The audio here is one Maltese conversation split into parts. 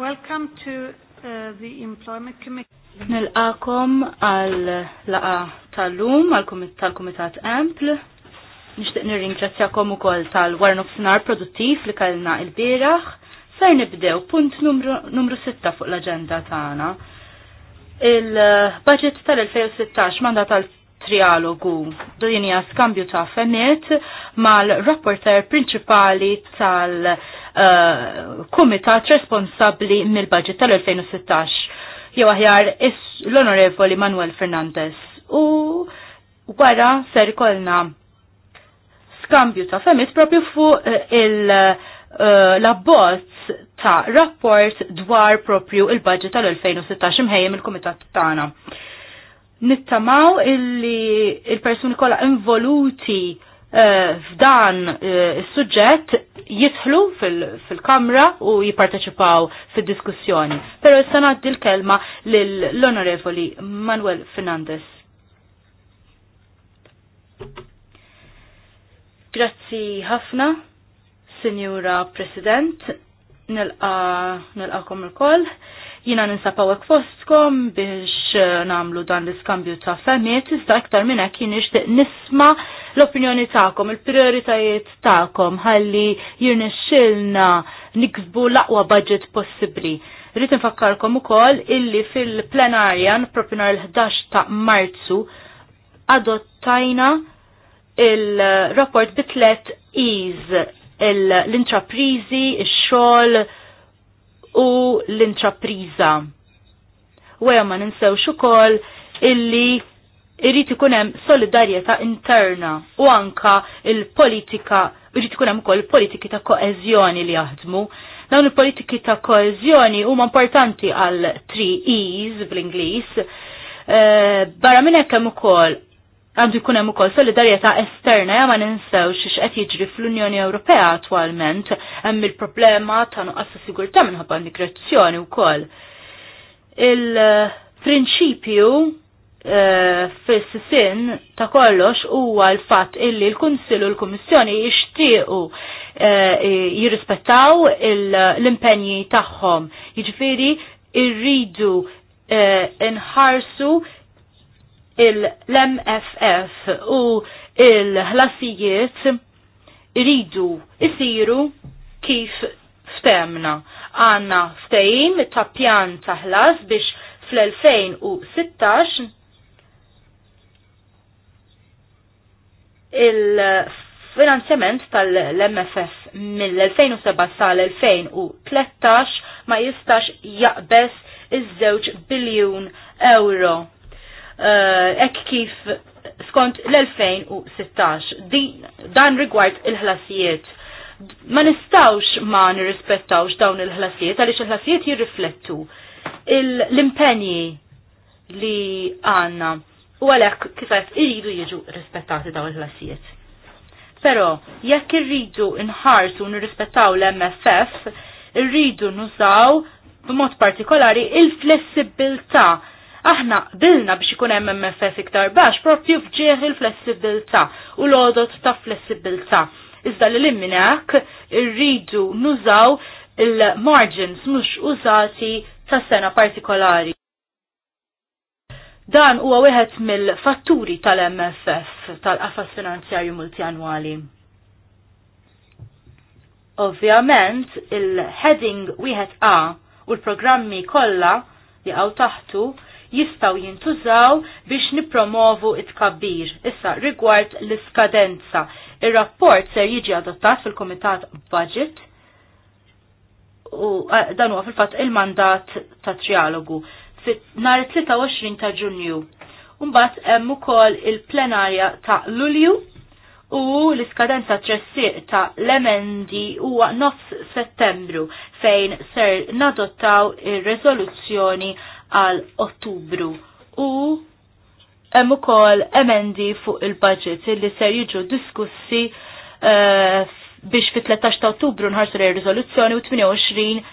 Welcome to uh, the Employment Committee. Nilqakom għal laqa tal-lum, tal-Kumitat Ampl. Nishtiq nirringrazzjakom ukoll tal f nofsinhar produttiv li kellna il bieraħ Ser nibdew punt numru, 6 fuq l-aġenda tagħna. Il-budget tal-2016 manda tal-trialogu din hija skambju ta' femiet mal-rapporter prinċipali tal-, -trialogu, Uh, kumitat responsabbli mill-budget tal-2016 jew aħjar l-Onorevoli Manuel Fernandez u wara ser kolna skambju ta' femis propju fuq uh, il-labbozz uh, ta' rapport dwar propju il-budget tal-2016 imħejjem il-Kumitat tagħna nittamaw illi il-persuni kolla involuti Eh, f'dan eh, is-suġġett jidħlu fil-kamra u jipparteċipaw fid-diskussjoni. Però issa ngħaddi l-kelma lill-Onorevoli Manuel Fernandez. Grazzi ħafna, Signora President, għakom ah, l koll Jina ninsapawek fostkom biex eh, namlu dan l-iskambju ta' femmiet, iżda iktar minna kien ixtiq nisma l-opinjoni ta'kom, il-prioritajiet ta'kom, ħalli jirnexxilna nikzbu l-aqwa budget possibli. Rrit nfakkarkom ukoll illi fil-plenarja npropinar l-11 ta' Marzu adottajna il-rapport bitlet Ease l-intraprizi, il-xol, u l-intrapriża. U ma ninsew ukoll illi irrit ikun hemm solidarjetà interna u anka il-politika, irrit ikun hemm ukoll politiki ta' koeżjoni li jaħdmu. Dawn il-politiki ta' koeżjoni huma importanti għal 3 E's bl-Ingliż. Eh, barra minn hekk hemm ukoll għandu jkun hemm ukoll solidarjetà esterna ja ma xiex qed jiġri fl-Unjoni Ewropea attwalment hemm il-problema ta' nuqqas ta' sigurtà minħabba migrazzjoni wkoll. Il-prinċipju eh, fis-sin ta' kollox huwa l-fatt illi l-Kunsill u l-Kummissjoni jixtiequ eh, jirrispettaw l-impenji tagħhom. Jiġifieri irridu eh, inħarsu il-MFF u il-ħlasijiet iridu jisiru kif stemna. Għanna stejim ta' pjan ta' ħlas biex fl-2016 il-finanzjament tal-MFF mill-2007 sal-2013 ma jistax jaqbess iż-żewġ biljun euro Eh, ek kif skont l-2016 dan rigward il-ħlasijiet. Ma nistawx ma nirrispettawx dawn il-ħlasijiet għaliex il-ħlasijiet jirriflettu l-impenji li għanna u għalhekk kif iridu jiġu rispettati dawn il-ħlasijiet. Però jekk irridu nħarsu nirrispettaw l-MFF, irridu nużaw b'mod partikolari il-flessibilta' Aħna dilna biex ikun hemm MFF iktar baxx propju fġieħ il-flessibilità u l odot ta' flessibilità. Iżda li l hekk irridu nużaw il-margins mhux użati ta' sena partikolari. Dan huwa wieħed mill-fatturi tal-MFF tal-qafas finanzjarju multjanwali. Ovvjament, il-heading wieħed A u l-programmi kollha li għaw taħtu jistaw jintużaw biex nipromovu it-kabbir. Issa, rigward l-iskadenza. Il-rapport ser jiġi adottat fil-Komitat Budget u dan huwa fil-fatt il-mandat ta' trialogu nhar 23 ta' Ġunju. Mbagħad hemm ukoll il-plenarja ta' Lulju u l-iskadenza tressiq ta' l-emendi huwa nofs Settembru fejn ser nadottaw ir-reżoluzzjoni għal Ottubru u hemm ukoll emendi fuq il-budget li ser jiġu diskussi eh, biex fit 13 ta' Ottubru nħarsu re riżoluzzjoni u 28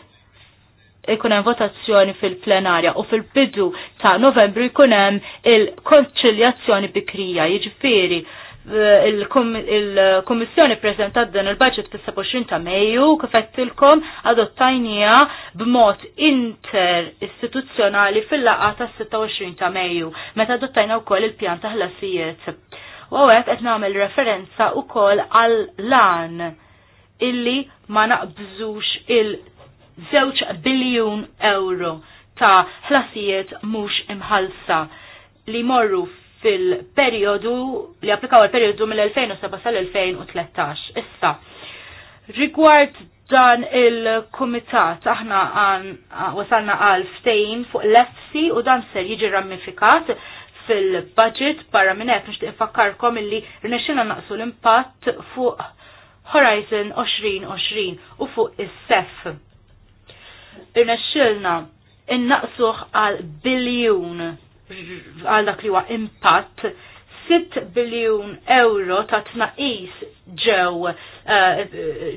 ikun hemm votazzjoni fil-plenarja u fil-bidu ta' Novembru jkun hemm il-konċiljazzjoni bikrija, jiġifieri Eh, il-Kommissjoni prezentat dan il-budget fis-27 ta' Mejju kif qedtilkom adottajnija b'mod inter-istituzzjonali fil-laqgħa tas-26 ta' Mejju meta adottajna wkoll il-pjan ta' ħlasijiet. U hekk qed nagħmel referenza wkoll għal lan illi ma naqbżux il-żewġ biljun euro ta' ħlasijiet mhux imħalsa li morru fil-periodu li applikaw il-periodu mill-2007 sal-2013. Issa, rigward dan il-komitat, aħna għan wasalna għal ftejn fuq l-EFSI u dan ser jiġi ramifikat fil-budget barra minn hekk nixtieq infakkarkom illi rnexxina naqsu l-impatt fuq Horizon 2020 u fuq is-SEF. Irnexxilna innaqsuh għal biljun għal dak li huwa impatt 6 biljun euro ta' tnaqis ġew eh,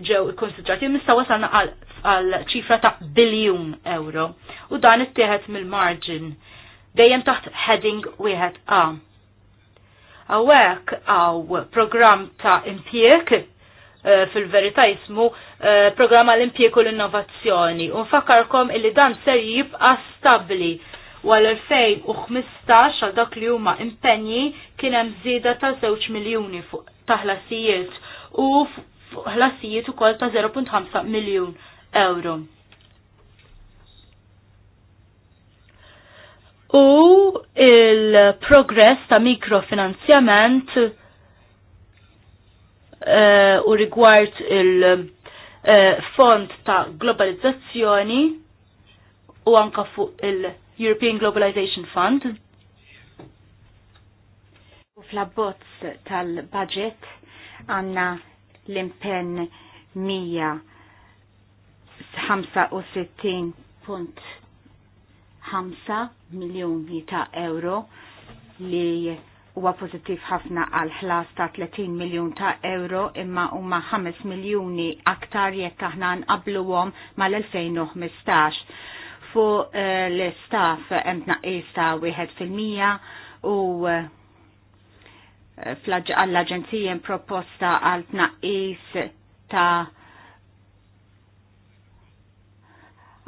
ġew konsidrati mista wasalna għal ċifra ta' biljun euro u dan ittieħed mill-margin dejjem taħt heading wieħed A. Awek għaw program ta' impjek eh, fil verita jismu eh, program għal impjek u l-innovazzjoni. Unfakarkom illi dan ser jibqa stabli u għal-2015 għal dak li huma impenji kien hemm żieda ta' 2 miljuni ta' ħlasijiet u ħlasijiet ukoll ta' 0.5 miljun euro. U il-progress ta' mikrofinanzjament eh, u rigward il-fond eh, ta' globalizzazzjoni u anka fuq il- European Globalization Fund. U fl-abbozz tal-budget għanna l-impen 165.5 miljoni ta' euro li huwa pożittiv ħafna għal ħlas ta' 30 miljun ta' euro imma huma 5 miljuni aktar jekk aħna ma' mal-2015 Fu eh, l-staff hemm eh, tnaqqis ta' wieħed fil-mija u eh, għall-aġenzija proposta għal tnaqqis ta'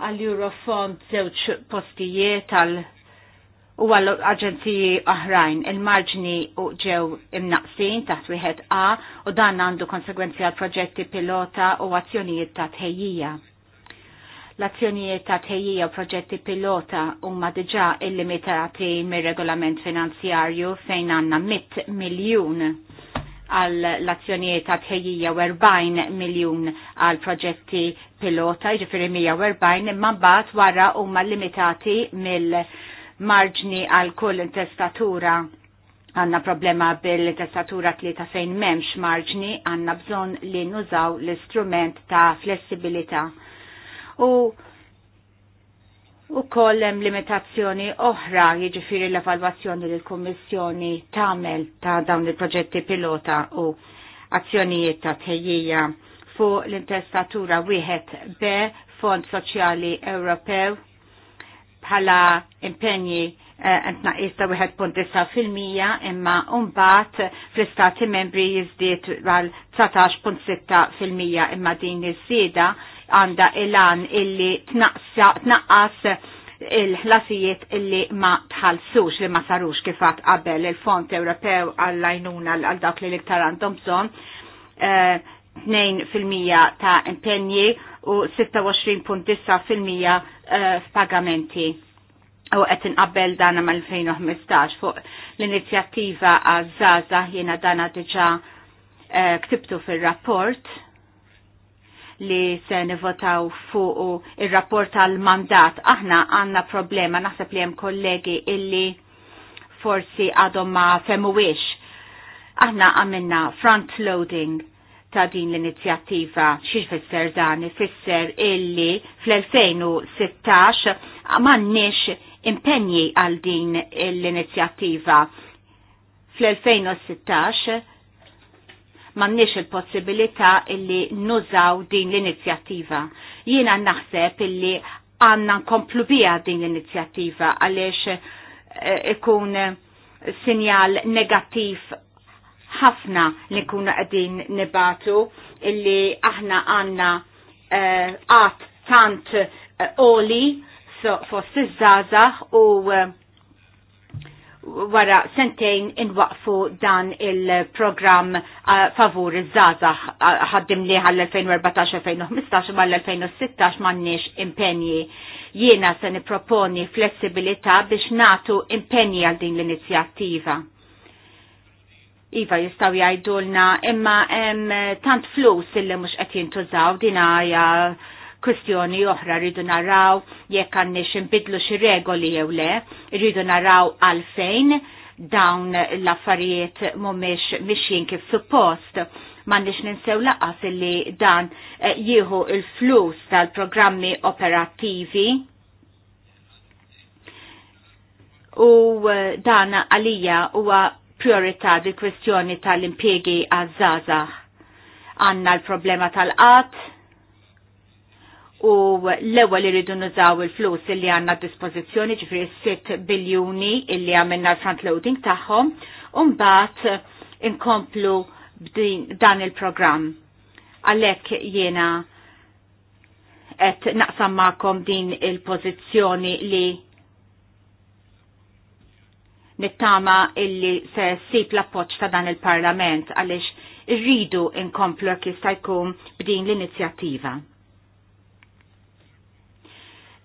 għal Eurofond żewġ postijiet għal u għall aġenziji oħrajn il-marġni u ġew imnaqsin taħt wieħed A u dan għandu konsegwenzi għal proġetti pilota u azzjonijiet ta' tħejjija. L-azzjonijiet ta' tejjija u proġetti pilota huma diġà illimitati mir-regolament finanzjarju fejn għandna 100 miljun għal l-azzjonijiet ta' u 40 miljun għal proġetti pilota, ġifiri 140, imma mbagħad wara huma limitati mill-marġni għal kull intestatura għanna problema bil-testatura li ta' fejn memx marġni għanna bżon li nużaw l-istrument ta' flessibilita u u kollem limitazzjoni oħra jiġifiri l-evalwazzjoni li l-Kommissjoni tamel ta' dawn il-proġetti pilota u azzjonijiet ta' tejjija fuq l-intestatura wieħed B Fond Soċjali Ewropew bħala impenji eh, naqis ta' 1.9% imma unbat fl-istati membri jizdiet għal 19.6% imma din iż għanda il għan illi tnaqqas il-ħlasijiet illi ma tħalsux li ma sarux kifat qabel il-Fond Ewropew għall-lajnuna għal dak li l-iktar għandhom bżon 2% eh, ta' impenji u 26.9% eh, f'pagamenti u qed inqabbel dana ma' 2015 fuq l-inizjattiva għaż-żaza jiena dana diġà eh, ktibtu fil-rapport li se nivotaw fuq il-rapport tal-mandat. Aħna għanna problema, naħseb li hemm kollegi illi forsi għadhom ma wix. Aħna għamilna front loading ta' din l-inizjattiva fisser dan ifisser illi fl-2016 m'għandniex impenji għal din l-inizjattiva. Fl-2016 m'għandniex il-possibilità illi nużaw din l-inizjattiva. Jiena naħseb illi għandna nkomplu biha din l-inizjattiva għaliex eh, ikun sinjal negattiv ħafna li kun għedin nibatu illi aħna għanna eh, għat tant eh, oli fost iż-żazax u wara sentejn inwaqfu dan il-program uh, favur iż-żazax uh, ħaddim li għall-2014-2015 ma l-2016 m'għandniex impenji. Jiena se nipproponi flessibilità biex natu impenji għal din l-inizjattiva. Iva jistaw jajdulna imma tant flus illi mux qed jintużaw din hija kustjoni oħra rridu naraw jekk għandniex inbidlu xi regoli jew le, rridu naraw għalfejn dawn l-affarijiet mhumiex mixjin kif suppost. M'għandniex ninsew laqas illi dan eh, jieħu il-flus tal-programmi operattivi u eh, dan għalija huwa priorità di kwestjoni tal-impiegi għazzaza. Għanna l-problema tal qatt u l-ewwel rridu nużaw il-flus illi għandna dispożizzjoni ġifri 6 biljuni illi għamilna l-front loading tagħhom u mbagħad inkomplu dan il-programm. Għalhekk jiena qed naqsam magħkom din il-pożizzjoni li nittama illi se sip l-appoċ ta' dan il-Parlament għaliex irridu inkomplu jekk jista' jkun b'din l-inizjattiva.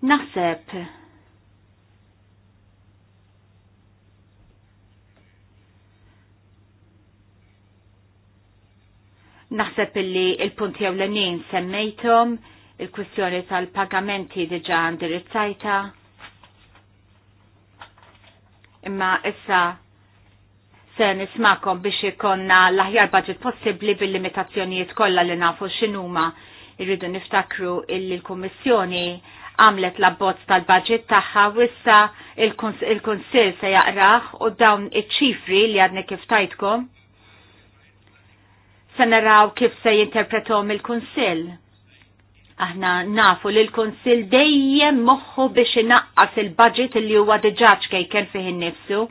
Naħseb Naħseb illi il-punti ewlenin semmejtom, il-kwistjoni tal-pagamenti diġa għandirizzajta. Imma issa se nismakom biex ikonna l-aħjar budget possibli bil-limitazzjonijiet kollha li nafu x'inhuma irridu niftakru illi l-Kummissjoni għamlet l-abbozz tal-budget tagħha wissa il-Kunsill se jaqraħ u dawn iċ-ċifri li għadni kif tajtkom se naraw kif se jinterpretom il-Kunsill. Aħna nafu li l-Kunsill dejjem moħħu biex inaqqas il-budget li huwa diġà kejken fih innifsu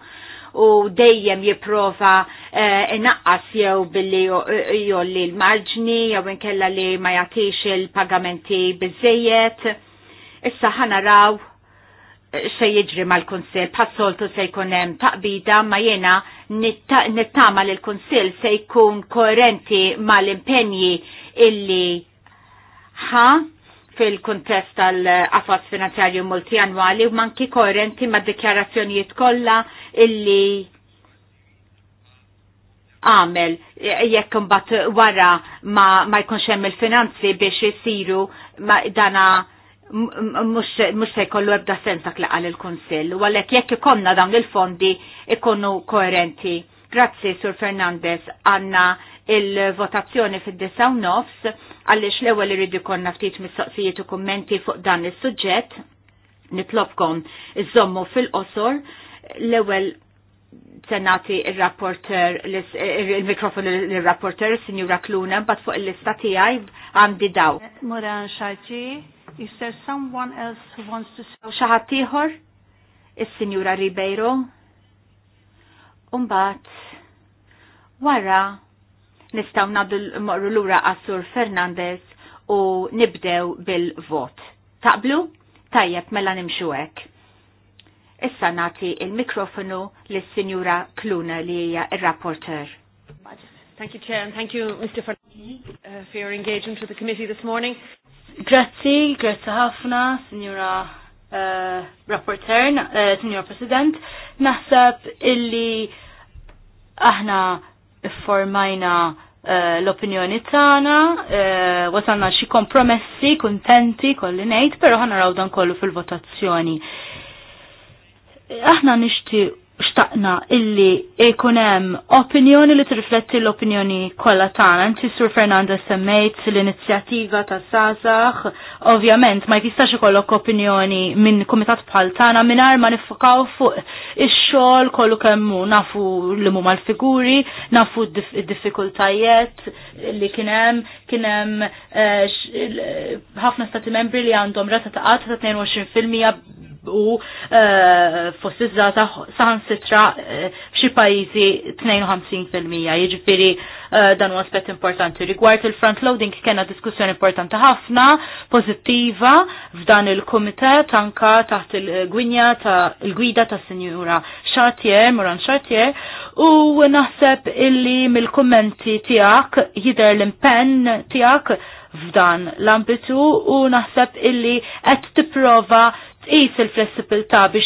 u dejjem jipprova eh, inaqqas jew billi jolli l-marġni jew inkella li ma jagħtix il-pagamenti biżejjed Issa ħanaraw se eh, jiġri mal-Kunsil, passoltu se jkun hemm taqbida ma jena nittama li l-Kunsil se jkun koerenti mal-impenji illi ħa fil-kontest tal-qafas finanzjarju multianwali u manki koerenti ma' dikjarazzjonijiet kollha illi għamel jekk mbagħad wara ma, ma jkunx hemm il-finanzi biex isiru dana mux se jkollu ebda sens dak li qal il-Kunsill, u għalek jekk ikonna dawn il-fondi ikunu koerenti. Grazzi, Sur Fernandez, għanna il-votazzjoni fid-disa u nofs, għalix l ewwel irridu konna ftit mistoqsijiet u kommenti fuq dan il-sujġet, nitlobkom iż-żommu fil-qosor, l-ewel senati il-rapporter, il-mikrofonu il-rapporter, il signura Kluna, bat fuq il-lista tijaj għandi daw. Moran Xalċi, Is there someone else who wants to say? Xaħat tiħor? is Signora Ribeiro? Umbat, wara, nistaw l morru l-ura għassur Fernandez u nibdew bil-vot. Taqblu? Tajjeb, mela nimxu hekk. Issa nati il-mikrofonu lis signora Kluna li hija il rapporter Thank you, Chair, and thank you, Mr. Fernandez, uh, for your engagement with the committee this morning. Grazzi, grazzi ħafna, Signora uh, eh, Rapporteur, uh, eh, Signora President. Naħseb illi aħna formajna uh, l-opinjoni tagħna, uh, wasanna xi kompromessi, kuntenti, kolli ngħid, però ħanaraw dan kollu fil-votazzjoni. Aħna nixtieq xtaqna illi ikunem opinjoni li tirrifletti l-opinjoni kollha tagħna. Inti Sur Fernanda semmejt l-inizjattiva ta' Sasax, ovvjament ma jistax ikollok opinjoni minn kumitat bħal tagħna mingħajr ma nifokaw fuq ix-xogħol kollu kemm hu nafu li mu l-figuri, nafu d-diffikultajiet li kien hemm kien hemm eh, ħafna stati membri li għandhom rata ta' qatt ta' 22 u eh, fossizzata san sitra eh, xie pajjiżi 52%. Jiġifieri eh, dan huwa aspett importanti. Rigward il-front loading kena diskussjoni importanti ħafna, pożittiva f'dan il-kumitet anka taħt il-gwinja ta' il-gwida ta' Sinjura Chartier, Moran Chartier, u naħseb illi mill-kummenti tiegħek jidher l-impenn tiegħek f'dan l-ambitu u naħseb illi qed tipprova tqis il-flessibilità biex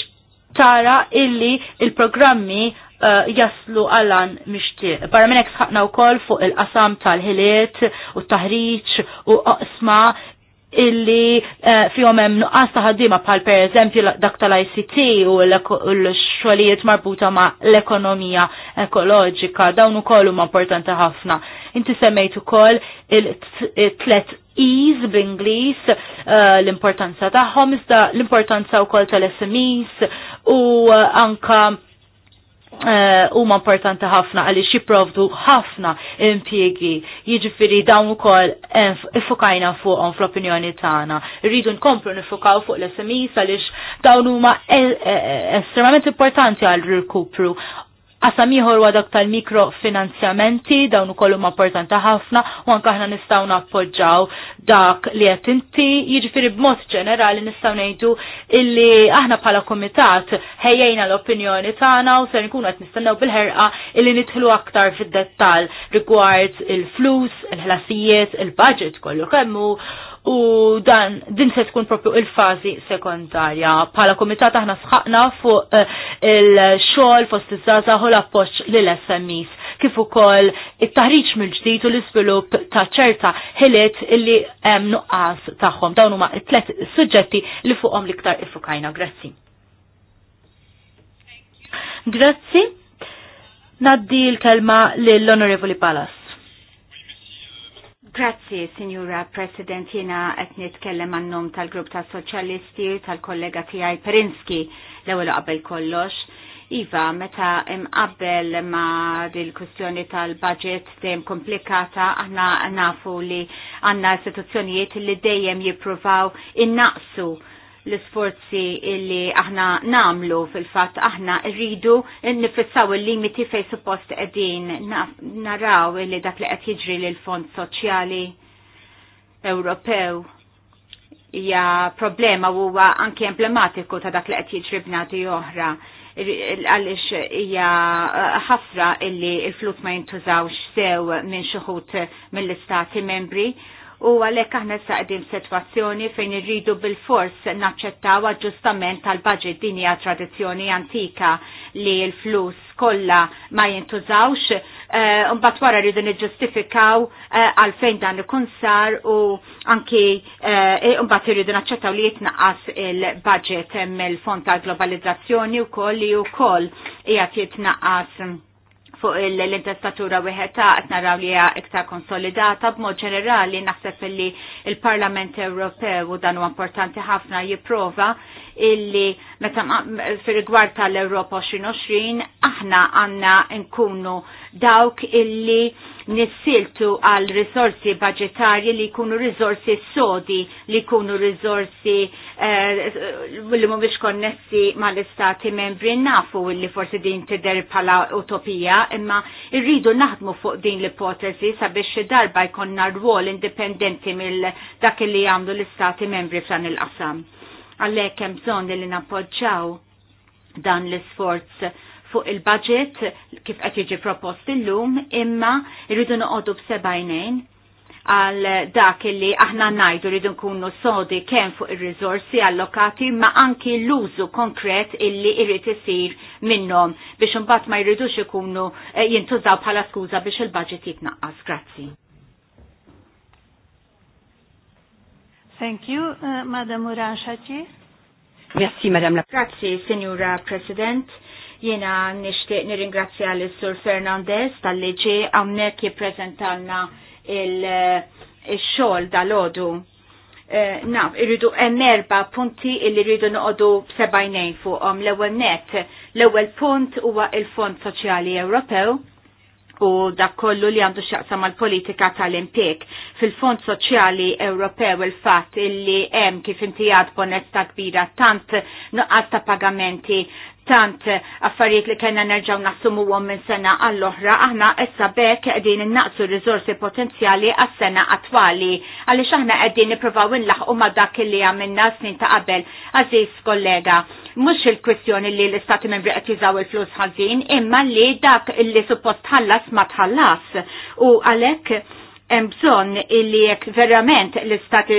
tara illi il-programmi uh, jaslu għallan mixtieq. Barra minn u wkoll fuq il-qasam tal-ħiliet u taħriġ u qasma illi uh, fihom hemm nuqqas ta' ħaddiema bħal pereżempju dak tal-ICT u l-xogħlijiet marbuta ma' l-ekonomija ekoloġika dawn ukoll huma importanti ħafna. Inti semmejt ukoll il-tlet E's bl uh, l-importanza tagħhom, iżda l-importanza wkoll tal-SMEs u uh, anka uh, huma importanti ħafna għaliex jipprovdu ħafna impjiegi. Jiġifieri dawn ukoll ifukajna fuqhom fl-opinjoni tagħna. Irridu nkomplu nifukaw fuq l-SMEs għaliex dawn huma eh, eh, eh, estremament importanti għal rikupru Qasam ieħor huwa dak tal-mikrofinanzjamenti dawn ukoll huma importanti ħafna u anke aħna nistgħu nappoġġaw dak li qed inti jiġifieri b'mod ġenerali nistgħu ngħidu illi aħna bħala kumitat ħejjejna l-opinjoni tagħna u ser nkunu qed nistennew bil-ħerqa illi nidħlu aktar fid-dettall rigward il-flus, il-ħlasijiet, il-budget kollu kemmu u dan din se tkun propju il-fazi sekundarja. Pala komitat aħna sħaqna fuq eh, il-xogħol fost iż-żgħażagħ u l-appoġġ lill SMEs kif ukoll it-taħriġ mill-ġdid u l-iżvilupp ta' ċerta ħiliet illi hemm nuqqas tagħhom. Dawn huma t-tlet suġġetti li fuqhom l-iktar ifukajna. Grazzi. Grazzi. Naddi l-kelma lill-Onorevoli Palace. Grazzi, Signora President, jena qed nitkellem għannom tal-Grupp ta' Soċjalisti u tal-kollega tiegħi Perinski l-ewwel qabel kollox. Iva, meta imqabbel ma dil kustjoni tal-budget dejjem komplikata, aħna nafu li għandna istituzzjonijiet li dejjem jippruvaw innaqsu l-sforzi illi aħna namlu fil-fat aħna rridu nifissaw il-limiti fej suppost edin naraw illi dak li qed jiġri l fond soċjali Ewropew hija problema huwa anke emblematiku ta' dak li qed jiġri b'nadi oħra għalix hija eh, ħafra illi il-flus ma jintużawx sew minn xuħut mill-istati membri u għalhekk aħna saqdim sitwazzjoni fejn irridu bil-fors naċċettaw aġġustament tal-budget din hija tradizzjoni antika li l-flus kollha ma jintużawx uh, mbagħad wara rridu niġġustifikaw eh, għalfejn uh, dan ikun sar u anki uh, mbagħad irridu naċċettaw li jitnaqqas il-budget mill fond tal-globalizzazzjoni wkoll li wkoll qiegħed jitnaqas fuq l-intestatura wieħed ta' qed naraw li hija iktar konsolidata b'mod ġenerali naħseb illi l parlament Ewropew u dan huwa importanti ħafna jipprova illi meta fir-rigward tal-Ewropa 2020 aħna għandna nkunu dawk illi nissiltu għal risorsi budgetarji li jkunu risorsi sodi, li jkunu risorsi uh, li mhumiex konnessi mal-istati membri nafu li forsi din tidher bħala utopija, imma irridu naħdmu fuq din l-ipotesi sabiex darba jkonna rwol indipendenti mill dak li jagħmlu l-istati membri f'dan il-qasam. Għalhekk hemm bżonn li nappoġġaw dan l-isforz fuq il-budget kif qed jiġi propost illum, imma irridu noqogħdu b'sebajnejn għal dak li aħna najdu rridu nkunu sodi kemm fuq ir-riżorsi allokati ma anki l-użu konkret illi irrid isir minnhom biex imbagħad ma jridux ikunu eh, jintużaw bħala skuża biex il-budget jitnaqqas. Grazzi. Thank you, uh, Madam Urashati. Merci, Madam la Grazie, Signora President Jena nishtiq nirringrazzja l-Sur Fernandez tal-liġi għamnek jiprezentalna il-xol il xol dal ħodu eh, naf, irridu emmerba punti illi rridu b sebajnejn fuqhom l-ewwel net. L-ewwel punt huwa il-Fond Soċjali Ewropew u dak kollu li għandu xaqsa mal-politika tal-impik. Fil-Fond Soċjali Ewropew il-fatt illi hemm kif inti għad bonetta kbira tant nuqqas ta' pagamenti tant affarijiet li kena nerġaw naħsumu għom minn sena għall-oħra, aħna issa bekk għedin innaqsu rizorsi potenzjali għas-sena attwali, għalli xaħna għedin niprofaw inlaħqu ma dak li għamilna snin ta' qabel, għaziz kollega. Mux il-kwestjoni li l-istati membri qed jużaw il-flus ħazin, imma li dak li suppost tħallas ma tħallas. U għalek hemm bżonn illi jekk verament l-istati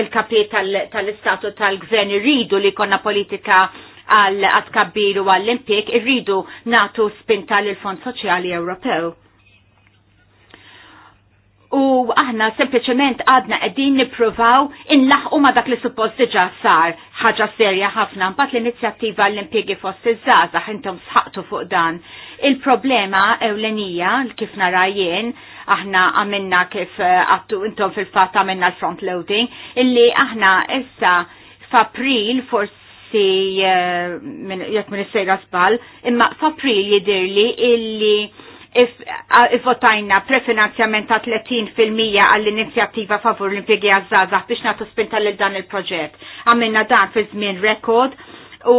il-kapi tal-istatu tal-gvern irridu li konna politika għal għatkabbiru għall-impjek irridu natu spinta l-Fond Soċjali Ewropew. U aħna sempliciment għadna qegħdin nippruvaw inlaħqu ma dak li suppost diġa sar ħaġa serja ħafna mbagħad l-inizjattiva l impiegi fost iż-żgħażagħ intom sħaqtu fuq dan. Il-problema ewlenija kif nara jien aħna għamilna kif eh, għattu intom fil-fatt għamilna l-front loading illi aħna issa f'April forsi forsi jek eh, minn s sejra imma f'April jidirli illi votajna prefinanzjament ta' 30% għall-inizjattiva favur l-impiegi għazzaza biex natu spinta l dan il-proġett. Għamilna dan fi żmien rekord u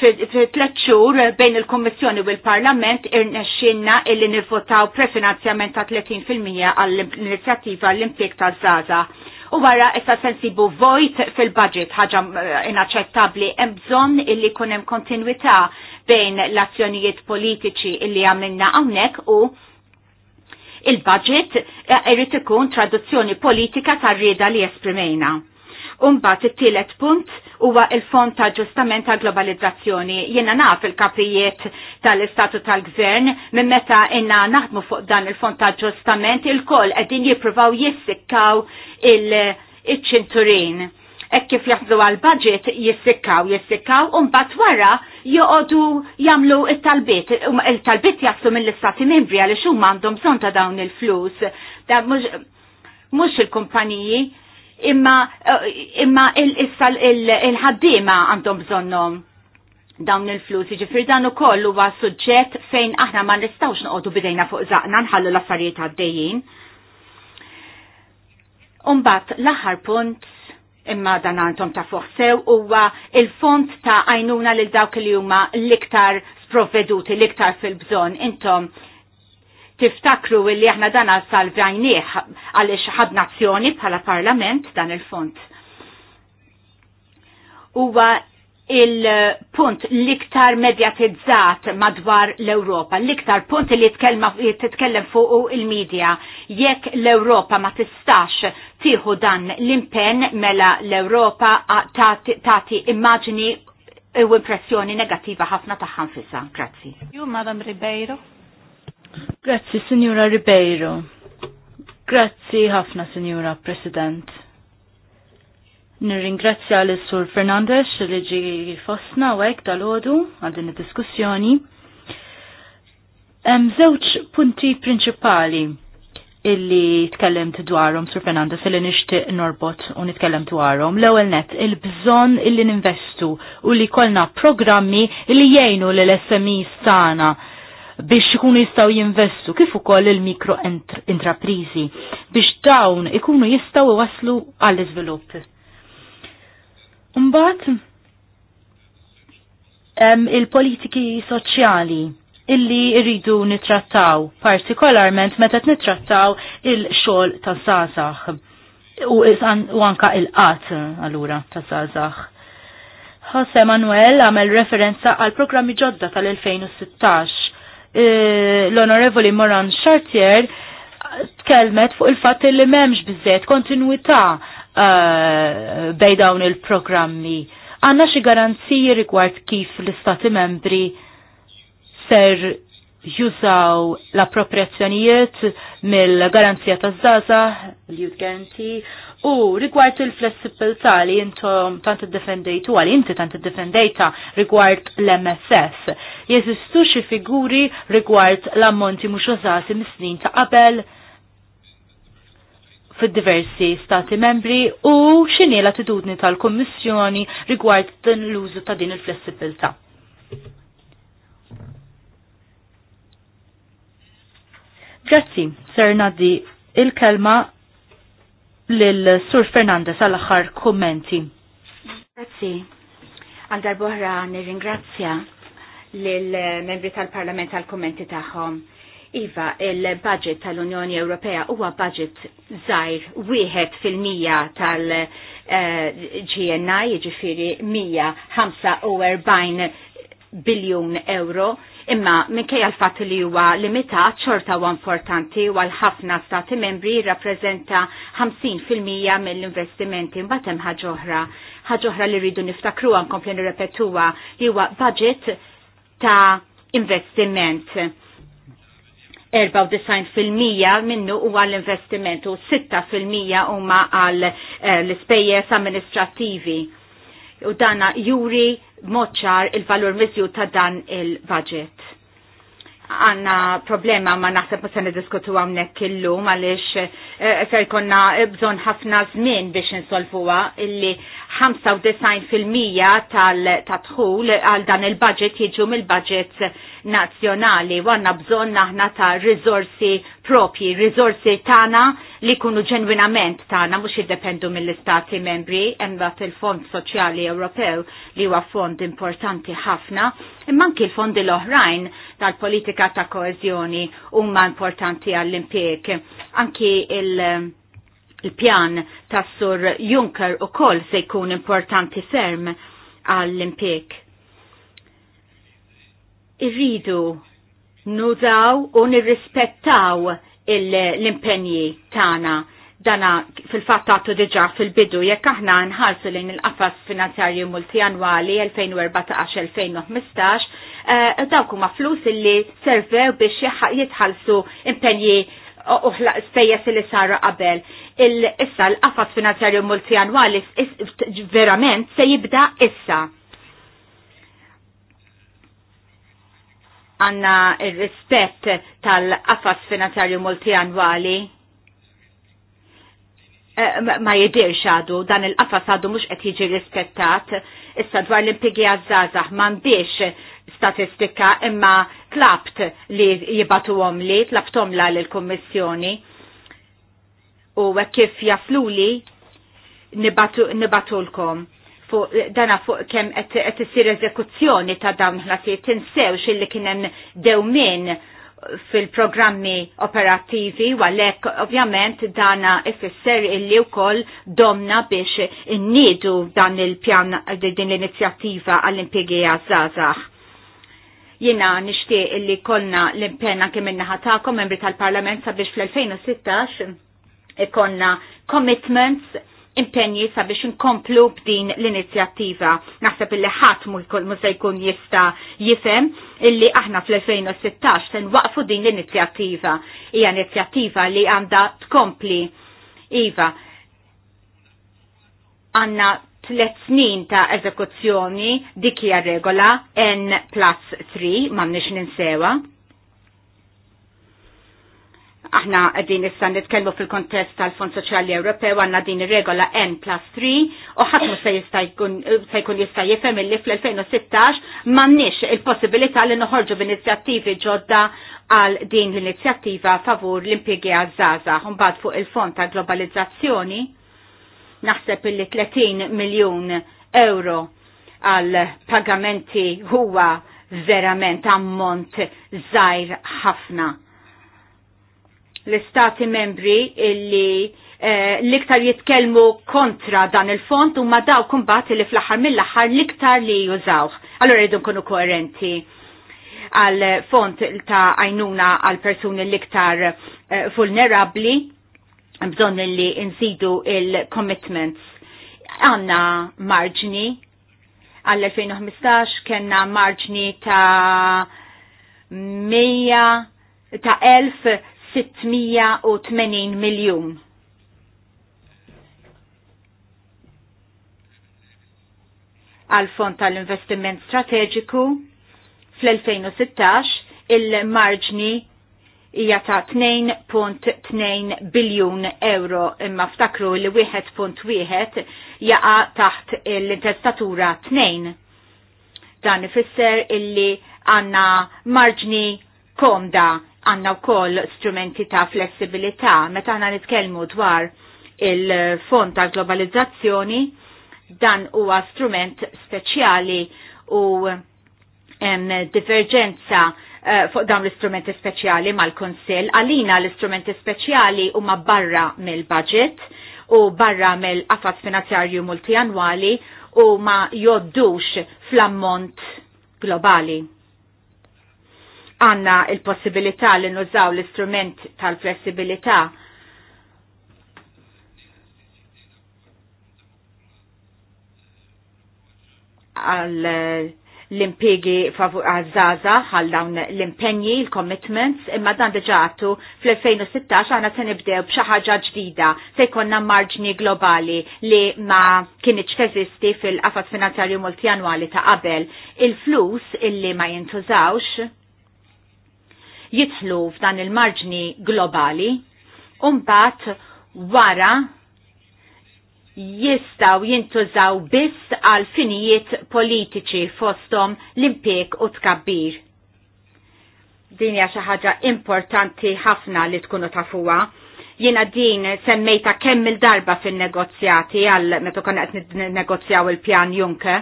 fi tlet xhur bejn il-Kommissjoni u l-Parlament irnexxinna illi nivvotaw prefinanzjament ta' 30% għall-inizjattiva l-impjeg ta' żaza u wara issa sensibu vojt fil-budget ħaġa eh, inaċċettabbli hemm bżonn illi jkun hemm kontinwità bejn l-azzjonijiet politiċi illi għamilna hawnhekk u il-budget eh, irrit ikun traduzzjoni politika tar-rieda li esprimejna. Umbat it-tielet punt huwa il-Fond ta' Ġustament ta' Globalizzazzjoni. Jiena naf il-kapijiet tal-Istatu tal-Gvern minn meta inna naħdmu fuq dan il-Fond ta' Ġustament il-koll qegħdin jippruvaw jissikkaw il-ċinturin. Ek kif jaħdu għal-budget jissikkaw, jissikkaw, un-bat wara joqodu jamlu um, il-talbit. Il-talbit jaħdu mill-istati membri għalix huma għandhom bżonn ta' dawn il-flus. Da mux il-kumpaniji imma eh, imma il-ħaddiema għandhom bżonnhom dawn il-flus, ġifir dan ukoll huwa suġġett fejn aħna ma nistgħux noqogħdu bidejna fuq zaqna nħallu l-affarijiet għaddejjin. Umbat l-aħħar punt imma dan għandhom ta' fuq sew huwa il-font ta' għajnuna lil dawk li huma l-iktar sprovveduti, l-iktar fil-bżonn. Intom tiftakru illi aħna dan għal-salvajnieħ għaliex ħadna azzjoni bħala parlament dan il-fond. Huwa il-punt l-iktar medjatizzat madwar l-Europa, l-iktar punt li titkellem fuq il-medja. Jekk l-Europa ma tistax tieħu dan l-impen mela l-Europa tati immaġini u impressjoni negattiva ħafna taħħan fissa. Grazzi. Madam Ribeiro. Grazzi, Signora Ribeiro. Grazzi ħafna, Signora President. Nirringrazzja l sur Fernandez li ġi fosna u għek tal ħodu għal din diskussjoni. Hemm żewġ punti prinċipali illi tkellem dwarhom Sur Fernandez illi nixtieq norbot u nitkellem dwarhom. L-ewwel net il-bżonn illi ninvestu u li kolna programmi illi jgħinu l-SMEs sana biex ikunu jistaw jinvestu kif ukoll il-mikro intraprizi biex dawn ikunu jistaw waslu għall-iżvilupp. Mbagħad il-politiki soċjali illi rridu nitrattaw, partikolarment meta nitrattaw il-xogħol ta' sasaħ u, anka il-qat allura ta' sasaħ. Jose Manuel għamel referenza għal programmi ġodda tal-2016 Eh, l-Onorevoli Moran Chartier tkellmet fuq il fat li memx bizzet kontinuità eh, bej dawn il-programmi. Għanna xi garanziji rigward kif l-Istati membri ser jużaw l-appropriazzjonijiet mill-garanzija taż Zaza, l-Youth Guarantee, U rigward il-flessibilità li intom tant id-defendejtu għal inti tant id-defendejta rigward l msf jeżistu xi figuri rigward l-ammonti mhux użati mis-snin ta' qabel fid-diversi stati membri u x'inhi l-attitudni tal-Kummissjoni rigward din l-użu ta' din il-flessibilità. Grazzi, Sir Nadi il-kelma l-Sur Fernandez għal-axar kommenti. Grazzi. Għandar boħra nirringrazzja l-membri tal-Parlament għal-kommenti tagħhom. Iva, il-budget tal-Unjoni Ewropea huwa budget żgħir wieħed fil-mija tal- eh, GNI jiġifieri 145 biljun euro, imma minkejja l-fatt li huwa limitat xorta huwa importanti u għal ħafna stati membri rappreżenta 50% mill-investimenti mbagħad hemm ħaġa oħra. Ħaġa oħra li rridu niftakruha nkompli nirrepetuha li huwa budget ta' investiment. 94% minnu huwa l-investiment u 6% huma għal eh, l-ispejjeż amministrattivi u dana juri moċċar il-valur mizju ta' dan il-budget. Għanna problema ma naħseb ma se diskutu għamnek illu għaliex eh, e, fer konna bżon ħafna żmien biex insolvuha illi 95% tal-tadħul għal dan il-budget jiġu mill-budget nazzjonali u għanna bżon naħna ta' rizorsi propji, rizorsi tana li kunu ġenwinament tagħna mhux jiddependu mill-istati membri imbagħad il-Fond Soċjali Ewropew li huwa fond importanti ħafna, imma anki l-fondi l-oħrajn tal-politika ta' koezjoni huma importanti għall-impjeg. Anki il- il-pjan tas sur Juncker u koll se jkun importanti ferm għall impiek Irridu nużaw u nirrispettaw l-impenji tagħna dana fil fattatu diġa fil-bidu jekk aħna nħarsu lejn il-qafas finanzjarju multianwali 2014-2015 uh, eh, dawk huma flus illi servew biex jitħallsu impenji uħla spejjes li sarra qabel. Issa l-qafas finanzjarju multianwali verament se jibda issa għanna il-rispett tal-qafas finanzjarju multianwali eh, ma jidirx għadu, dan il-qafas għadu mux qed jiġi rispettat, issa dwar l-impigi għazzazax mandiex statistika imma tlabt li jibatu għom li, tlabtom la l-Kommissjoni u kif jaflu li nibatulkom. kom fuq dana fuq kemm qed isir eżekuzzjoni ta' dawn ħlasijiet tinsewx illi kien hemm dewmien fil-programmi operattivi u għalhekk ovvjament dana ifisser illi wkoll domna biex innidu dan il-pjan din l-inizjattiva għall-impjegi għazzazax jina nixtieq illi konna l-impena kemm minnaħa ta'kom membri tal-Parlament sabiex fl-2016 ikonna commitments impenji sabiex inkomplu b'din l-inizjattiva. Naħseb illi ħadd mu se jkun jista' jifhem illi aħna fl-2016 se nwaqfu din l-inizjattiva. Hija inizjattiva li għandha tkompli. Iva, għanna tlet snin ta' eżekuzzjoni dikja regola N plus 3 ma' ninsewa. Aħna din issa nitkellmu fil-kontest tal-Fond Soċjali Ewropew għandna din ir-regola N plus 3 u ħadd mhux se jkun jista' jifhem illi fl-2016 m'għandniex il-possibilità li noħorġu b'inizjattivi ġodda għal din l-inizjattiva favur l-impjegi għazzaza mbagħad fuq il-fond ta' globalizzazzjoni naħseb illi 30 miljun euro għal pagamenti huwa verament ammont zaħir ħafna l-istati membri illi eh, l-iktar jitkelmu kontra dan il-font u ma daw kumbat li fl-axar mill-axar l-iktar li jużawh. Allora jiddu nkunu koerenti għal font ta' għajnuna għal persuni l-iktar eh, vulnerabli, bżon li nżidu il-commitments. Għanna marġni għall-2015 kena marġni ta' 100 ta' 1000 680 miljon. għal fond tal-investiment strateġiku fl-2016 il-marġni hija ta' 2.2 biljun euro imma ftakru li 1.1 jaqa taħt l-intestatura 2. Dan ifisser illi għanna marġni komda għanna wkoll strumenti ta' flessibilità. Meta għanna nitkellmu dwar il-fond ta' globalizzazzjoni, dan huwa strument speċjali u em, divergenza eh, fuq dawn l-istrumenti speċjali mal-Konsil. Għalina l-istrumenti speċjali huma barra mill-budget u barra mill-qafas finanzjarju multianwali u ma joddux fl-ammont globali għanna il-possibilità li nużaw l-istrument tal-flessibilità għal l-impiegi għazzaza għal dawn l impegni l-commitments, imma dan deġatu fl-2016 għana se nibdew bxaħġa ġdida se konna marġni globali li ma kienieċ teżisti fil-qafas finanzjarju multijanwali ta' qabel il-flus illi ma jintużawx jitħlu f'dan il-marġni globali, umbat wara jistaw jintużaw biss għal finijiet politiċi fostom l-impiek u tkabbir. Din hija xi ħaġa importanti ħafna li tkunu tafuwa. Jiena din semmejta kemm il-darba fin-negozjati għal meta konna qed negozjaw il-pjan Juncker,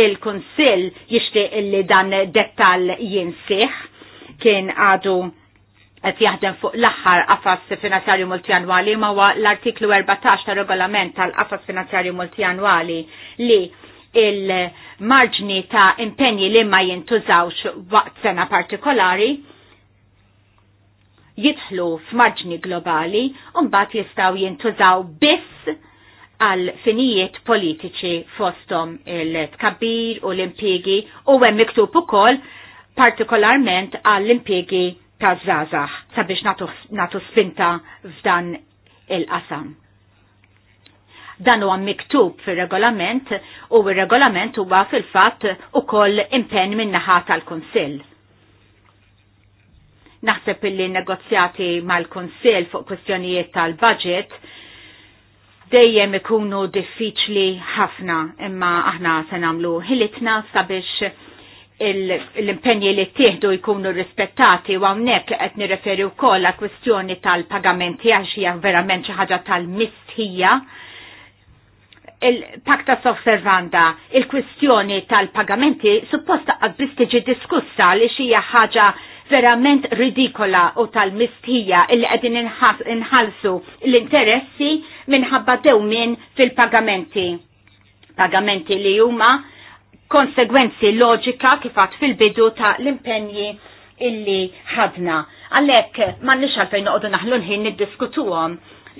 il-Kunsill jixtieq illi dan dettal jinsiħ kien għadu qed jaħdem fuq l-aħħar għafas finanzjarju multijanwali ma huwa l-artiklu 14 ta' regolament tal-qafas finanzjarju multijanwali li il-marġni ta' impenji li ma jintużawx waqt sena partikolari jidħlu f'marġni globali u mbagħad jistgħu jintużaw biss għal finijiet politiċi fostom il-tkabbir u l-impjegi u hemm miktub ukoll partikolarment għall impiegi ta' zazax sabiex natu, spinta f'dan il-qasam. Dan huwa miktub fir-regolament u r-regolament huwa fil-fatt ukoll impenn min-naħa tal-Kunsill. Naħseb illi negozjati mal-Kunsill fuq kwestjonijiet tal-budget dejjem ikunu diffiċli ħafna imma aħna se nagħmlu ħilitna sabiex l-impenji li tieħdu jkunu rispettati u hawnhekk qed nirreferi wkoll għal kwestjoni tal-pagamenti għax hija verament xi ħaġa tal-mistħija il-pakta soffervanda, il-kwistjoni tal-pagamenti supposta għabbis tiġi diskussa li xija ħaġa verament ridikola u tal-mistija il qegħdin inħalsu l-interessi minħabba dewmin fil-pagamenti. Pagamenti li huma konsegwenzi loġika kifat fil-bidu ta' l-impenji illi ħadna. Għallek, ma nix għalfejn noqdu naħlu l-ħin niddiskutuhom.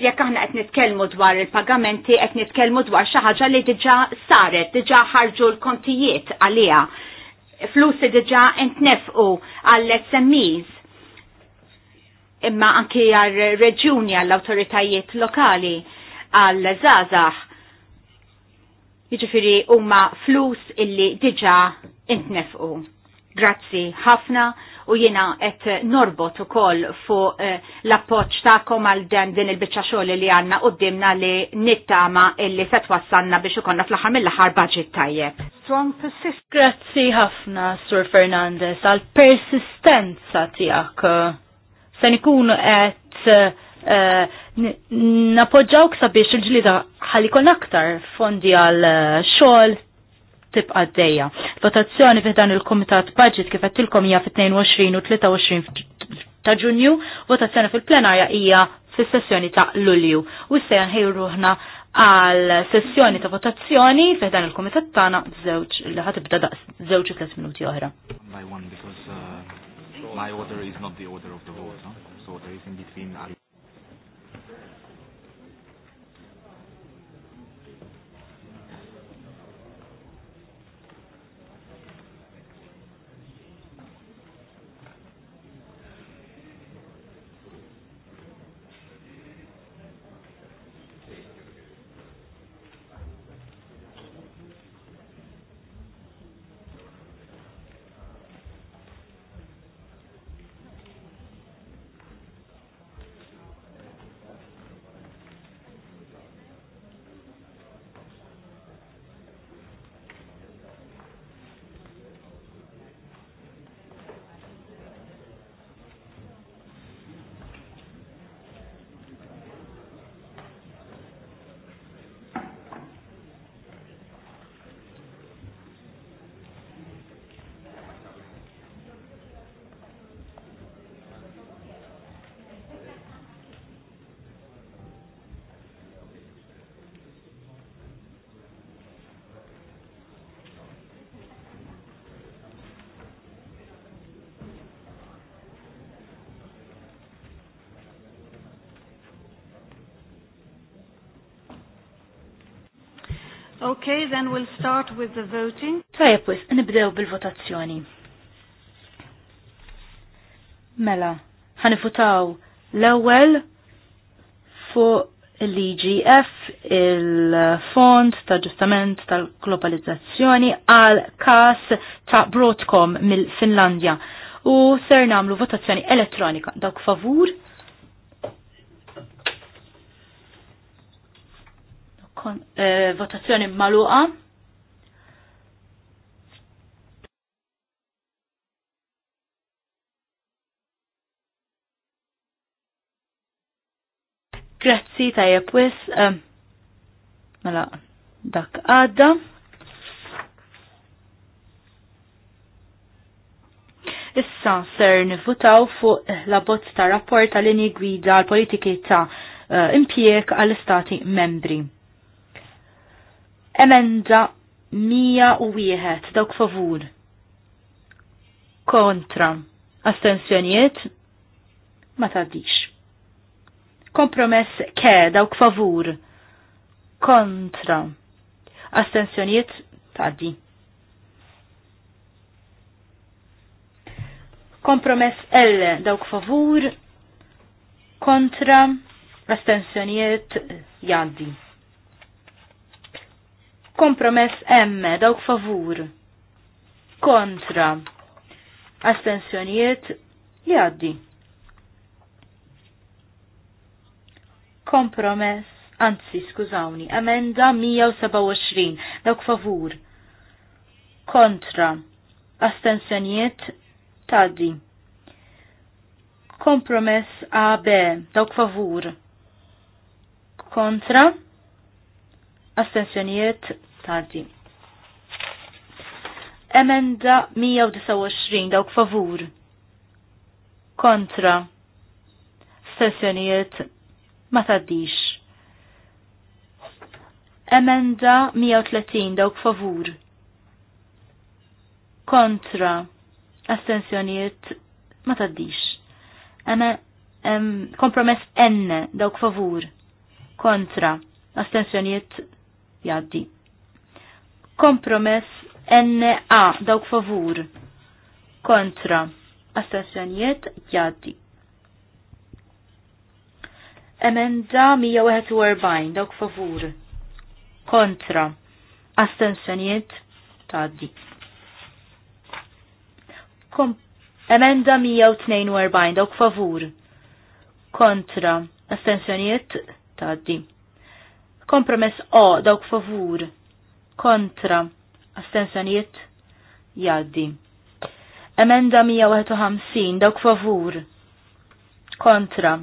Jekk aħna qed nitkellmu dwar il-pagamenti, qed nitkellmu dwar xi ħaġa li diġà saret, diġa' ħarġu l-kontijiet għaliha. Flusi diġà entnefqu għall-SMEs imma anki għal reġjuni għall awtoritajiet lokali għall zazax Jiġifieri huma flus illi diġà intnefqu. Grazzi ħafna u jiena qed norbot ukoll fuq eh, l-appoġġ tagħkom għal dan din il-biċċa xogħol li għandna qudiemna li nittama illi se twassalna biex ikollna fl-aħħar mill-aħħar baġit tajjeb. Grazzi ħafna Sur Fernandez għal persistenza tiegħek. Se ikun qed eh, napoġġaw sabiex il-ġlida ħalli kon aktar fondi għal eh, xogħol tibqa' d-dejja. Votazzjoni fi dan il-Kumitat Budget kif għattilkom hija fit-22 u 23 ta' Ġunju, votazzjoni fil-plenarja hija fis-sessjoni ta' Lulju. U issa nħejju ruħna għal sessjoni ta' votazzjoni fi dan il-Kumitat tagħna żewġ li ħatibda da' żewġ u tliet minuti oħra. Uh, my order is not the order of the vote, so there is in between Okay, then we'll start with the voting. Tajab, wis, nibdew bil-votazzjoni. Mela, ħanifutaw l-ewel fuq l-IGF, il-Fond ta' Ġustament tal-Globalizzazzjoni għal kas ta' Broadcom mill-Finlandja. U ser namlu votazzjoni elettronika. Dawk favur? eh, votazzjoni maluqa. Grazzi tajjeb jepwis. Eh, mela, dak għadda. Issa ser nivutaw fuq eh, la bozz ta' rapport tal-lini gwida l politiki ta' eh, impjek għall-istati membri. Emenda wieħed dawk favur. Kontra. Astensjonijiet ma tadix. Kompromess ke dawk favur. Kontra. Astensjonijiet taddi. kompromess L dawk favur kontra astensjonijiet jaddi. Kompromess M, dawk favur. Kontra. Astensjonijiet għaddi. Kompromess, anzi skużawni, emenda 127, dawk favur. Kontra. Astensjonijiet taddi. Kompromess AB, dawk favur. Kontra. Astensjonijiet tgħaddi. Emenda 129 dawk favur kontra sessjonijiet ma taddix. Emenda 130 dawk favur kontra astensjonijiet ma taddix. kompromess N dawk favur kontra astensjonijiet jaddi. Kompromess NA dawk favur kontra astazzjonijiet jaddi. Emenda 141 dawk favur kontra astensjonijiet taddi. emenda 142 dawk favur kontra astensjonijiet taddi. Kompromess O dawk favur kontra astensanijiet jaddi. Emenda 151 dawk favur kontra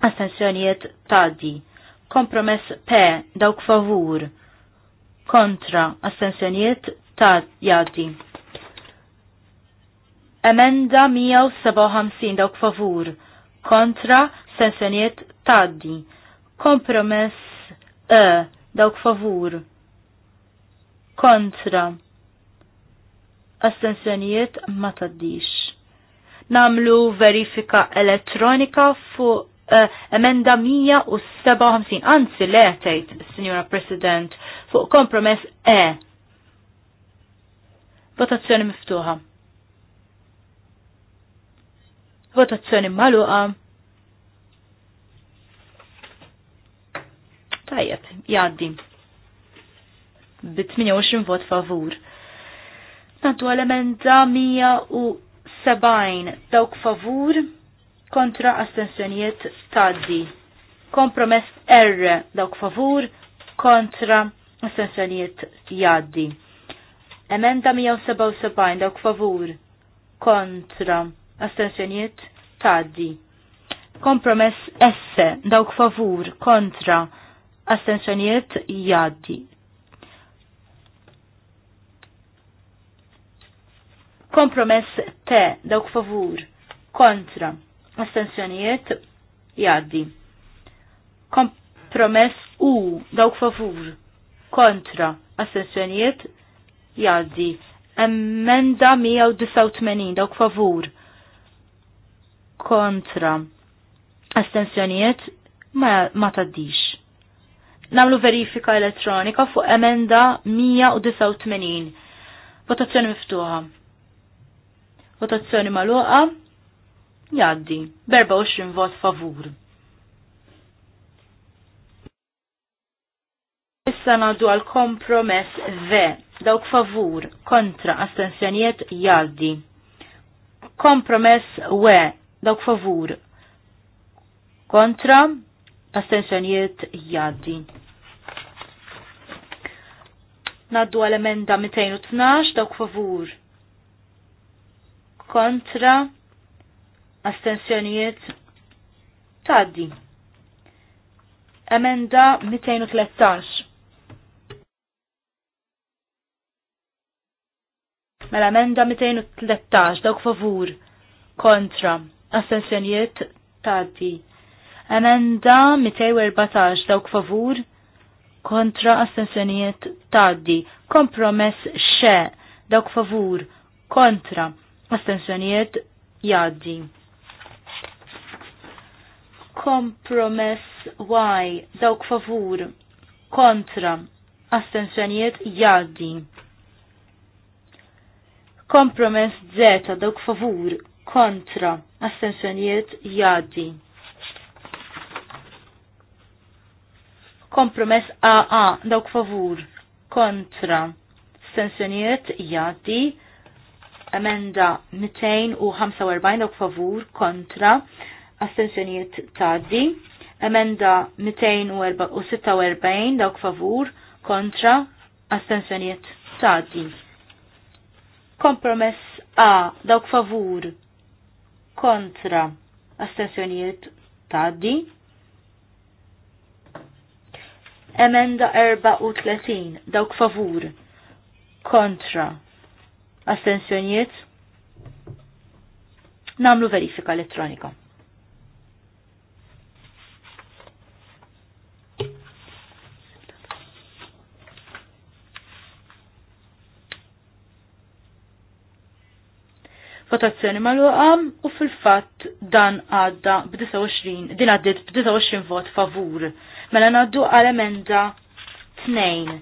astensanijiet taddi. Kompromess P dawk favur kontra astensjonijiet jaddi. Emenda 157 dawk favur kontra astensanijiet taddi. Kompromess E dawk favur kontra astensjonijiet ma taddix. Namlu verifika elettronika fuq uh, eh, emenda 157, anzi le tgħid, Signora President, fuq kompromess E. Votazzjoni miftuħa. Votazzjoni maluqa. Tajjeb, jgħaddi bi 28 vot favur. Naddu għal-emenda 170 dawk favur kontra astensjonijiet taddi. Kompromess R dawk favur kontra astensjonijiet jaddi. Emenda 177 dawk favur kontra astensjonijiet taddi. Kompromess S dawk favur kontra astensjonijiet jaddi. Kompromess te dawk favur kontra astensjonijiet jaddi. Kompromess U dawk favur kontra astensjonijiet jaddi. Emmenda 189 dawk favur kontra astensjonijiet ma, ma taddix. Namlu verifika elettronika fuq emenda 189. Votazzjoni miftuħa. Votazzjoni maluqa. Jaddi. 24 vot favur. Issa naddu għal kompromess V. Dawk favur kontra astensjonijiet jaddi. Kompromess W. Dawk favur kontra astensjonijiet jaddi. Naddu għal emenda 212 dawk favur kontra astensjonijiet taddi. Emenda 213. Mela emenda 213 dawk favur kontra astensjonijiet taddi. Emenda 214 dawk favur kontra astensjonijiet taddi. Kompromess xe dawk favur kontra astensjonijiet jaddi. Kompromess Y dawk favur kontra astensjoniet jaddi. Kompromess zeta dawk favur kontra astensjoniet jaddi. Kompromess AA dawk favur kontra astensjoniet jaddi emenda 245 dawk favur kontra astensjoniet tadi, emenda 246 dawk favur kontra astensjonijiet tadi. Kompromess A dawk favur kontra astensjoniet tadi. Emenda 34 dawk favur kontra Astensjonijiet? Namlu verifika elettronika. votazzjoni mal-uqam u fil-fat dan għadda b-29, din għaddit b-29 vot favur. Mela naddu għal-emenda 2.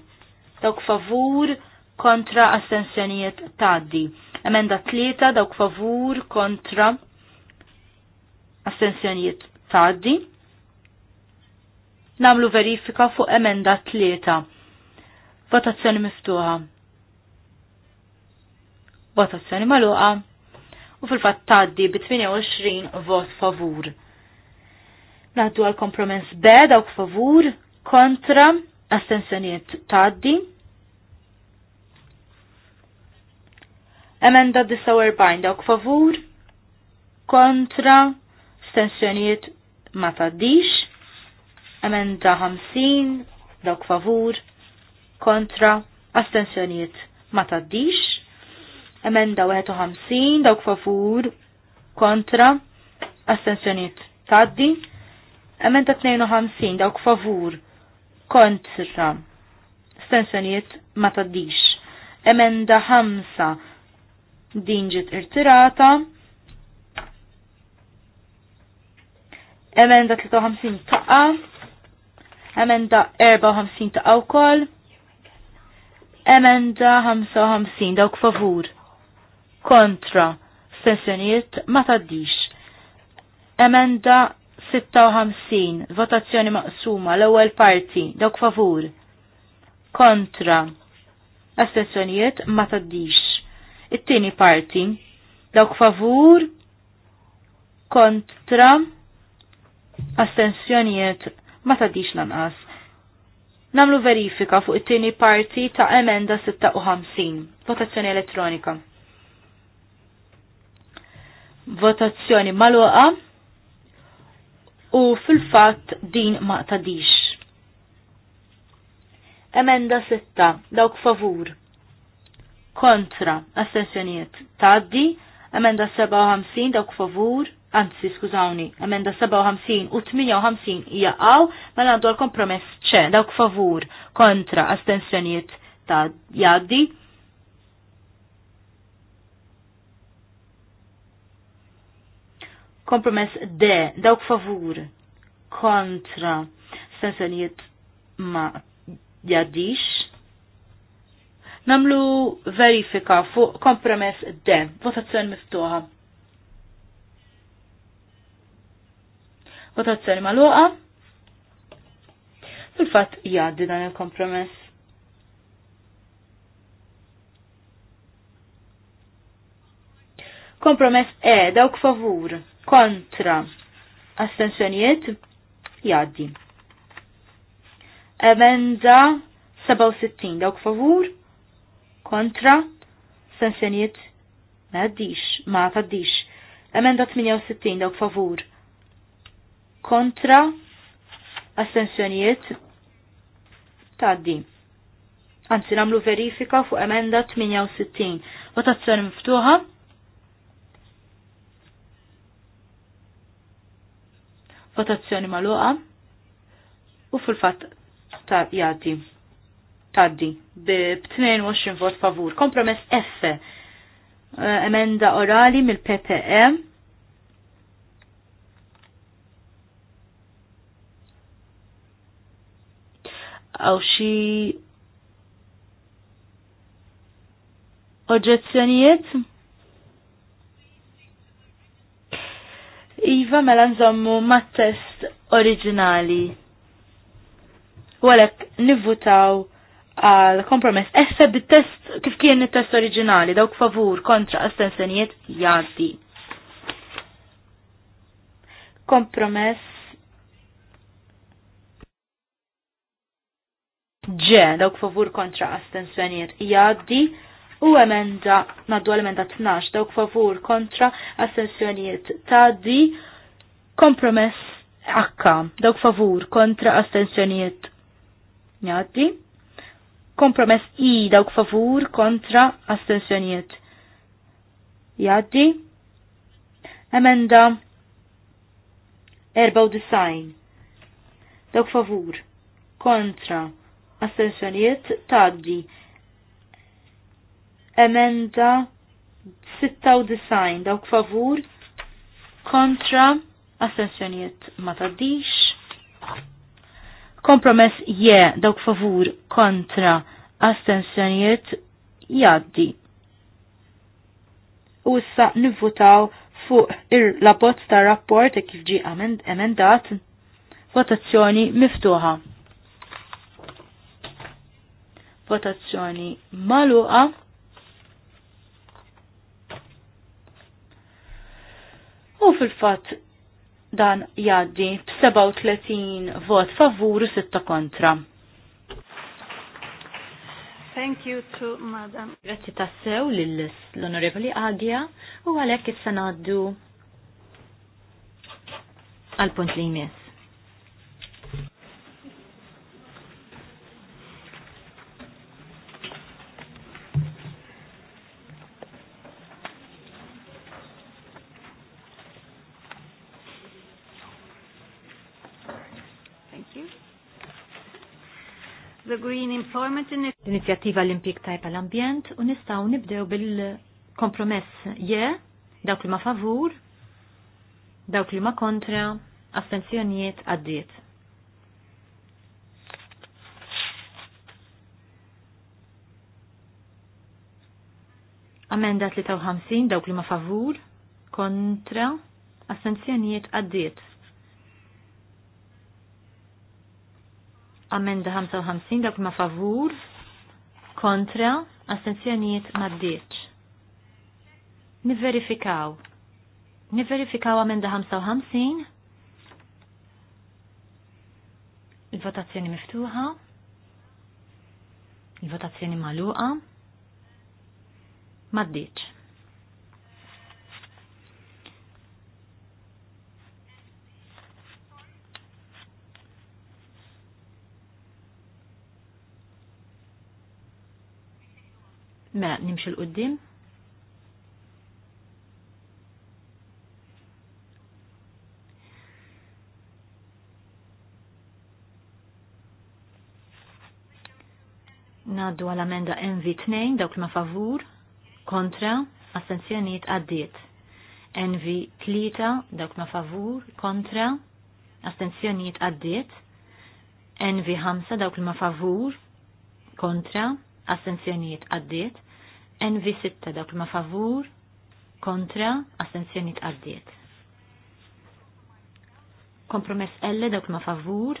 Dawk favur kontra astensjonijiet taddi. Emenda tlieta dawk favur kontra astensjonijiet taddi. Namlu verifika fuq emenda tlieta. Votazzjoni miftuħa. Votazzjoni maluqa. U fil-fatt taddi bi 28 vot favur. Naddu għal kompromess B dawk favur kontra astensjonijiet taddi. Emenda 49 dawk favur kontra stensjonijiet ma taddix. Emenda 50 dawk favur kontra astensjonijiet ma taddix. Emenda 51 dawk favur kontra astensjoniet taddi. Emenda 52 dawk favur kontra stensjonijiet ma taddix. Emenda 5 din ġiet irtirata. Emenda 53 taqa. Emenda 54 taqa koll. Emenda 55 dawk favur. Kontra. Stensjonijiet ma taddix. Emenda 56 votazzjoni maqsuma l-ewwel parti dawk favur. Kontra. Astensjonijiet ma taddix it-tieni parti. Dawk favur kontra astensjonijiet ma tadix lanqas. Namlu verifika fuq it-tieni parti ta' emenda 56, votazzjoni elettronika. Votazzjoni maluqa u fil-fatt din ma tadix. Emenda 6, dawk favur kontra astensjonijiet taddi, emenda 57 dawk favur, anzi skużawni, emenda 57 u 58 jaqaw, mela għandu għal-kompromess ċe dawk favur kontra astensjonijiet ta' jaddi. Kompromess D dawk favur kontra astensjonijiet ma jaddix. Namlu verifika fuq kompromess D, votazzjoni miftuħa. Votazzjoni maluqa. fil fat jgħaddi dan il-kompromess. Kompromess E, dawk favur, kontra, astensjonijiet, jaddi. Emenda 67, dawk favur, kontra sensenijiet ma għaddix, ma għaddix. Emenda 68 dawk favur kontra assenzjonijiet taddi. Anzi, namlu verifika fuq emenda 68. Votazzjoni miftuħa. Votazzjoni maluqa. U fil-fat ta' jati taddi b-22 vot favur. Kompromess F, eh, emenda orali mill-PPM. E. Aw xi oġġezzjonijiet? Iva mela nżommu mat-test oriġinali. Walek nivvutaw għal kompromess essa bit-test kif kien it-test oriġinali dawk favur kontra astensenijiet jgħaddi. Kompromess Ġe, dawk favur kontra astensenijiet jgħaddi u emenda naddu emenda 12 dawk favur kontra astensenijiet tgħaddi kompromess H dawk favur kontra astensenijiet jgħaddi Kompromess i dawk favur kontra astensjonijiet. Jaddi. Emenda 94. Dawk favur kontra astensjonijiet taddi. Emenda 96 dawk favur kontra astensjonijiet ma taddix. Kompromess je dawk favur kontra astensjonijiet jaddi. U issa nivvutaw fuq il-labot ta' rapport kif ġi emendat votazzjoni miftuħa. Votazzjoni maluqa. U fil-fat dan jaddi b-37 vot favur u 6 kontra. Thank you to Madam. Grazie tassew l-Onorevoli Agia u għalek il-sanaddu għal-punt li jmiss. the Green Employment Initiative. L-inizjattiva l tajpa l-ambjent u nistaw nibdew bil-kompromess je, yeah, dawk li ma favur, dawk li ma kontra, astenzjonijiet għaddiet. Amenda 53 dawk li ma favur, kontra, astenzjonijiet għaddiet. Amenda 55 dak ma favur kontra astenzjonijiet maddiċ. Niverifikaw. Niverifikaw amenda 55. Il-votazzjoni miftuħa. Il-votazzjoni maluqa. Maddiċ. Mela, nimxu l-qoddim. Naddu għal-amenda NV2, dawk ma favur, kontra, assenzjoniet għaddiet. NV3, dawk ma favur, kontra, astenzjoniet għaddiet. NV5, dawk ma favur, kontra, astenzjonijiet għaddiet, NV6 dawk ma favur, kontra, astenzjonijiet għaddiet. Kompromess L dawk ma favur,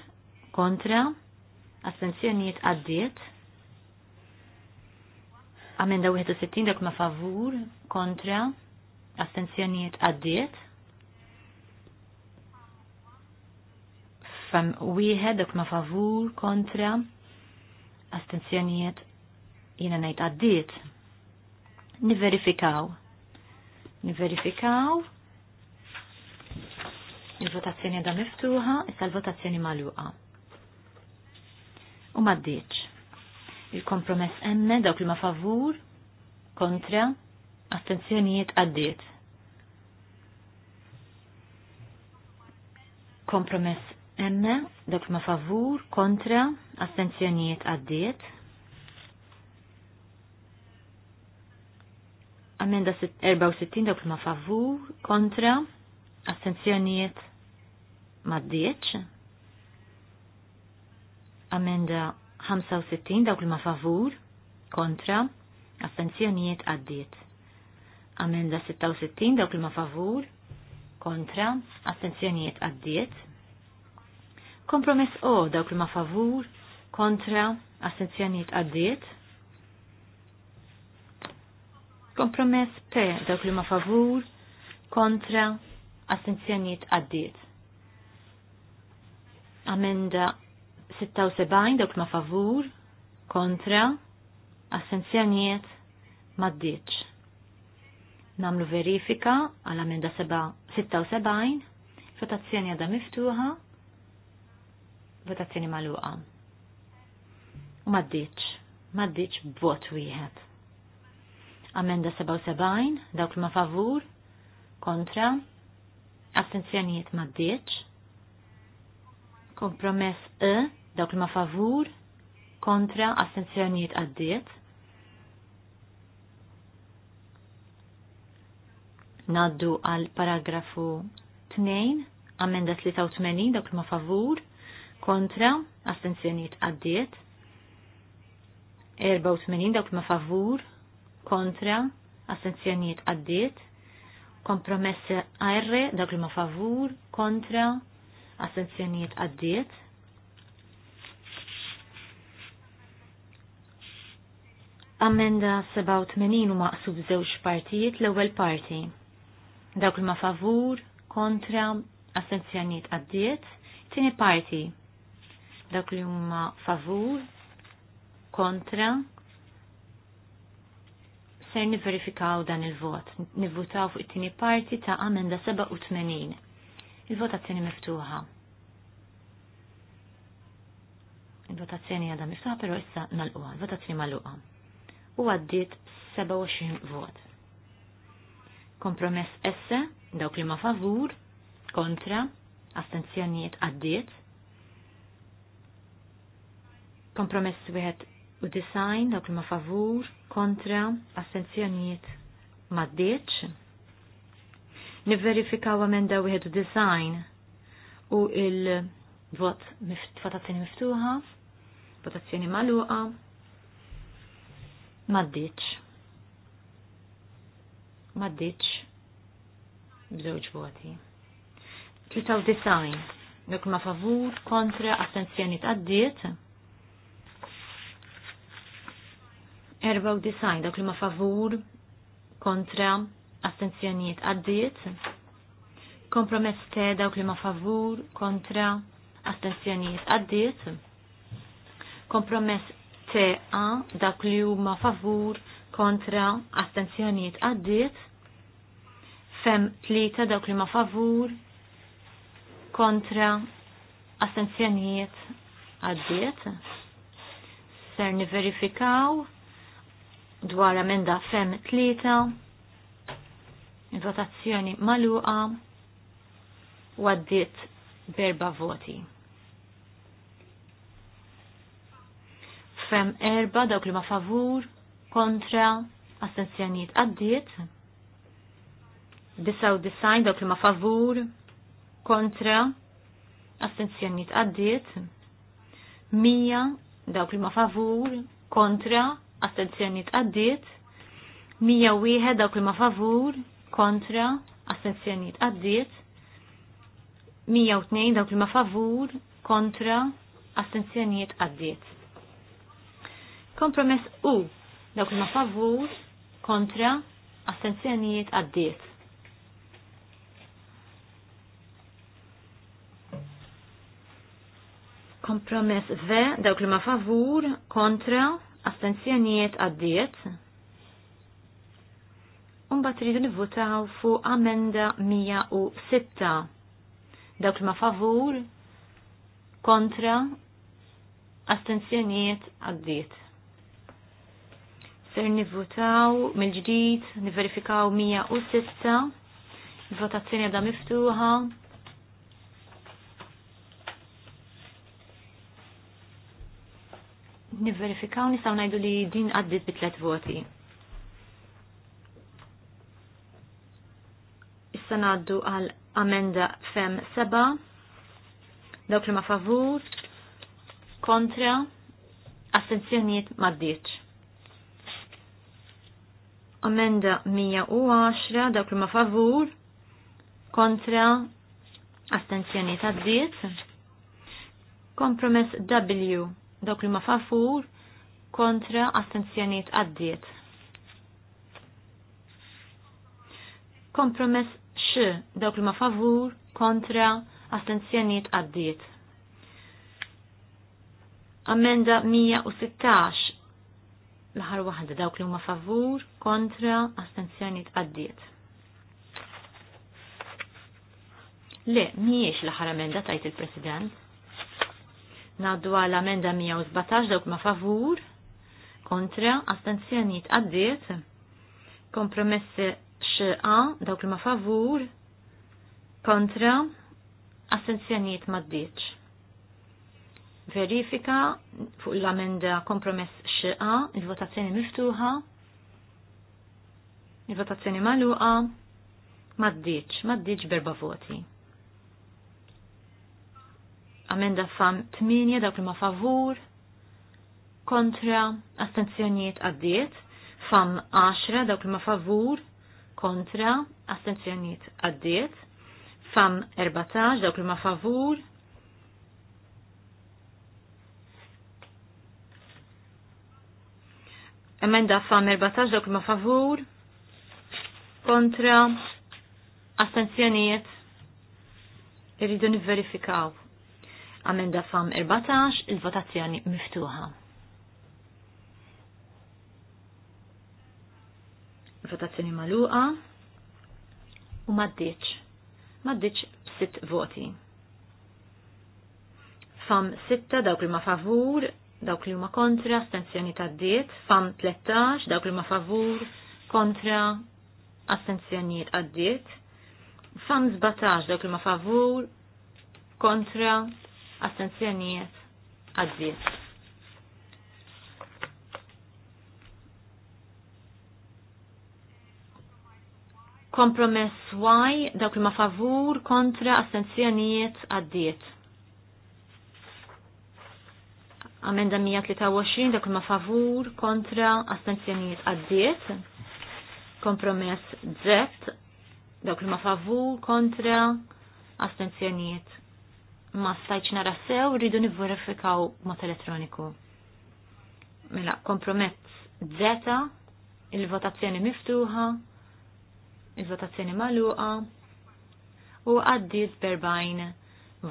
kontra, astenzjonijiet għaddiet. Amenda 61 dak ma favur, kontra, astenzjonijiet għaddiet. Fem wieħed dak ma favur, kontra, astenzjonijiet jina najt għaddiet. Niverifikaw. Niverifikaw. Il-votazzjoni għadha miftuħa, issa l-votazzjoni maluqa. U maddiċ. Il-kompromess emme, dawk li ma favur, kontra, attenzjonijiet għaddiet. Kompromess emme, dawk li ma favur, kontra, attenzjonijiet għaddiet. Amenda 64 dawk ma favur, kontra, astenzjonijiet ma d-dieċ. Amenda 65 dawk ma favur, kontra, astenzjonijiet għaddiet. Amenda 66 dawk ma favur, kontra, astenzjonijiet għaddiet. Kompromess O dawk ma favur, kontra, astenzjonijiet għaddiet. Kompromess per dawk li ma favur, kontra, assenzjoniet għaddiet. Amenda 76, dawk ma favur, kontra, assenzjoniet maddiċ. Namlu verifika għal amenda 76, votazzjoni għadha miftuħa, votazzjoni maluqa. U maddiċ, maddiċ bot wieħed. Amenda 77, dawk ma favur, kontra, astenzjoniet ma ddiċ. Kompromess E, dawk ma favur, kontra, astenzjonijiet għaddiet. Naddu għal paragrafu 2, amenda 83, dawk ma favur, kontra, astenzjonijiet għaddiet. 84 dawk ma favur, kontra, assenzjonijiet għaddiet, kompromess R, dak li ma favur, kontra, assenzjonijiet għaddiet. Amenda 87 u maqsub żewġ partijiet l-ewwel parti. Dawk li ma favur, kontra, assenzjonijiet għaddiet. Tieni parti. Dawk li huma favur, kontra, ser niverifikaw dan il-vot. Nivvutaw fuq it-tieni parti ta' amenda 87. Il-votazzjoni miftuħa. Il-votazzjoni għadha miftuħa però issa nalquha, il-votazzjoni magħluqa. U għaddiet 27 vot. Kompromess esse, dawk li ma favur, kontra, astenzjonijiet għaddiet. Kompromess wieħed u design dawk li ma favur, kontra, assenzjonijiet ma ddiċ. Niverifikaw amenda wieħed u design u il-vot votazzjoni miftuħa, votazzjoni maluqa, ma deċ. Ma deċ bżewġ voti. design, dak ma favur kontra assenzjonijiet għaddiet. 94 dak li ma favur kontra astenzjonijiet għaddiet. Kompromess te dawk li ma favur kontra astenzjonijiet għaddiet. Kompromess te a dak li huma favur kontra astenzjonijiet għaddiet. Fem tlita dawk li ma favur kontra astenzjonijiet għaddiet. Ser niverifikaw dwar emenda fem tlieta, votazzjoni maluqa u għaddiet berba voti. Fem erba dawk li ma favur, kontra, astenzjoniet għaddit, Disaw disajn dawk li ma favur, kontra, astenzjoniet għaddiet. Mija dawk li ma favur, kontra, astenzjoni tqaddiet, wieħed dawk li ma favur kontra astenzjoni tqaddiet, tnejn dawk li ma favur kontra astenzjonijiet għaddiet. Kompromess U dawk li ma favur kontra astenzjonijiet għaddiet. Kompromess V dawk li ma favur kontra astenzjonijiet għaddiet. Umbat rridu nivvotaw fuq amenda 106. Dawk ma favur, kontra, astenzjonijiet għaddiet. Ser nivvotaw mill-ġdid, niverifikaw 106. Votazzjoni għadha miftuħa. nivverifikaw nistaw najdu li din għaddit bitlet voti. Issa naddu għal amenda fem seba, dawk li ma favur, kontra, assenzjoniet maddiċ. Amenda 110, dawk li ma favur, kontra, astenzjoniet għaddit. Kompromess W Dok li ma favur kontra astenzjoniet għaddiet. Kompromess x dawk li ma favur kontra astenzjoniet għaddiet. Amenda 116 l-ħar waħda dawk li huma favur kontra astenzjoniet għaddiet. Le, miex l-ħar amenda tajt il-President. Naddu għal amenda 117 dawk ma favur, kontra, astenzjoni għaddiet, kompromessi xeqa dawk ma favur, kontra, astenzjoni maddiċ. Verifika fuq l-amenda kompromess xeqa, il-votazzjoni miftuħa, il-votazzjoni maluqa, maddiċ, maddiċ berba voti. Amenda fam 8 dawk li ma favur kontra astenzjonijiet għaddiet. Fam 10 dawk li ma favur kontra astenzjonijiet għaddiet. Fam 14 dawk li ma favur Emenda fam 14 dawk li ma favur kontra astenzjonijiet irridu nivverifikaw. Amenda fam 14, il-votazzjoni miftuħa. Votazzjoni maluqa u maddiċ. Maddiċ b'sitt voti. Fam 6 dawk li ma favur, dawk li huma kontra, astenzjoni ta' diet, fam 13 dawk li ma favur, kontra, astenzjonijiet għaddiet, fam 17 dawk li ma favur, kontra, Astenzjonijiet għaddiet. Kompromess Y, dawk li ma favur, kontra, astenzjonijiet għaddiet. Amenda 123, dak ma favur, kontra, astenzjoniet għaddiet. Kompromess Z, li ma favur, kontra, astenzjoniet ma stajċ nara rridu nivverifikaw mot elettroniku. Mela, kompromett Z, il-votazzjoni miftuħa, il-votazzjoni maluqa, u għaddiet berbajn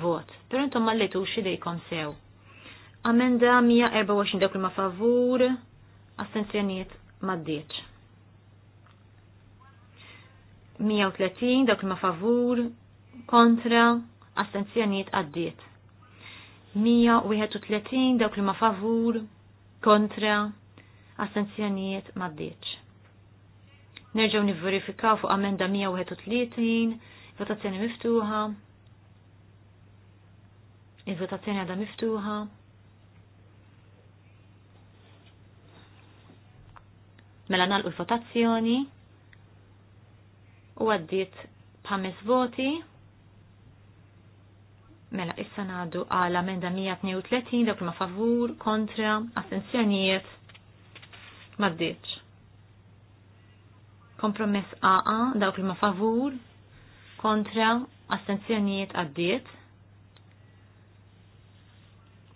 vot. Pero intom malletu xidejkom sew. Amenda 124 dakul ma favur, astenzjoniet maddiċ. 130 dakul ma favur, kontra, astenzjonijiet għaddiet. 131 dawk li ma favur, kontra, astenzjonijiet maddiċ. Nerġaw nivverifikaw fuq amenda 131, votazzjoni miftuħa, il-votazzjoni għadha miftuħa. Mela nalqu il votazzjoni u għaddiet pames voti. Mela, issa nadu għal amenda 132 dawk ma favur, kontra, astensjonijiet. ddiċ. Kompromess AA dawk ma favur, kontra, astensjonijiet għaddiet.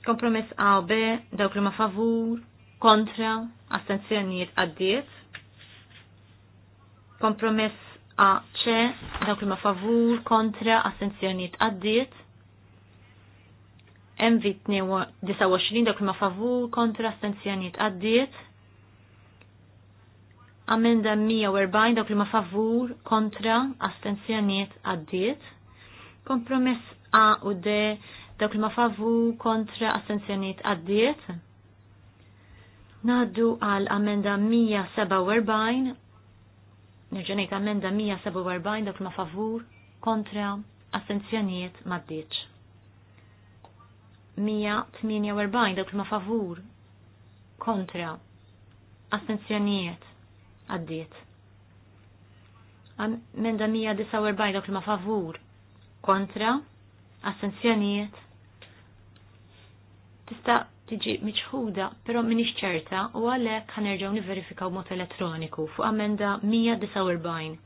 Kompromess A B dawk li ma favur, kontra, astenzjonijiet għaddiet. Kompromess A C dawk ma favur, kontra, astenzjonijiet għaddiet. MV29 dak ma favur kontra astenzjonijiet għaddiet. Amenda 140 dak li ma favur kontra astenzjonijiet għaddiet. Kompromess A u D dak li ma favur kontra astenzjonijiet għaddiet. Naddu għal amenda 147 Nerġanejt amenda 147 dak ma favur kontra astenzjonijiet maddiċ. 148 dawk ma favur kontra astenzjonijiet għaddiet. Menda 149 dawk ma favur kontra astenzjonijiet tista' tiġi miċħuda, pero minni ċerta u għalek ħanerġaw niverifikaw mod elettroniku fuq amenda 149.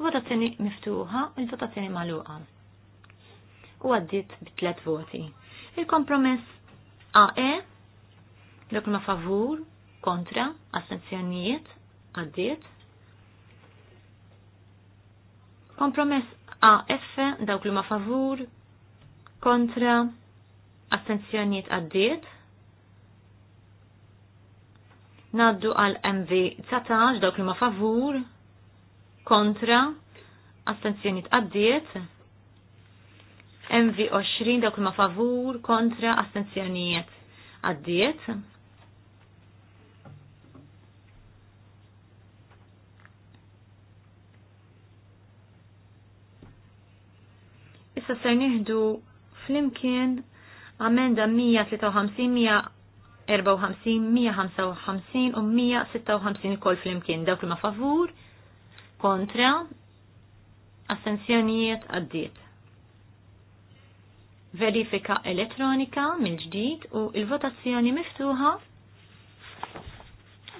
Votazzjoni miftuħa, il-votazzjoni maluqa. U għaddit tlet voti. Il-kompromess AE, dak ma favur, kontra, astenzjonijiet, għaddiet. Kompromess AF, dawk li ma favur, kontra, astenzjonijiet għaddiet. Naddu għal MV19, dawk li ma favur, kontra, astenzjonijiet għaddiet. MV20 dawk ma favur kontra astenzjonijiet għaddiet. Issa ser nieħdu flimkien amenda 153, 154, 155 u 156 kol flimkien dawk ma favur kontra astenzjonijiet għaddiet verifika elettronika mill-ġdid u il-votazzjoni miftuħa.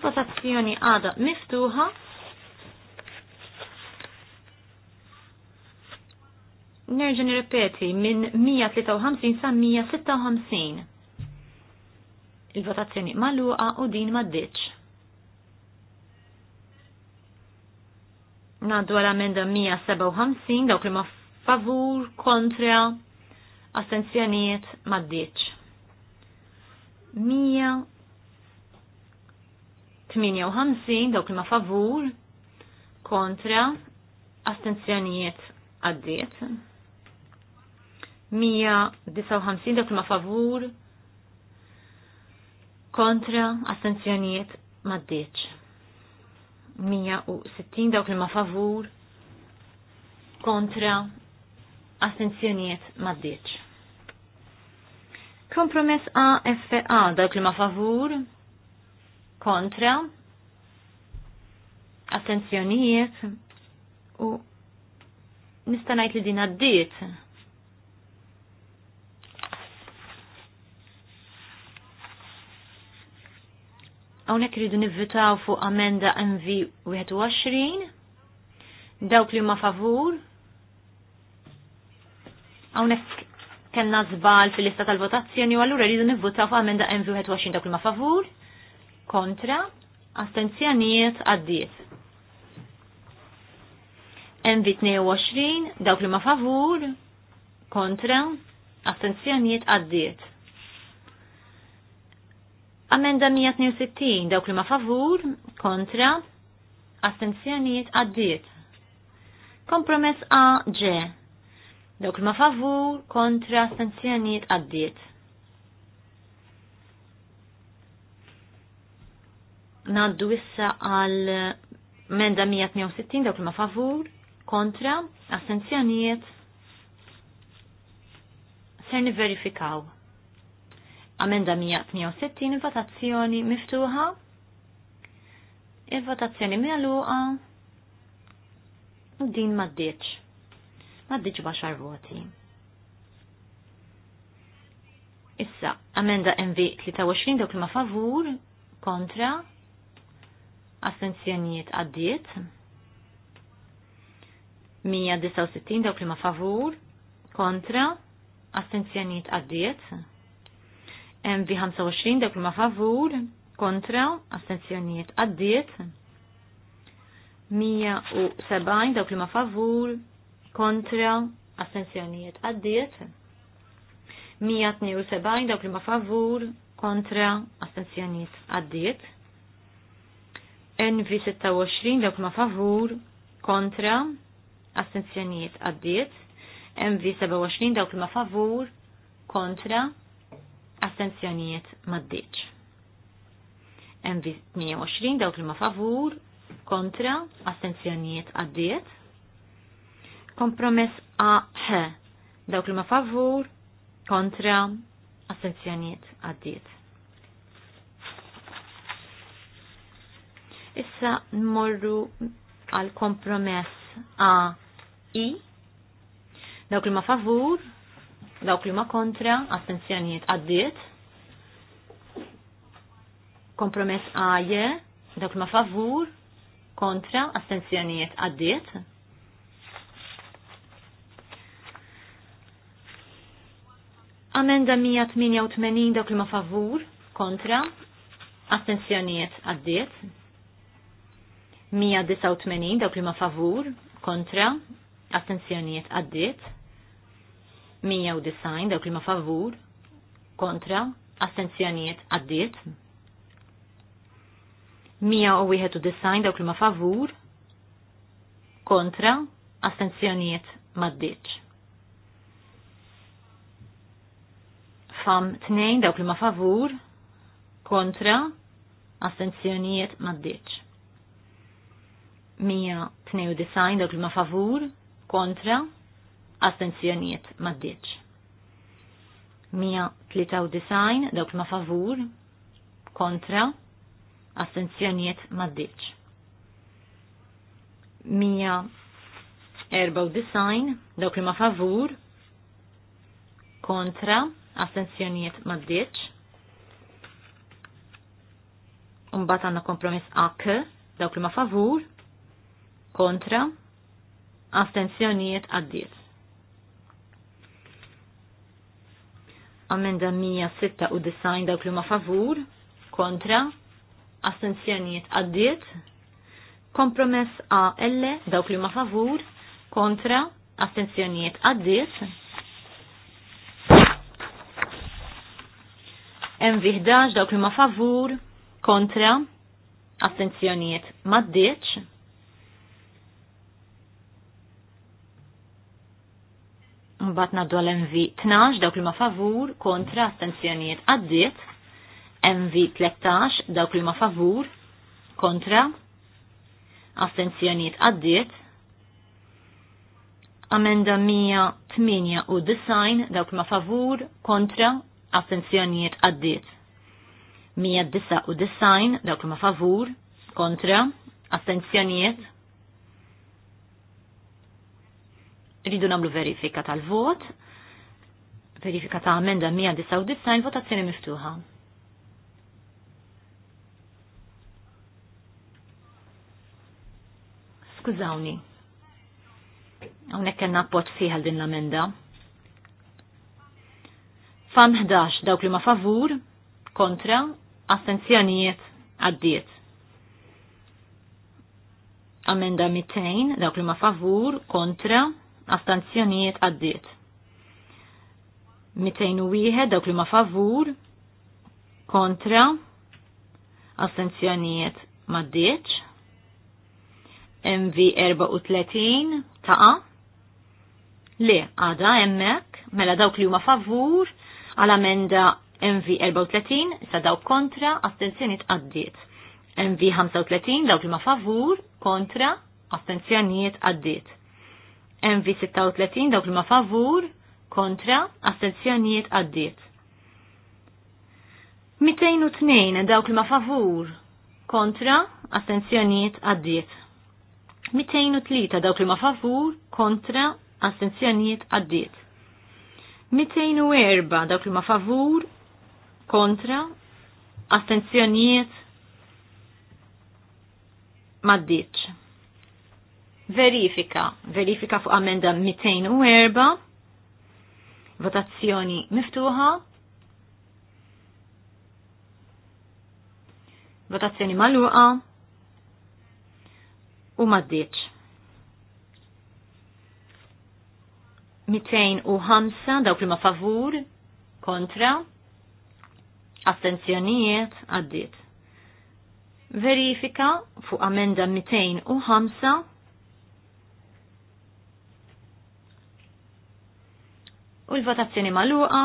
Votazzjoni għada miftuħa. Nerġa nirrepeti minn 153 sa 156. Il-votazzjoni maluqa u din maddiċ. Naddu għal amenda 157 dawk li ma favur kontra astenzjonijiet ddiċ. 158 dawk li ma favur kontra attenzjonijiet għaddiet. 159 dawk li ma favur kontra ma ddiċ. 160 dawk li ma favur kontra ma ddiċ. Kompromess e, A, dawk li ma favur, kontra, attenzjonijiet u nistanajt li din għaddiet. Għonek rridu nivvitaw fuq amenda MV21, dawk li ma favur, għonek kellna zbal fil-lista tal-votazzjoni u allura rridu nivvotaw fuq emenda MV21 ta' ma favur, kontra, astenzjonijiet għaddiet. MV22 dawk li ma favur, kontra, astenzjonijiet għaddiet. Amenda 162 dawk li ma favur, kontra, astenzjonijiet għaddiet. Kompromess A, G, Dawk ma favur kontra astenzjonijiet għaddiet. Naddu issa għal menda 168 dawk ma favur kontra astenzjonijiet ser verifikaw. Amenda 160 votazzjoni miftuħa. Il-votazzjoni u din maddieċ maddiġ baxar voti. Issa, amenda MV 23 dok ma favur, kontra, astenzjonijiet għaddiet. 169 dok li ma favur, kontra, astenzjonijiet għaddiet. MV 25 dawk li ma favur, kontra, astenzjonijiet għaddiet. 170 dawk li ma favur, kontra assenzjonijiet għaddiet. 172 dawk li ma favur kontra assenzjonijiet għaddiet. NV26 dawk ma favur kontra assenzjonijiet għaddiet. nv 27 dawk li ma favur kontra assenzjonijiet maddiċ. nv 28 dawk li ma favur kontra assenzjonijiet għaddiet. Kompromess AH. Dawk li ma favur, kontra, assenzjoniet għaddiet. Issa morru għal kompromess A I. Dawk li ma favur, dawk li ma kontra, assenzjoniet għaddiet. Kompromess A je Dawk li ma favur, kontra, assenzjoniet għaddiet Amenda 188 dawk li ma favur, kontra, astensjonijiet għaddiet. 189 dawk li ma favur, kontra, astensjonijiet għaddiet. 190 dawk li ma favur, kontra, astensjonijiet għaddiet. 191 dawk li ma favur, kontra, astensjonijiet maddiċ. fam tnejn dawk li ma favur, kontra, astenzjonijiet maddiċ. 192 dawk li ma favur, kontra, astenzjonijiet maddiċ. 193 dawk li ma favur, kontra, astenzjonijiet maddiċ. 194 dawk li ma favur, kontra, astenzjonijiet dieċ Umbat għanna kompromiss AK, dawk li ma favur, kontra, għad għaddiet. Amenda 106 u design dawk li ma favur, kontra, astenzjonijiet għaddiet. Kompromess AL, dawk li ma favur, kontra, għad għaddiet hemm 11 dawk li ma favur kontra attenzjonijiet maddiċ. Mbagħad ngħaddu għal MV12 dawk li ma favur kontra attenzjonijiet għaddiet. MV13 dawk li ma favur kontra attenzjonijiet għaddiet amenda 198 dawk ma favur kontra attenzjonijiet għaddiet. 199 dawk li ma favur, kontra, attenzjonijiet. Ridu namlu verifika tal-vot, verifika ta' amenda 199, votazzjoni miftuħa. Skużawni, għonek kena pot fiħal din l-amenda fan 11 dawk li ma favur, kontra, astenzjonijiet għaddiet. Amenda 200 dawk li ma favur, kontra, astenzjonijiet għaddiet. 201 dawk li ma favur, kontra, astenzjonijiet maddiċ. MV 34 taqa. Le, għada emmek, mela dawk li huma favur, għal-amenda MV 34 sa dawk kontra astenzjoni tqaddiet. MV 35 dawk li ma favur kontra astenzjonijiet għaddiet. MV 36 dawk li ma favur kontra astenzjonijiet għaddiet. 202 dawk li ma favur kontra astenzjonijiet għaddiet. 203 dawk li ma favur kontra astenzjonijiet għaddiet. 204 dawk li ma favur, kontra, astenzjonijiet, maddiċ. Verifika, verifika fuq amenda 204, votazzjoni miftuħa, votazzjoni maluqa u maddiċ. 205 dawk li ma favur kontra astenzjonijiet għaddiet. Verifika fuq amenda 205 u l-votazzjoni maluqa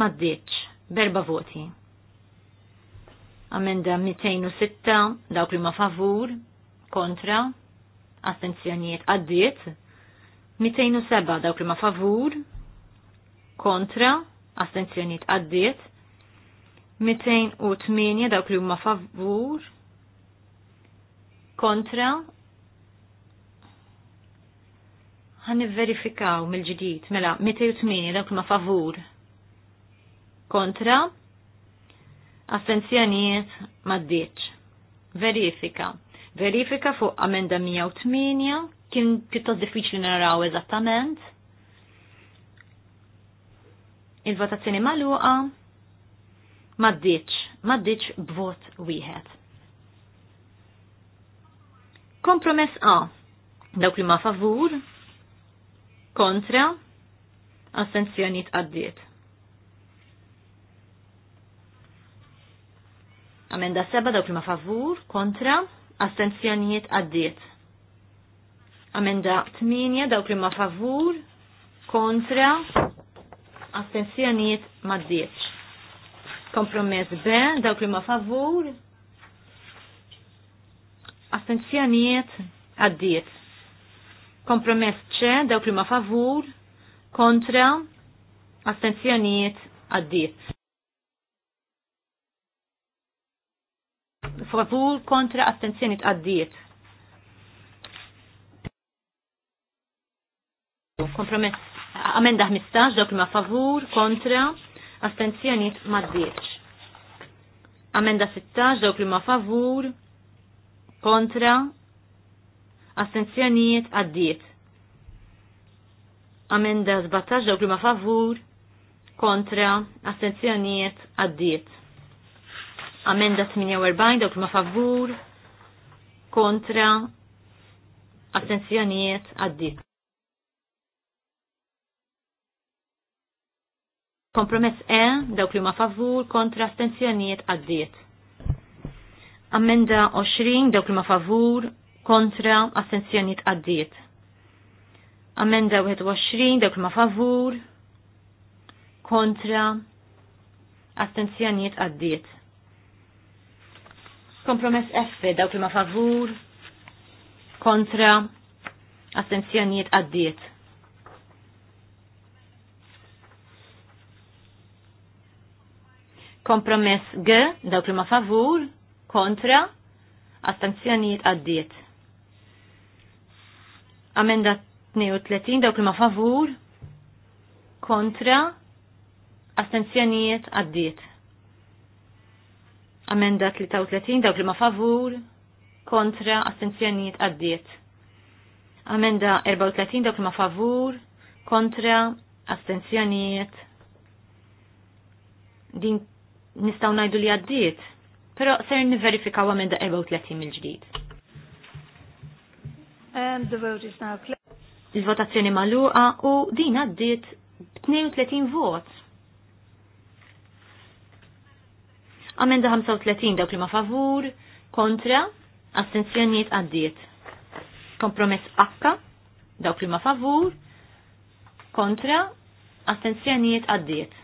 maddiċ berba voti. Amenda 206 dawk li ma favur kontra astenzjonijiet għaddiet. 207 dawk li ma favur, kontra, astenzjoni għaddiet, 208 dawk li huma favur, kontra, għan verifikaw mill-ġdid, mela 208 dawk li ma favur, kontra, astenzjoniet maddiċ. Verifika. Verifika fuq amenda 108 kien pjuttos diffiċli naraw eżattament. Il-votazzjoni magħluqa maddiċ, maddiċ b'vot wieħed. Kompromess A. Dawk li ma favur, kontra, assenzjoni tqaddiet. Amenda seba dawk li ma favur, kontra, astenzjonijiet għaddiet. Amenda 8 dawk li ma favur kontra astensjoniet ma ddieċ. Kompromess B dawk li ma favur astensjonijiet għaddiet. Kompromess C dawk li ma favur kontra astensjonijiet għaddiet. Favur kontra astensjonijiet għaddiet Kompromess amenda 15 dawk ma favur kontra astenzjoniet ma Amenda 16 dawk ma favur kontra astenzjoniet għaddiet. Amenda 17 dok ma favur kontra astenzjoniet għaddiet. Amenda 48 dawk ma favur kontra astenzjoniet għaddiet. Kompromess E, dawk li ma favur kontra astenzjonijiet għaddiet. Ammenda 20, dawk li ma favur kontra astenzjonijiet għaddiet. Ammenda 21, dawk li ma favur kontra astenzjonijiet għaddiet. Kompromess F, dawk li ma favur kontra astenzjonijiet għaddiet. Kompromess G, daw prima favur, kontra, astanzjonijiet għaddiet. Amenda 32, daw prima favur, kontra, astanzjonijiet għaddiet. Amenda 33, daw prima favur, kontra, astanzjonijiet għaddiet. Amenda 34, daw prima favur, kontra, astenzjonijiet din nistaw najdu li għaddiet, pero ser niverifikaw għamenda 34 mil-ġdid. And the vote is now closed. Il-votazzjoni maluqa u din għaddiet 32 vot. Amenda 35 dawk li ma favur, kontra, astenzjoniet għaddiet. Kompromess akka, dawk li ma favur, kontra, astenzjoniet għaddiet.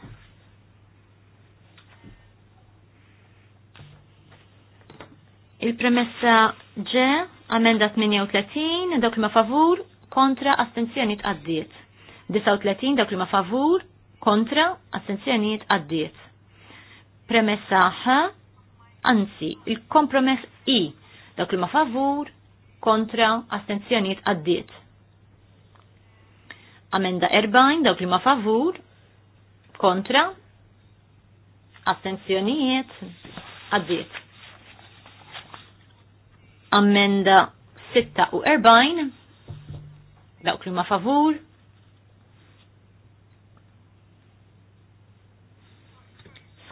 Il-premessa ġe, amenda 38, dawk li ma favur, kontra, astenzjoni tqaddiet. 39, dawk li ma favur, kontra, astenzjoni tqaddiet. Premessa ħ, anzi, il-kompromess i, dawk li ma favur, kontra, astenzjoni tqaddiet. Amenda 40, dawk li ma favur, kontra, astenzjonijiet għaddiet ammenda 46 dawk li ma favur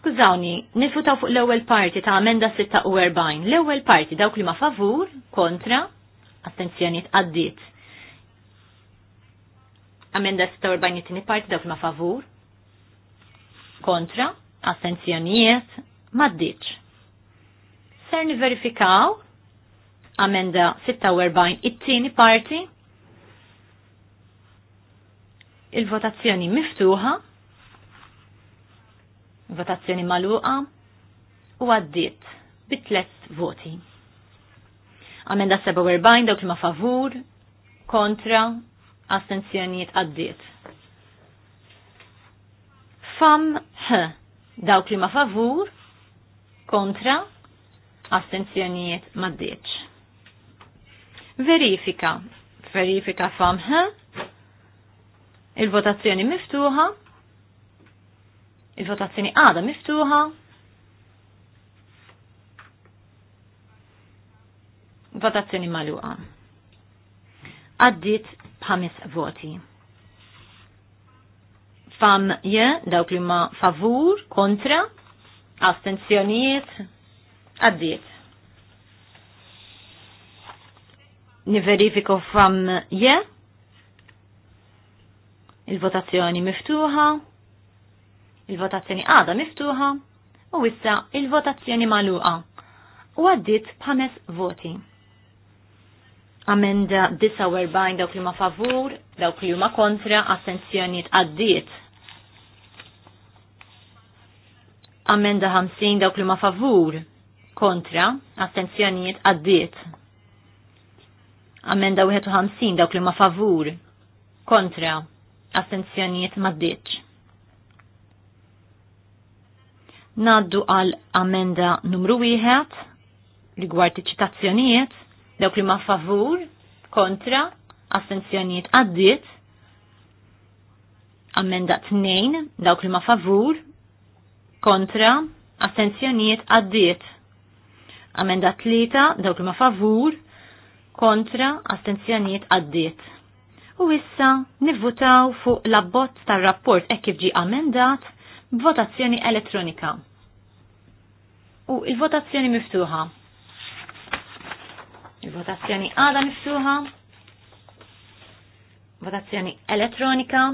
Skużawni, nifutaw fuq l-ewwel parti ta' amenda 46. L-ewwel parti dawk li ma favur, kontra, attenzjoniet għaddiet. Amenda 46 it-tieni parti dawk li ma favur, kontra, attenzjonijiet maddiċ. Ser niverifikaw amenda 46 it-tieni parti il-votazzjoni miftuħa votazzjoni maluqa u għaddiet bit-tlet voti. Amenda 47 dawk li ma favur, kontra, astenzjoniet għaddit. Fam h dawk li ma favur, kontra, astenzjoniet maddiċ verifika. Verifika famħa, il-votazzjoni miftuħa, il-votazzjoni għada miftuħa, votazzjoni maluqa. Għaddit bħamis voti. Fam je, dawk li ma favur, kontra, astenzjoniet, għaddit. niverifiko fam je. Il-votazzjoni miftuħa. Il-votazzjoni għada miftuħa. U issa il-votazzjoni maluqa. U għaddit bħames voti. Amenda 49 dawk li ma favur, dawk li ma kontra, assenzjoniet għaddiet. Amenda 50 dawk li ma favur, kontra, assenzjoniet għaddit. Amenda 51 dawk li ma favur kontra astenzjonijiet ma ddiċ. Naddu għal amenda numru 1 li gwarti ċitazzjonijiet dawk li ma favur kontra astenzjonijiet għaddiet. Amenda 2 dawk li ma favur kontra astenzjonijiet għaddiet. Amenda 3 dawk li ma favur kontra astenzjonijiet għaddiet. U issa nivvutaw fuq l-abbozz tar-rapport hekk kif ġi amendat b'votazzjoni elettronika. U il-votazzjoni miftuħa. Il-votazzjoni għada miftuħa. Votazzjoni elettronika.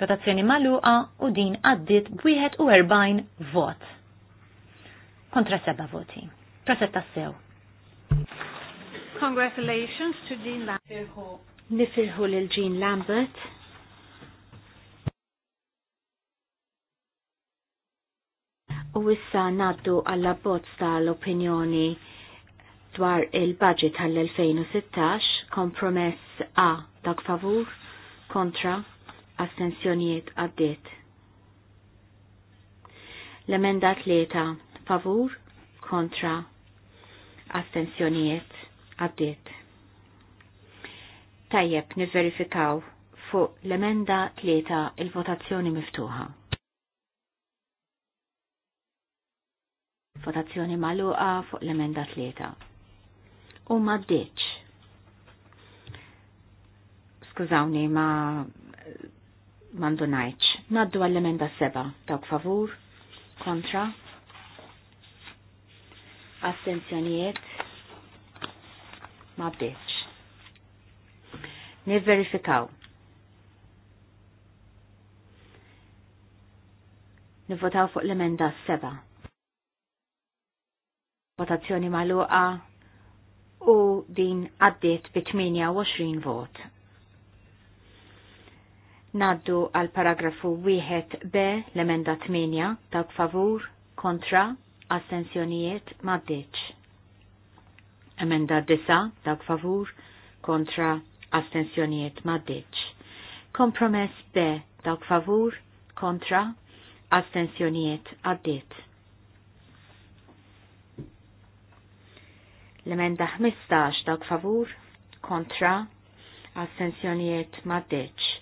Votazzjoni maluqa u din għaddit b erbajn vot. Kontra seba voti. Prosetta sew. Congratulations to Jean Lambert. Nifirħu lil Jean Lambert. U issa naddu għalla bozz tal-opinjoni dwar il-budget għall-2016, kompromess A dak favur, kontra, astensjonijiet għaddiet. L-emenda tlieta favur, kontra, astensjonijiet għaddiet. Tajjeb niverifikaw fuq l-emenda tlieta il-votazzjoni miftuħa. Votazzjoni maluqa fuq l-emenda tlieta. U maddiċ. Skużawni ma mandunajċ. Naddu għall-emenda seba. Dawk favur? Kontra? Astenzjonijiet? ma bdeċ. Niverifikaw. Nivvotaw fuq l-emenda seba. Votazzjoni maluqa u din għaddiet bi 28 vot. Naddu għal paragrafu 1 b l-emenda 8 dawk favur kontra astensjonijiet ma bdeċ. Emenda disa, dak favur, kontra astensjoniet maddeċ. Kompromess B, dak favur, kontra astensjoniet addit. L-emenda 15, dak favur, kontra astensjoniet maddeċ.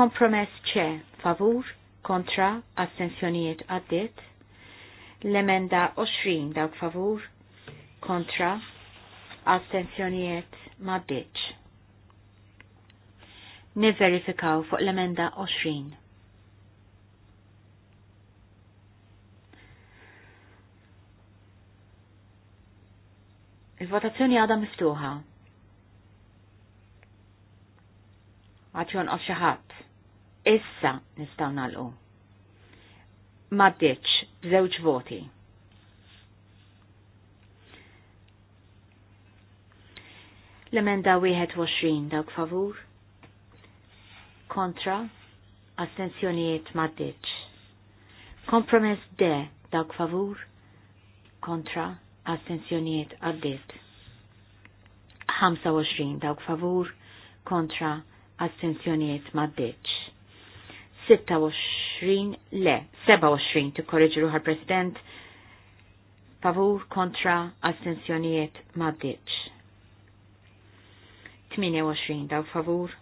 Kompromess C, favur, kontra astensjoniet addit. L-emenda 20, dak favur, kontra astenzjonijiet ma bieċ. Niverifikaw fuq l-emenda 20. Il-votazzjoni għada miftuħa. Għatjon għaf Issa nistawna l-u. Maddiċ, bżewġ voti. L-emenda 21 dawk favur. Kontra. Astenzjonijiet maddeċ. Kompromess D dawk favur. Kontra. Astenzjonijiet għaddit. 25 dawk favur. Kontra. Astenzjonijiet maddeċ. 26 le. 27 tikkorreġi ruħal president. Favur kontra astenzjonijiet maddeċ. 28 daw favur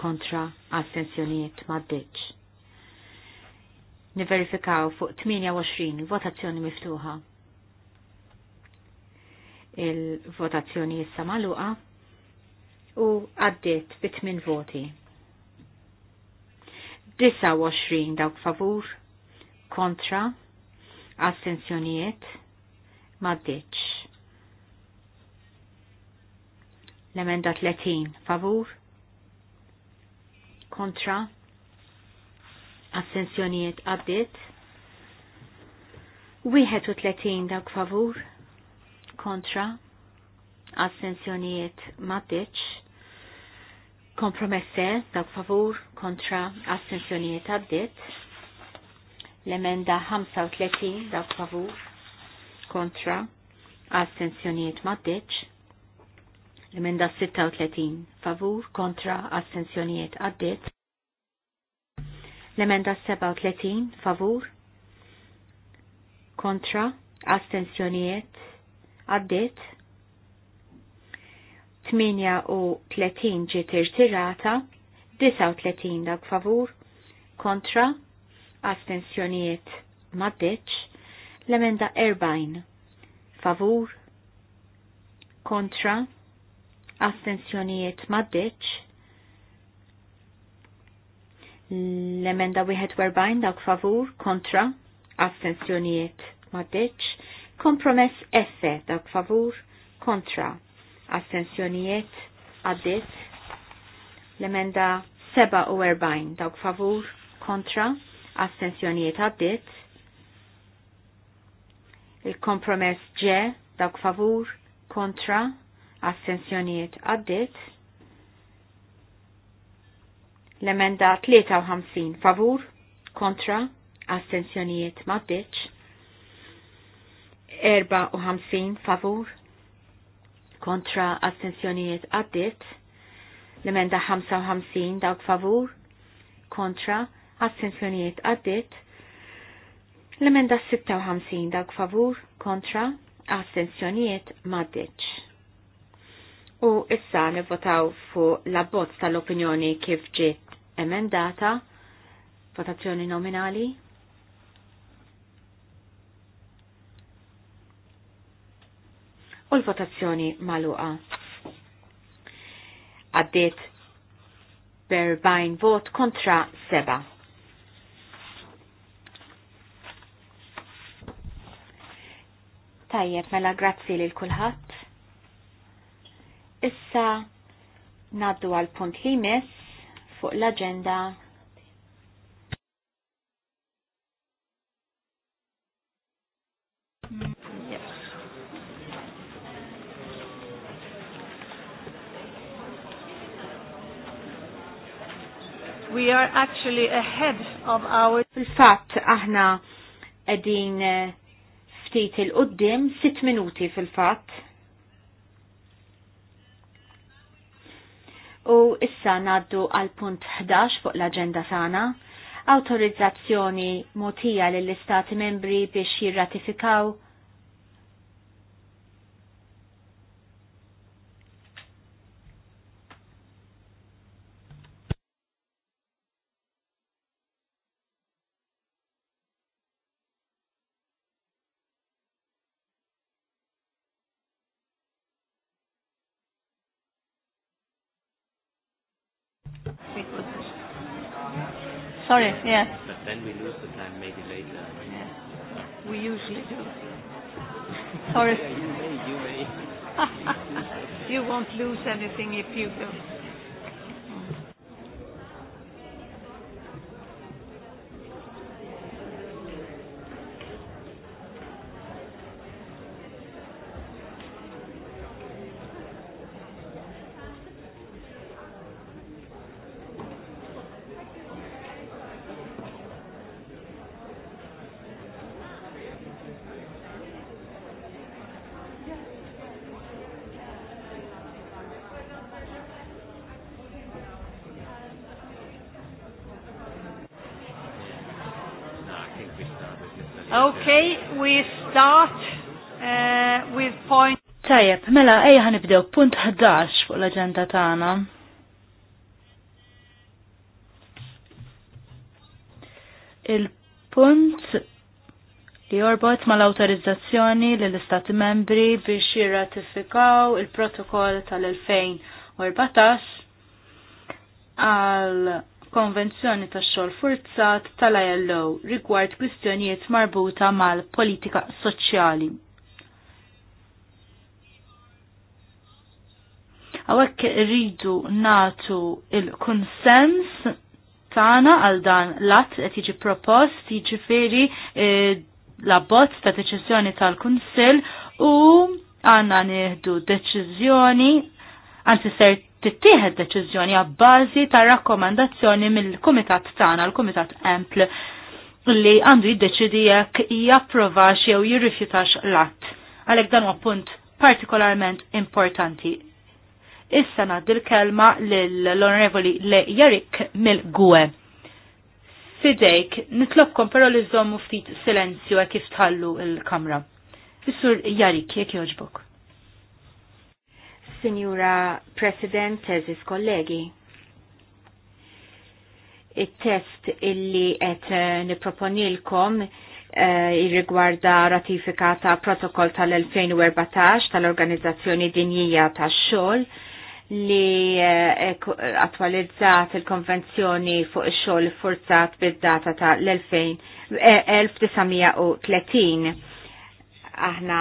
kontra astensjoniet maddeċ. Niverifikaw fuq 28 votazzjoni miftuħa. Il-votazzjoni issa maluqa u għaddit bit min voti. 29 dawk favur kontra astensjoniet maddeċ. L-emenda 30 favur kontra assenzjoniet għaddit. 31 dak favur kontra assenzjoniet maddiċ. Kompromesse dak favur kontra assenzjonijiet għaddit. L-emenda 35 dak favur kontra assenzjoniet maddiċ. L-emenda 36 favur kontra astensjonijiet għaddit. L-emenda 37 favur kontra astensjonijiet għaddit. 38 ġiet irtirata, 39 dak favur kontra astensjonijiet maddeċ. L-emenda 40 favur kontra astensjonijiet maddiċ, l-emenda 41 dawk favur kontra astensjonijiet maddiċ, kompromess F dawk favur kontra astensjonijiet għaddit, l-emenda 47 dawk favur kontra astensjonijiet għaddit, il-kompromess G dawk favur kontra assenzjonijiet għaddit. L-emenda 53 favur kontra assenzjonijiet maddiċ. 54 favur kontra assenzjonijiet għaddit. L-emenda 55 dawk favur kontra assenzjonijiet għaddit. L-emenda 56 dawk favur kontra assenzjonijiet maddiċ. U issa nivvotaw fuq l-abbozz tal-opinjoni kif ġiet emendata, votazzjoni nominali. U l-votazzjoni maluqa. Għaddiet berbajn vot kontra seba. Tajjeb, mela grazzi lil kulħadd. Issa naddu għal punt li mis fuq l-agenda We are actually ahead of our... Fil-fat, aħna edin eh, ftit il-qoddim, 6 minuti fil-fat. U issa naddu għal punt 11 fuq l-agenda sana. autorizzazzjoni motija lill-Istati membri biex jirratifikaw sorry, yeah. But then we lose the time maybe later. Yeah. We usually do. sorry. Yeah, you may, you may. you won't lose anything if you go. Okay, we start uh, with point. Tajjeb, mela ejja ħanibdew punt 11 fuq l agenda tagħna. Il-punt li jorbot mal-awtorizzazzjoni li l-Istati membri biex jirratifikaw il-protokoll tal-2014 għal konvenzjoni ta' xol forzat tal-ILO rigward kwistjonijiet marbuta mal-politika soċjali. Għawek rridu natu il-konsens tana għal dan lat qed jiġi propost jiġifieri e, la bot ta' deċiżjoni tal-Kunsill u għandna nieħdu deċiżjoni anzi ser tittieħed deċiżjoni għabbażi ta' rakkomandazzjoni mill-Kumitat tagħna, l-Kumitat Ampl, li għandu jiddeċidi jekk japprovax jew jirrifjutax l-att. Għalhekk dan huwa punt partikolarment importanti. Issa ngħaddi l-kelma lill-Onorevoli Le Jarik mill-Gwe. Fidejk, nitlobkom però li żommu ftit silenzju kif tħallu l-kamra. Fissur Jarik, jekk jogħġbok. Signora President, eżis kollegi il-test illi et eh, niproponilkom eh, irrigwarda ratifika ta' protokoll tal-2014 tal-Organizzazzjoni Dinjija ta' xogħol li eh, attualizzat il-konvenzjoni fuq ix-xogħol forzat bid-data ta' l-1930. Eh, Aħna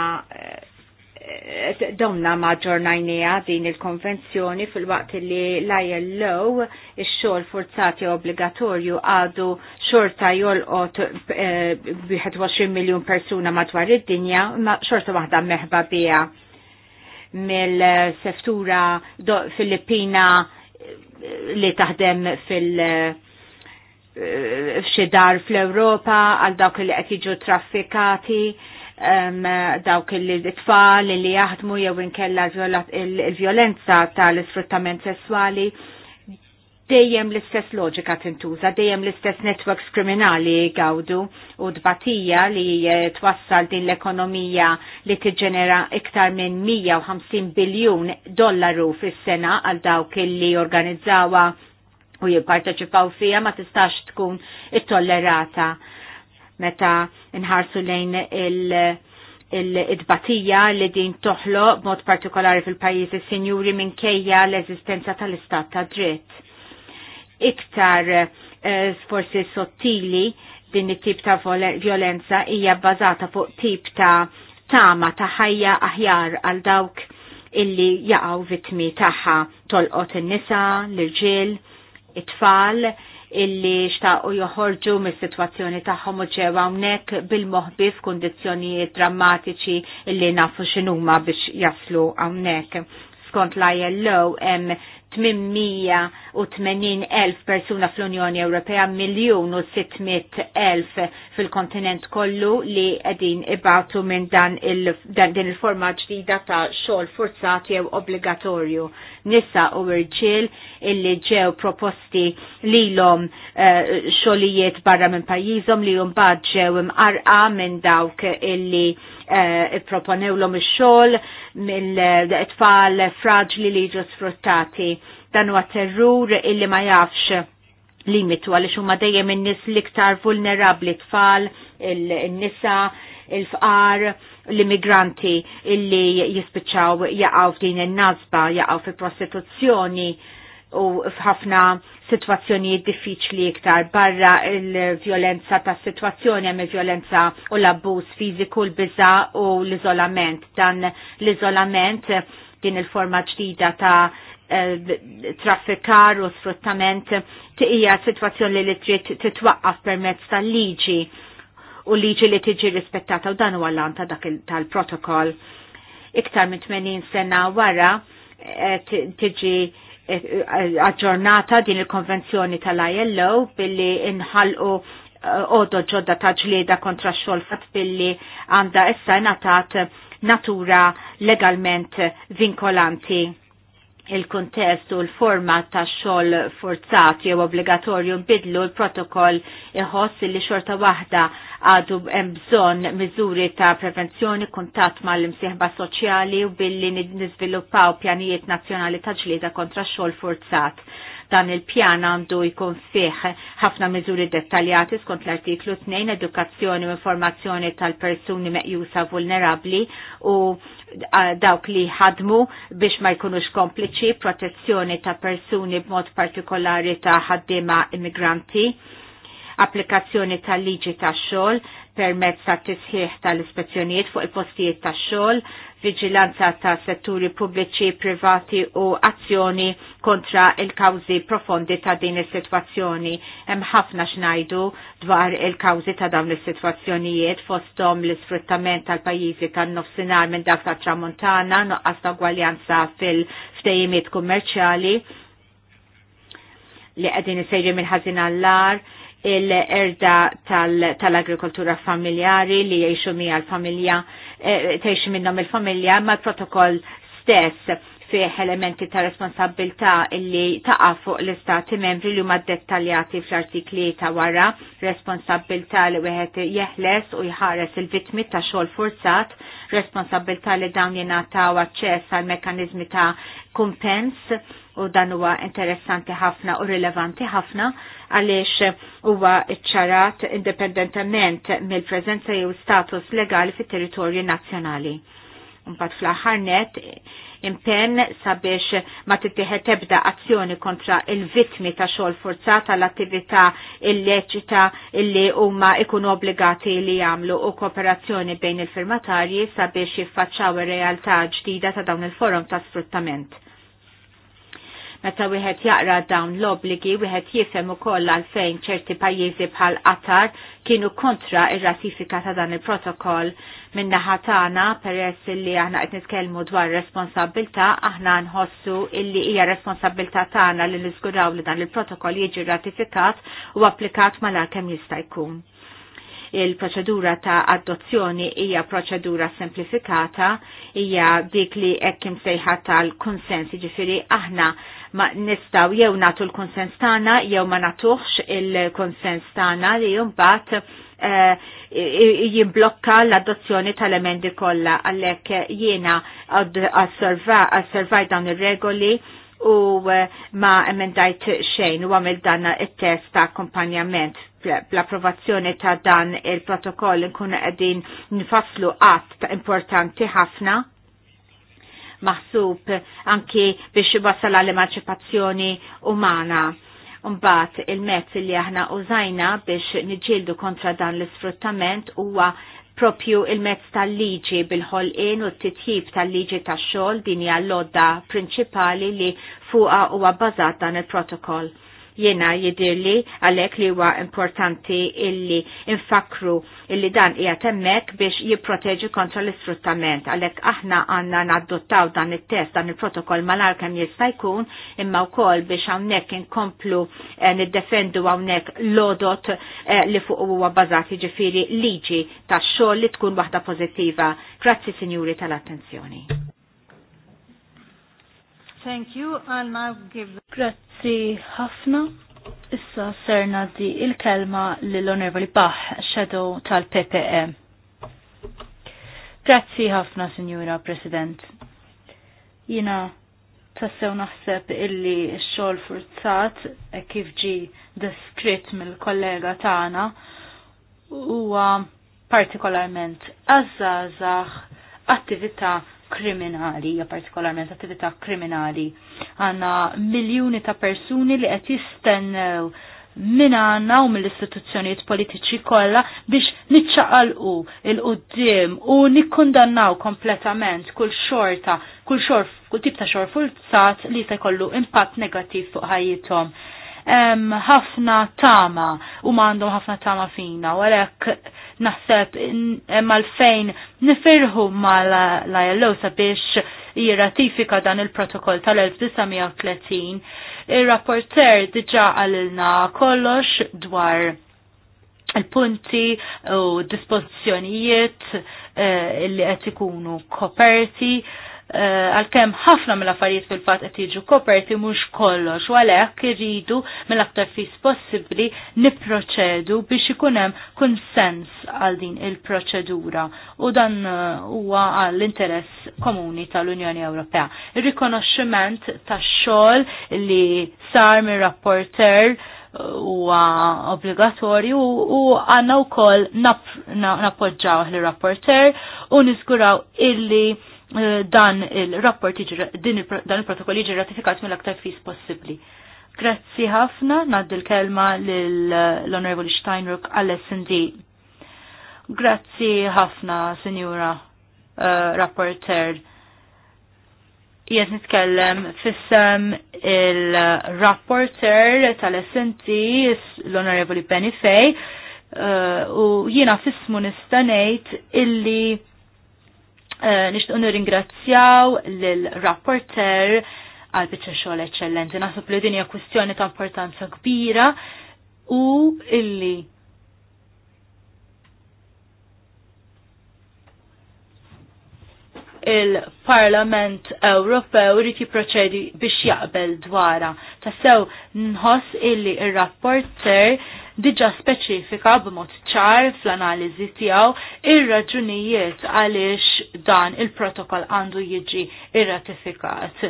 domna maġġornajnija din il-konvenzjoni fil-waqt li l-ILO il-xol forzati obbligatorju għadu xorta jolqot eh, 21 miljon persuna madwar id-dinja, xorta waħda meħba bija mill-seftura Filippina eh, li taħdem fil- eh, f'xi dar fl-Ewropa għal dawk li qed jiġu traffikati dawk il-tfal li jaħdmu jew inkella il-violenza tal-isfruttament sessuali dejjem l-istess loġika tintuża, dejjem l-istess networks kriminali gawdu u dbatija li eh, twassal din l-ekonomija li tiġġenera iktar minn 150 biljun dollaru fis-sena għal dawk li organizzawa u jipparteċipaw fija ma tistax tkun it-tollerata meta nħarsu lejn il-idbatija il li din toħlo mod partikolari fil-pajjiżi sinjuri minkejja l-eżistenza tal-istat ta' dritt. Iktar eh, forsi sottili din it-tip ta' violenza hija bbażata fuq tip ta' tama ta' ħajja aħjar għal dawk illi jaqgħu vittmi tagħha tolqot in-nisa, l-irġiel, it-tfal, illi xtaqu joħorġu mis-sitwazzjoni tagħhom u ġew hawnhekk bil-moħbi f'kundizzjonijiet drammatiċi illi nafu x'inhuma biex jaslu hawnhekk. Skont l-ILO hemm 880.000 persuna fl-Unjoni Ewropea, miljun u 600.000 fil-kontinent kollu li għedin ibatu minn dan, il, dan din il-forma ġdida ta' xogħol forzat jew obbligatorju. Nisa u irġiel illi ġew proposti li l-om uh, eh, xogħlijiet barra minn pajjiżhom li mbagħad ġew imqarqa minn dawk illi uh, eh, proponewlhom ix-xogħol mill-tfal eh, fraġli li ġu sfruttati dan huwa terrur illi ma jafx limitu għaliex huma dejjem in-nies l-iktar vulnerabbli tfal, il-nisa, il-fqar, l-immigranti illi jispiċċaw jaqgħu f'din in-nazba, jaqgħu fil prostituzzjoni u f'ħafna sitwazzjonijiet diffiċli iktar barra il-violenza ta' situazzjoni hemm il-violenza u l-abbuż fiżiku l-biża u l-iżolament. Dan l-iżolament din il-forma ġdida ta' Eh, traffikar u sfruttament tiqija situazzjoni li trid titwaqqaf permezz tal-liġi u liġi li tiġi rispettata u dan huwa l anta ta' dak tal-protokoll. Iktar minn 80 sena wara eh, tiġi eh, aġġornata din il-konvenzjoni tal-ILO billi inħalqu għodu ġodda ta' ġlieda kontra xolfat billi għanda issa natat natura legalment vinkolanti il-kontest u l-forma ta' xol forzat jew obbligatorju bidlu l-protokoll iħoss li xorta waħda għadu bżon miżuri ta' prevenzjoni kuntat mal-imsieħba soċjali u billi nizviluppaw pjanijiet nazzjonali ta' ġlieda kontra xol forzat. Dan il-pjan għandu jkun fih ħafna miżuri dettaljati skont l-artiklu 2 edukazzjoni u informazzjoni tal-persuni meqjusa vulnerabli u dawk li ħadmu biex ma jkunux kompliċi protezzjoni ta' persuni b'mod partikolari ta' ħaddima immigranti applikazzjoni tal-liġi tax xogħol permezz ta' tisħiħ tal-ispezzjonijiet fuq il-postijiet ta' xogħol, viġilanza ta' setturi pubbliċi, privati u azzjoni kontra il-kawżi profondi ta' din is-sitwazzjoni. Hemm ħafna xnajdu dwar il-kawżi ta' dawn is-sitwazzjonijiet fosthom l-isfruttament tal-pajjiżi tan-nofsinhar minn dak ta' tramontana, noqqas ta' gwaljanza fil-ftejimiet kummerċjali li qegħdin isejri minn ħażin l lar il-erda tal-agrikoltura tal familjari li jiexu mi għal-familja, e, eh, teħxu minnom il-familja, ma l-protokoll stess fih elementi ta' responsabilta illi ta' fuq l-istati membri li huma dettaljati fl-artikli ta' wara, responsabilta li wieħed jeħles u jħares il-vitmi ta' xogħol forzat, responsabilta li dawn jingħataw aċċess għal mekkaniżmi ta' kumpens u dan huwa interessanti ħafna u rilevanti ħafna għaliex huwa ċarat indipendentement mill-preżenza jew status legali fit-territorju nazzjonali. Mbagħad fl-aħħar net impenn sabiex ma tittieħed tebda azzjoni kontra il-vittmi ta' xogħol forzat l attività illeċita illi huma ikun obbligati li jagħmlu u kooperazzjoni bejn il-firmatarji sabiex jiffaċċaw ir-realtà ġdida ta' dawn il-forum ta' sfruttament. Meta wieħed jaqra dawn l-obligi, wieħed jifhem ukoll għalfejn ċerti pajjiżi bħal Qatar kienu kontra ir-ratifika ta' dan il-protokoll. Minnaħa tagħna peress li aħna qed nitkellmu dwar responsabilità, aħna nħossu illi hija responsabilità tagħna li niżguraw li dan il-protokoll jiġi ratifikat u applikat malajr kemm jista' jkun il-proċedura ta' adozzjoni hija proċedura semplifikata, hija dik li hekk sejħa tal-konsens, jiġifieri aħna ma nistaw jew natu l-konsens tagħna jew ma natuħx il-konsens tagħna li mbagħad eh, jimblokka l-adozzjoni tal-emendi kollha għalhekk jiena asservaj dawn ir-regoli u eh, ma emendajt xejn u għamil dan it-test ta' akkompanjament bl-approvazzjoni ta' dan il-protokoll nkunu qegħdin nfasslu ta' importanti ħafna maħsub anki biex wasal għall emanċipazzjoni umana. Umbat il-mezz li aħna użajna biex niġildu kontra dan l-isfruttament huwa propju il-mezz tal-liġi bil-ħolqin u t-titjib tal-liġi tax-xogħol din hija l-lodda prinċipali li fuqha huwa bbażat dan il-protokoll Jena jidirli għalek li huwa importanti illi infakru illi dan hija temmek biex jipproteġi kontra l-isfruttament. Għalek aħna għanna naddottaw dan il-test, dan il-protokoll malar kem jista' jkun imma wkoll biex hawnhekk inkomplu eh, niddefendu hawnhekk lodot eh, li fuq huwa bażati ġifieri liġi tax-xogħol li tkun waħda pożittiva. Grazzi Sinjuri tal-attenzjoni. Thank you, and I'll give the... Grazzi ħafna. Issa serna di il-kelma l-Onorevoli Bach, Shadow tal-PPE. Grazzi ħafna, Signora President. Jina tassew naħseb illi xol forzat e kif ġi deskritt mill-kollega tagħna huwa partikolarment għazzazax attività kriminali, ja partikolarment attività kriminali. Għanna miljoni ta' persuni li qed jistennew minn għanna u mill-istituzzjonijiet politiċi kollha biex niċċaqalqu il-qudiem u nikkundannaw kompletament kull xorta, kull xorf, kull tip ta' xorf ulzat li se jkollu impatt negattiv fuq ħajjithom. Ħafna tama u ma għandhom ħafna tama fina, u għalhekk naħseb mal-fejn nifirħu mal-ILO sabiex jirratifika dan il-protokoll tal-1930. Il-rapporter diġa għalilna kollox dwar il-punti u dispozizjonijiet eh, li qed ikunu koperti Eh, għalkemm ħafna mill-affarijiet fil-fatt qed jiġu koperti mhux kollox u għalhekk iridu mill-aktar fis possibbli nipproċedu biex ikun hemm konsens għal din il-proċedura u dan eh, huwa għall interess komuni tal-Unjoni Ewropea. Ir-rikonoxximent tax-xogħol li sar mir-rapporter eh, huwa obbligatorju u għandna wkoll nappoġġaw l-rapporter u niżguraw illi Eh, dan il-rapport dan il-protokoll jiġi ratifikat mill-aktar fis possibbli. Grazzi ħafna, naddu l-kelma eh, l-Onorevoli Steinruck għall sd Grazzi ħafna, Senjura uh, eh, Rapporter. Jien nitkellem fissem il-rapporter tal snt l-Onorevoli Benifej, uh, u jiena fissmu nistanejt illi unu eh, nirringrazzjaw lill-rapporter għal biċċa xogħol eċċellenti. Naħseb li din hija kwistjoni ta' importanza kbira u illi il-Parlament Ewropew rrit jipproċedi biex jaqbel dwara. Tassew nħoss illi il-rapporter diġa speċifika b'mod ċar fl-analiżi tiegħu ir-raġunijiet għaliex dan il-protokoll għandu jiġi irratifikat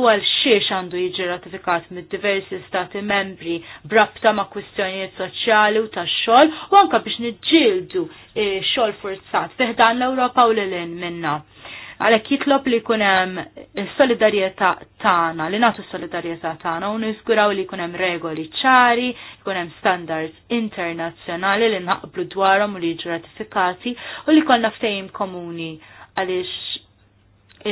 u għal xiex għandu jiġi ratifikat mid diversi stati membri brabta ma' kwistjonijiet soċjali u ta' xol u anka biex nġildu eh, xol forzat fiħdan l-Europa u l-lin minna. Għalhekk jitlob li jkun hemm is-solidarjetà tagħna, li natu s-solidarjetà tagħna u niżguraw li jkun hemm regoli ċari, kunem hemm standards internazzjonali li naqblu dwarhom u li ġratifikati ratifikati u li jkollna ftehim komuni għaliex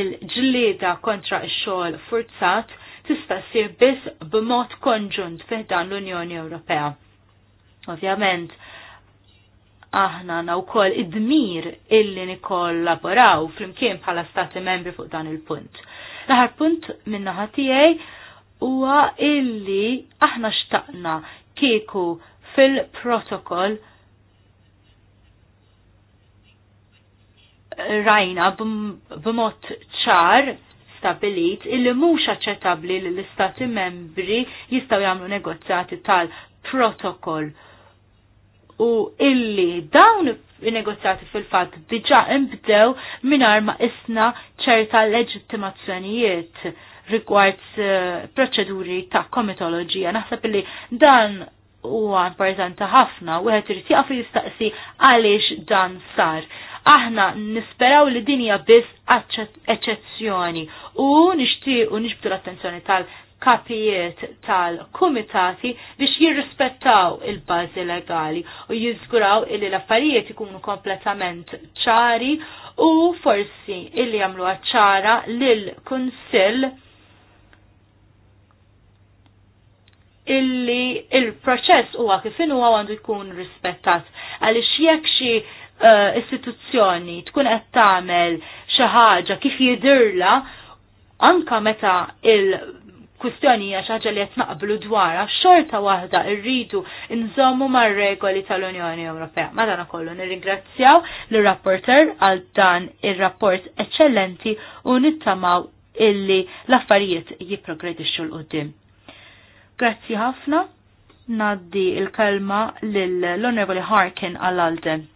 il-ġlieda kontra x-xogħol forzat tista' ssir biss b'mod konġunt fih dan l-Unjoni Ewropea. Ovvjament, aħna na wkoll id-dmir illi nikollaboraw flimkien bħala stati membri fuq dan il-punt. l punt minnaħa tiegħi huwa illi aħna xtaqna kieku fil-protokoll rajna b'mod ċar stabilit illi mhux aċċettabbli li l-istati membri jistgħu jagħmlu negozjati tal-protokoll u illi dawn negozjati fil-fat diġa imbdew minar ma isna ċerta leġittimazzjonijiet rigward eh, proċeduri ta' komitoloġija. Naħseb li dan huwa importanti ħafna u qed irid jaqfu jistaqsi għaliex dan sar. Aħna nisperaw li din hija biss eċċezzjoni u nixtiequ l-attenzjoni tal- kapijiet tal-kumitati biex jirrispettaw il-bazi legali u jizguraw illi l-affarijiet ikunu kompletament ċari u forsi illi jamlu ċara lil-Kunsill illi il-proċess huwa kif huwa għandu jkun rispettat. Għaliex jekk xi uh, istituzzjoni tkun qed tagħmel xi ħaġa kif jidirla anka meta il- kwistjoni hija xi ħaġa li qed naqblu dwarha xorta waħda rridu nżommu mar-regoli tal-Unjoni Ewropea. Madana kollu nirringrazzjaw l-rapporter għal dan ir-rapport eċċellenti u nittamaw illi l-affarijiet jipprogredixxu l-qudiem. Grazzi ħafna. Naddi il-kelma lill onorevoli Harkin għal-Alden.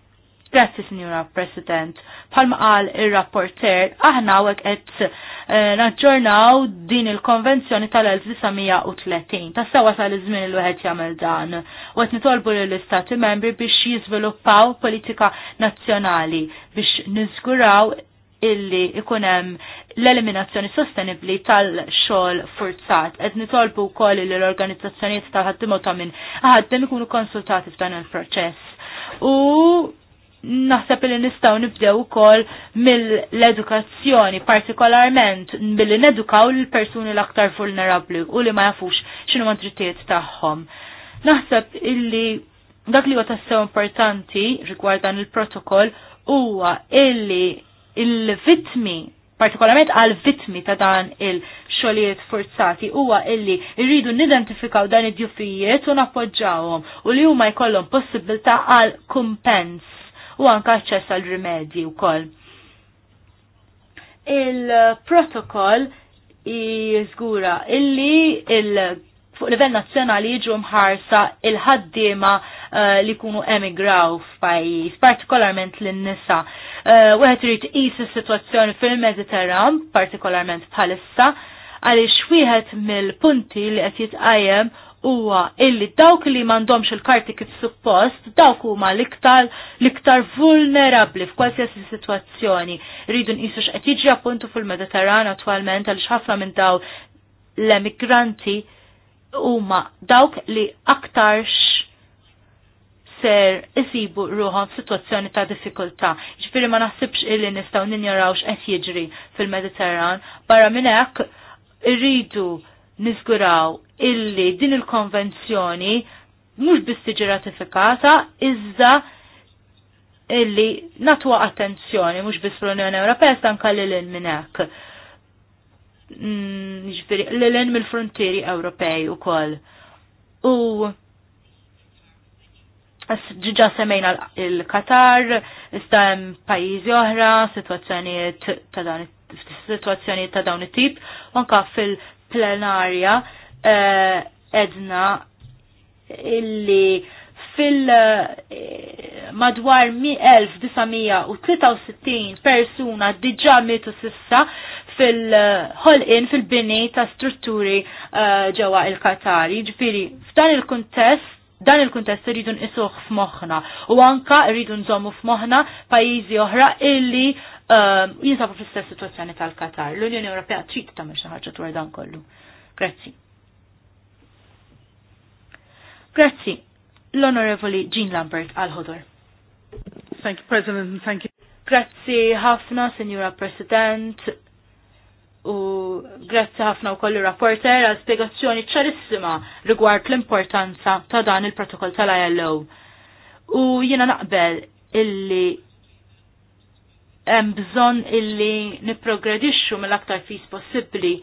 Grazzi, Signora President. Palma qal il-rapporter, aħna għek et eh, naġġornaw din il-konvenzjoni tal-1930. Ta' sewa tal-izmin il wieħed jagħmel dan. U qed nitolbu lill-Istati membri biex jiżviluppaw politika nazzjonali biex niżguraw illi ikunem l-eliminazzjoni sostenibli tal-xol forzat. qed nitolbu wkoll li l-organizzazzjonijiet tal-ħaddim ta' minn ħaddim ikunu konsultati f'dan il-proċess. U naħseb li nistaw nibdew ukoll mill-edukazzjoni, partikolarment billi nedukaw l-persuni l-aktar vulnerabli u li ma jafux x'inhu drittijiet tagħhom. Naħseb illi dak li huwa tassew importanti rigward dan il-protokoll huwa illi il-vitmi partikolarment għal vitmi ta' dan il xogħlijiet forzati huwa illi rridu nidentifikaw dan id-djufijiet u nappoġġawhom u li huma jkollhom possibilità għal kumpens u anka aċċess għal rimedji wkoll. Il-protokoll jiżgura illi il- fuq livell nazzjonali jiġu mħarsa il-ħaddiema uh, li kunu emigraw f'pajjiż, partikolarment lin-nisa. Uh, Wieħed irid qis is-sitwazzjoni fil-Mediterran, partikolarment bħalissa, għaliex wieħed mill-punti li qed jitqajjem huwa illi dawk li mandomx il-karti kif suppost, dawk huma l'iktar liktar l-iktar vulnerabli f'kwalsiasi situazzjoni. Ridu nqisu x'qed jiġi appuntu fil-Mediterran attwalment għal ħafna minn daw l-emigranti huma dawk li aktarx ser isibu ruħom situazzjoni ta' diffikultà. Jiġifieri ma naħsibx illi nistgħu ninjarawx qed jiġri fil-Mediterran, barra minn hekk irridu Nizguraw illi din il-konvenzjoni mhux biss tiġi ratifikata iżda illi natwa attenzjoni mhux biss l-Unjoni Ewropea iżda anke lil minn hekk. Mm, jiġifieri, in mill-frontieri Ewropej ukoll. U ġiġa semejna il-Katar, iżda hemm pajjiżi oħra, sitwazzjonijiet ta' dan situazzjoni ta' dawn it-tip, anka fil plenarja uh, edna illi fil eh, madwar 1963 persuna diġa mitu sissa fil-ħolqin fil-bini ta' strutturi eh, ġewa il-Katari. Ġifiri, f'dan il-kontest dan il-kuntest rridu nqisuh f'moħħna u anka rridu nżommu f'moħħna pajjiżi oħra illi ehm, jinsabu fl-istess situazzjoni tal-Katar. L-Unjoni Ewropea trid tagħmel xi ħaġa dwar dan kollu. Grazzi. Grazzi. L-Onorevoli Jean Lambert għal-ħodor. Thank you, President, thank you. Grazzi ħafna, Signora President u grazzi ħafna u kollu rapporter għal spiegazzjoni ċarissima rigward l-importanza ta' dan il-protokoll tal-ILO. U jiena naqbel illi hemm bżonn illi nipprogredixxu mill-aktar fis possibbli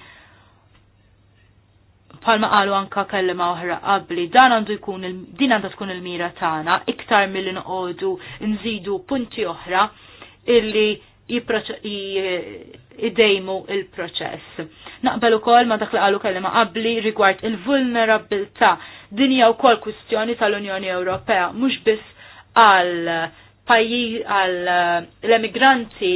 palma qalu anka kellima oħra qabli, dan għandu jkun din għandha tkun il-mira tagħna iktar milli noqogħdu nżidu punti oħra illi jidejmu eh, il-proċess. Naqbel ukoll ma dak li qalu kellima qabli rigward il-vulnerabilità dinja u kol kwistjoni tal-Unjoni Ewropea, mhux biss għal pajjiż għal eh, l-emigranti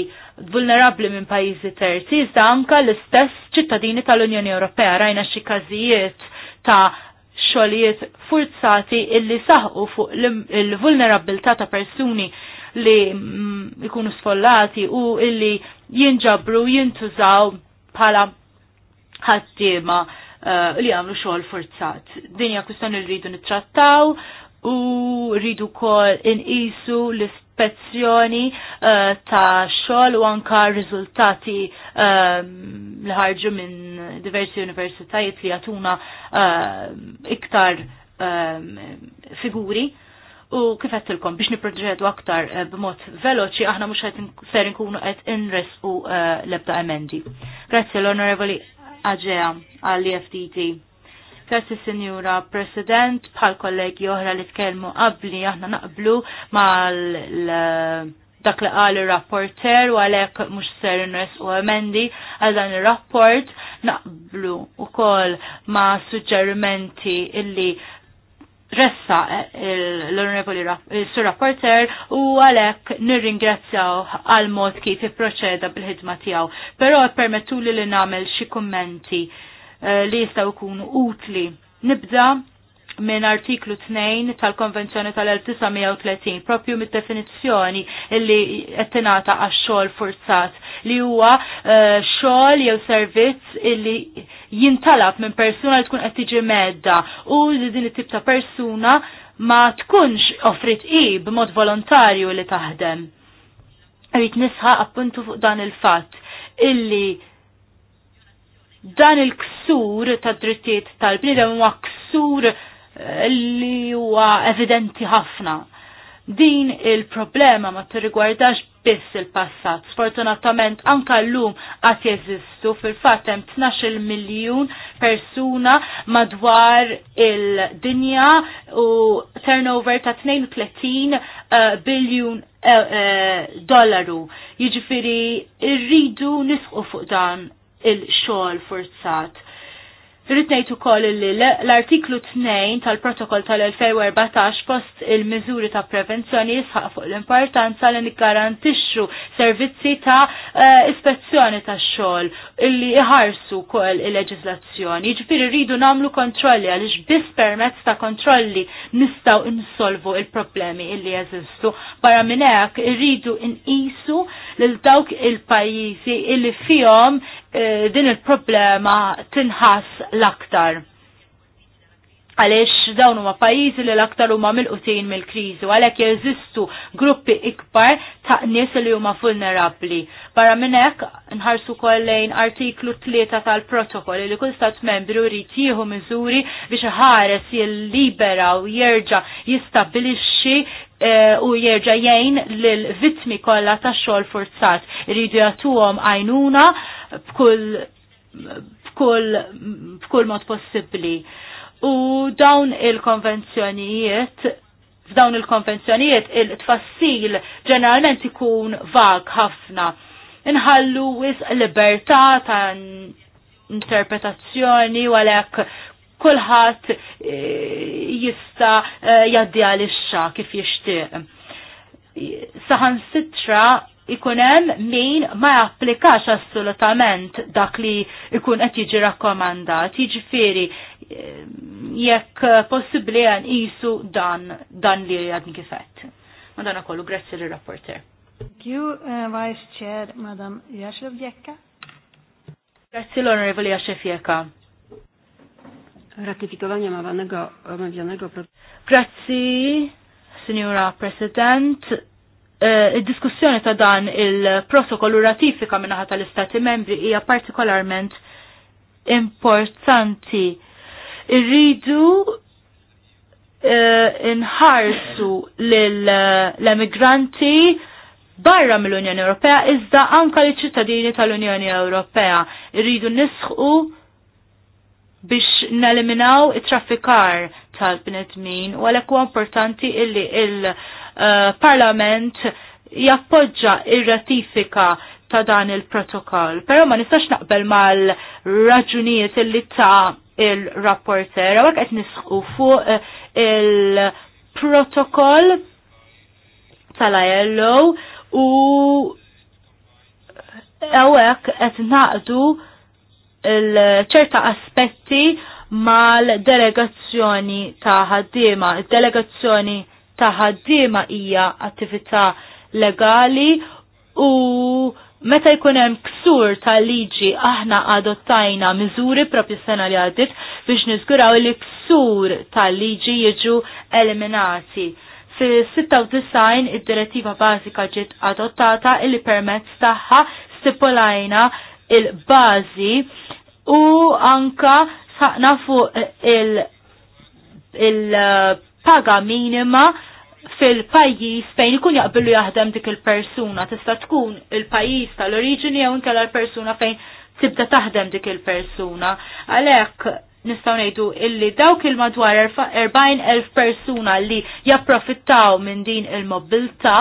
vulnerabli minn pajjiżi terzi, iżda anka l-istess ċittadini tal-Unjoni Ewropea rajna xi każijiet ta' xogħlijiet furzati illi saħqu fuq il-vulnerabilità ta' persuni li mm, ikunu sfollati u illi jinġabru jintużaw bħala ħaddiema uh, li għamlu xogħol forzat. Dinja kustan li rridu nittrattaw u rridu kol inqisu l-ispezzjoni uh, ta' xogħol u anka riżultati uh, eh, li ħarġu minn diversi universitajiet li uh, iktar figuri U kif għettilkom biex niproġedu aktar eh, b'mod veloċi, aħna mux għet ser nkunu għet inres u eh, lebda emendi. Grazie l-Onorevoli Aġea għall-EFTT. Grazie Signora President, bħal kollegi oħra li tkellmu qabli aħna naqblu mal dak li għal rapporter u għalek mux ser nres u emendi għal dan il-rapport naqblu u ma suġġerimenti illi ressa eh, eh, l-onorevoli eh, sur rapporter u għalek nirringrazzjaw għal mod kif proċeda bil-ħidma tiegħu. Però permettu li li nagħmel xi kummenti li jistgħu jkunu utli. Nibda minn artiklu 2 tal-Konvenzjoni tal-1930, propju mid-definizzjoni illi għettinata għax-xol forzat li huwa eh, xol jew servizz illi jintalab minn persuna li tkun qed tiġi medda u li din it-tip ta' persuna ma tkunx offrit i b'mod volontarju li taħdem. Rrit nisħa appuntu fuq dan il-fatt illi dan il-ksur ta' drittiet tal bnidem huwa ksur li huwa evidenti ħafna. Din il-problema ma tirrigwardax biss il-passat. Sfortunatament anka l-lum għat jeżistu fil-fat hemm 12 miljun persuna madwar il-dinja u turnover ta' 32 uh, eh, biljun uh, uh, dollaru. Jiġifieri rridu nisqu fuq dan il-xogħol forzat Irrid ngħid ukoll li l-artiklu 2 tal-protokoll tal-2014 post il mizuri ta' prevenzjoni jisħaq fuq l-importanza li nikgarantixxu servizzi ta' eh, ispezzjoni tax-xogħol illi iħarsu wkoll il leġizlazzjoni Jiġifieri rridu nagħmlu kontrolli għaliex biss permezz ta' kontrolli nistgħu insolvu il-problemi illi jeżistu. Barra minn hekk irridu nqisu lil dawk il-pajjiżi illi fihom Eh, din il-problema tinħas l-aktar. Għalix dawn huma pajjiżi li l-aktar huma mill mill-kriżi, għalhekk jeżistu gruppi ikbar ta' nies li huma vulnerabbli. Barra minn hekk nħarsu kollejn artiklu 3 tal-protokoll li kull stat membru jrid jieħu miżuri biex ħares jillibera u jerġa' jistabbilixxi eh, u jerġa' jgħin lill-vittmi kollha tax-xogħol forzat iridu jagħtuhom għajnuna b'kull b'kull b'kull mod possibbli. U dawn il-konvenzjonijiet f'dawn il-konvenzjonijiet il-tfassil ġeneralment ikun vag ħafna. Inħallu wis libertà ta' interpretazzjoni u għalhekk kulħadd e, jista' e, jaddi għalixxa kif jixtieq. Saħan sitra ikunem min ma japplikax assolutament dak li ikun qed jiġi rakkomandat. Jiġifieri jekk possibbli għan isu dan dan li għad nkifet. Madonna kollu, grazzi li rapporter. Thank you, uh, Vice Chair, Madam Jashev Jekka. Grazzi l-Onorevoli Jashev Jekka. Ratyfikowanie omawianego... Grazzi, Signora President Eh, id-diskussjoni ta' dan il-protokoll u ratifika minnaħa tal-Istati membri hija partikolarment importanti. Irridu eh, inħarsu eh, l-emigranti barra mill-Unjoni Ewropea iżda anka li ċittadini tal-Unjoni Ewropea irridu nisħu biex neliminaw it-traffikar tal-bnedmin u għalek huwa importanti illi il- Eh, parlament jappoġġa ir-ratifika ta' dan il-protokoll. Pero ma nistax naqbel mal-raġunijiet li ta' il-rapporter, għak għet nisqu fuq eh, il-protokoll tal-ILO u għawek għet naqdu ċerta aspetti mal-delegazzjoni ta' ħaddima, delegazzjoni ta' ħaddiema hija attività legali u meta jkun hemm ksur tal liġi aħna adottajna miżuri propju sena li għaddit biex niżguraw li ksur tal liġi jiġu eliminati. Fil-96 id-direttiva bażika ġiet adottata illi permezz tagħha stipulajna il-bażi u anka saqna fuq il- il- paga minima fil-pajjiż fejn ikun jaqbilu jaħdem dik il-persuna tista' tkun il-pajjiż tal-oriġini jew inkella l-persuna fejn tibda taħdem dik il-persuna. Għalhekk nistgħu ngħidu illi dawk il-madwar 40,000 persuna li japprofittaw minn din il-mobilta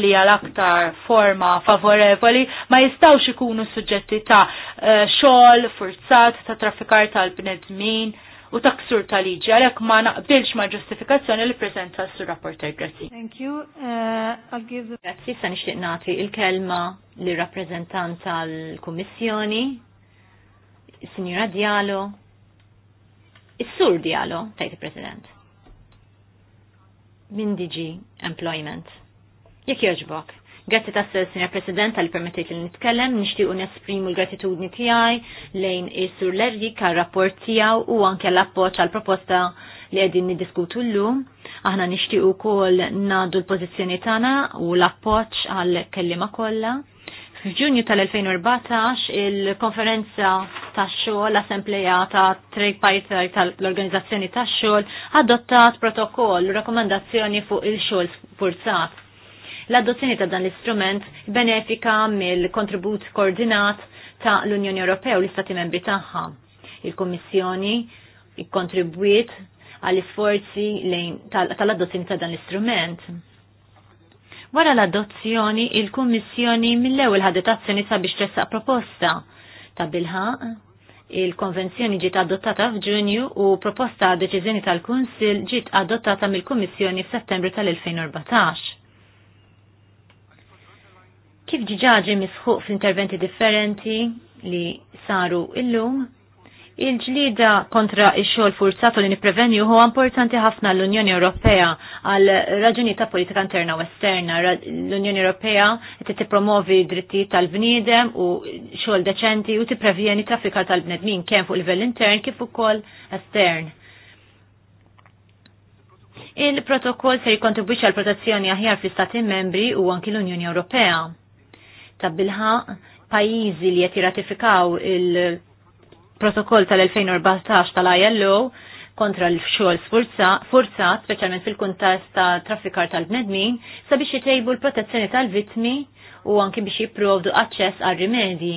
li għal-aktar forma favorevoli ma jistawx ikunu suġġetti ta' eh, xogħol, forzat, ta' traffikar tal-bnedmin u ta' ksur ta' liġi għalhekk ma naqbilx ma' ġustifikazzjoni li preżenta sur rapporter Grazzi. Thank you. Uh, give... Grazzi sa nixtieq nagħti il-kelma li rappreżentant tal-Kummissjoni, Sinjura Dialo, is-Sur Dialo, tajti president Min diġi Employment. Jekk jogħġbok. Grazzi ta' s-sir, President, għal permettit li nitkellem, un nesprimu l-gratitudni tijaj lejn is-sur Lergi ka' rapport tijaw u anke l-appoċ għal proposta li għedin nidiskutu l-lum. Aħna u kol nadu l-pozizjoni tana u l-appoċ għal kellima kolla. F'Ġunju tal-2014 il-konferenza tax xogħol assembleja ta' trade party tal-organizzazzjoni tax xogħol adottat protokoll u rakkomandazzjoni fuq il-xogħol forzat. L-adozzjoni ta' dan l-istrument benefika mill-kontribut koordinat ta' l-Unjoni Ewropea u l-Istati membri tagħha. Il-Kummissjoni kontribwiet għall-isforzi tal-adozzjoni ta' dan l-istrument. Wara l-adozzjoni, il-Kummissjoni mill-ewwel ħadet azzjoni sabiex tressaq proposta ta' bilħaq il-konvenzjoni ġiet adottata f'Ġunju u proposta deċiżjoni tal-Kunsil ġiet adottata mill-Kummissjoni f'Settembru tal-2014. Kif ġiġaġi misħuq fl-interventi differenti li saru illum, il-ġlida kontra il xogħol forzatu li nipprevenju huwa importanti ħafna l-Unjoni Ewropea għal raġuni ta' politika interna u esterna. L-Unjoni Ewropea qed tippromovi drittijiet tal-bniedem u xogħol deċenti u tipprevjeni traffika tal-bnedmin kemm fuq livell intern kif ukoll estern. Il-protokoll se jikontribwixxi għal protezzjoni aħjar fl-Istati membri u anki l-Unjoni Ewropea ta' bilha pajizi li jett ratifikaw il-protokoll tal-2014 tal-ILO kontra l-xol forzat, specialment fil-kuntest ta' traffikar tal-bnedmin, sabiex jitejbu l-protezzjoni tal-vitmi u anki biex jiprovdu aċċess għal rimedji.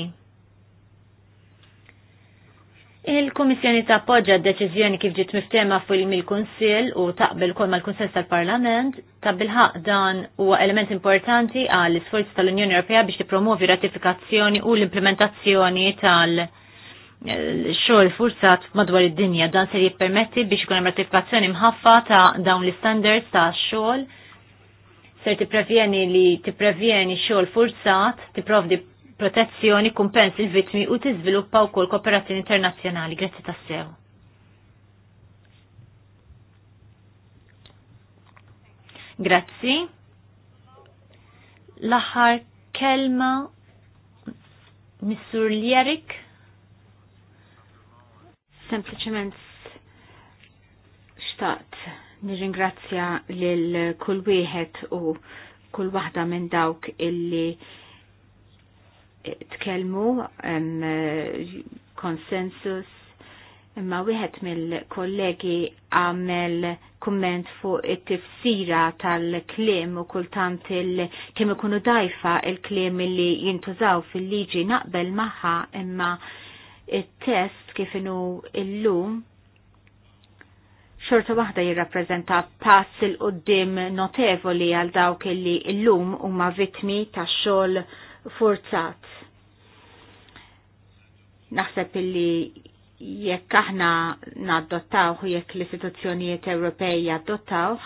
Il-Komissjoni tappoġġa d-deċiżjoni kif ġiet miftema fuq il kunsill u taqbel kol mal-Kunsens tal-Parlament, ta' bilħaq dan huwa element importanti għall isforzi tal-Unjoni Ewropea biex tippromovi ratifikazzjoni u l-implementazzjoni tal- eh, xogħol forzat madwar id-dinja dan se jippermetti biex ikun hemm ratifikazzjoni mħaffa ta' dawn l-standards ta' xogħol ser tipprevjeni li tipprevjeni xogħol forzat, tipprovdi protezzjoni kumpens il-vitmi u tiżviluppa wkoll kooperazzjoni internazzjonali. Grazie tassew. Grazzi. L-aħħar kelma Missur Ljerik. Sempliċement xtaqt nirringrazzja lil kull wieħed u kull waħda minn dawk illi tkellmu konsensus imma wieħed mill-kollegi għamel kumment fuq it-tifsira tal-klim u kultant il-kem ikunu dajfa il-klim li jintużaw fil-liġi naqbel maħħa imma il-test kif inu illum xorta waħda jirrapprezenta pass il-qoddim notevoli għal dawk illi illum huma vitmi ta' xogħol forzat. Naħseb illi jekk aħna nadottawh u jekk l-istituzzjonijiet Ewropej jadottawh,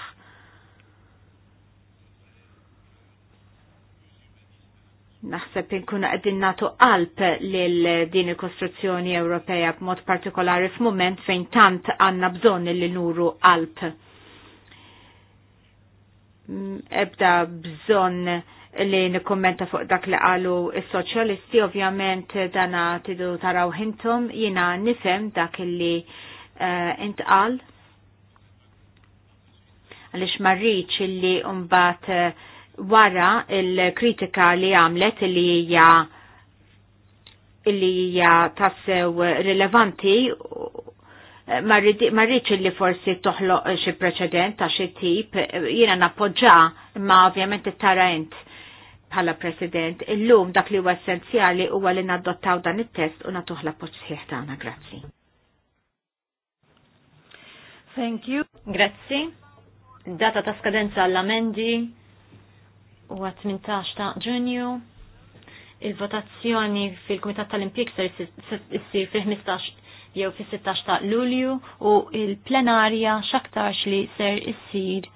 naħseb inkun qegħdin nagħtu qalb lil din il-kostruzzjoni Ewropea b'mod partikolari f'mument fejn tant għandna bżonn li nuru qalb. Ebda bżonn li nikkommenta fuq dak li qalu is-soċjalisti, ovvjament eh, dana tidu taraw hintom, jina nifem dak li uh, intqal. Għalix marriċ li umbat uh, eh, wara il-kritika li għamlet li hija li hija tassew rilevanti marriċ li forsi toħloq xi preċedent ta' xi tip, jiena nappoġġa, ma ovvjament tara int bħala President, illum dak li huwa essenzjali huwa li naddottaw dan it-test u natuħ l-appoġġ sħiħ tagħna. Grazzi. Thank you. Grazzi. Data ta' skadenza għall-amendi huwa 18 ta' Ġunju. Il-votazzjoni fil-Kumitat tal-Impjeg ser issir fil-15 jew fis-16 ta' Lulju u il-plenarja x'aktarx li ser issir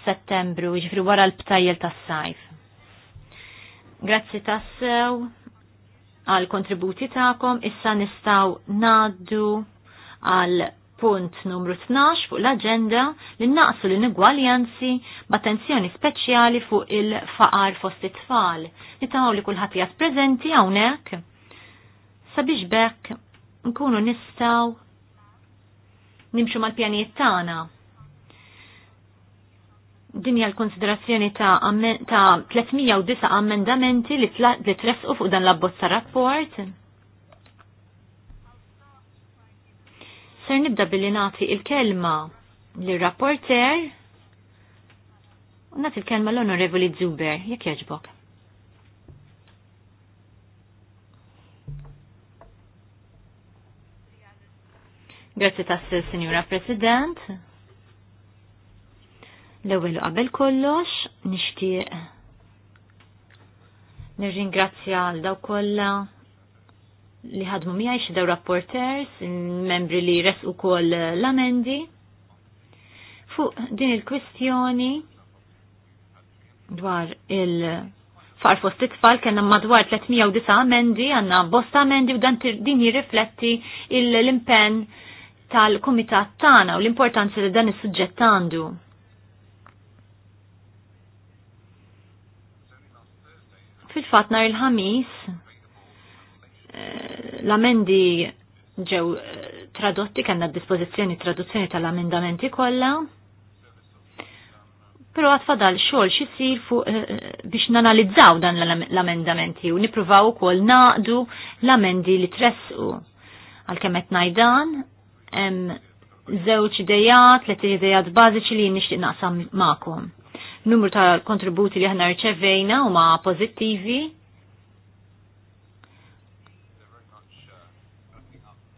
Settembru, jiġifieri wara l-btajjel tas-sajf. Grazzi tassew għal kontributi ta'kom. Issa nistaw naddu għal punt numru 12 fuq l-agenda li naqsu l-inugwaljanzi b'attenzjoni speċjali fuq il-faqar fost it-tfal. Nitaw li kullħat jgħat prezenti hawnhekk. Sabiex bekk nkunu nistaw nimxu mal-pjanijiet tagħna dinja l-konsiderazzjoni ta', ammen, ta 309 ammendamenti li, tla, li tresqu fuq dan l-abbozza rapport. Ser nibda billi nagħti il-kelma l rapporter u nagħti il-kelma l-Onorevoli Zuber, jekk jogħġbok. Grazie tassi, Signora President. L-ewwel qabel kollox nixtieq nirringrazzja għal daw kollha li ħadmu miegħi xi daw rapporters, membri li res ukoll l-amendi. Fuq din il-kwistjoni dwar il- far fost it-tfal kena madwar 309 amendi, għanna bosta amendi u dan din jirrifletti l-impen tal-komitat tana u l-importanza li dan is-suġġett għandu. Fil-fat nar il-ħamis eh, l-amendi ġew eh, tradotti, kanna dispozizjoni traduzzjoni tal-amendamenti kollha. Pero għatfadal xol xisir fuq eh, biex nanalizzaw dan l-amendamenti u nipruvaw u kol naqdu l-amendi li tressu. Għal-kemet najdan, zewċ idejat, let idejat bażiċi li nixtieq naqsam ma'kom numru ta' kontributi li aħna rċevejna huma pożittivi.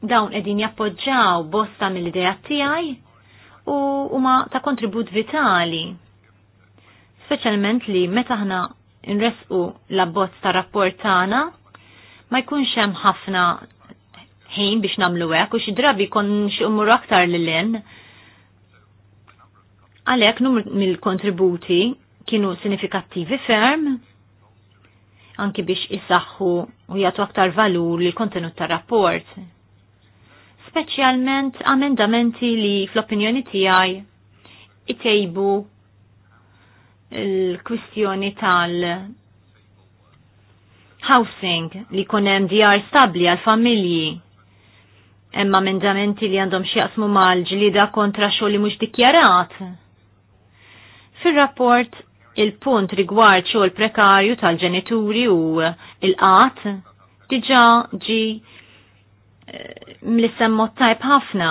Dawn qegħdin jappoġġaw bosta mill-idea tiegħi u huma ta' kontribut vitali. Speċjalment li meta aħna nresqu l-abbozz ta' rapport tagħna ma jkunx hemm ħafna ħin biex namlu hekk u xi drabi kon xi umur aktar lil lin Għalek numru mill-kontributi kienu sinifikattivi ferm, anki biex isaxħu u jgħatu aktar valur li kontenut tar rapport. Speċjalment amendamenti li fl-opinjoni tiegħi itejbu l-kwistjoni tal housing li konem djar stabli għal familji. Emma amendamenti li għandhom xieqsmu mal-ġlida kontra xogħol li mhux dikjarat Fil-rapport il-punt rigward xogħol prekarju tal-ġenituri u il-qat diġa ġi eh, mlissemmot tajb ħafna.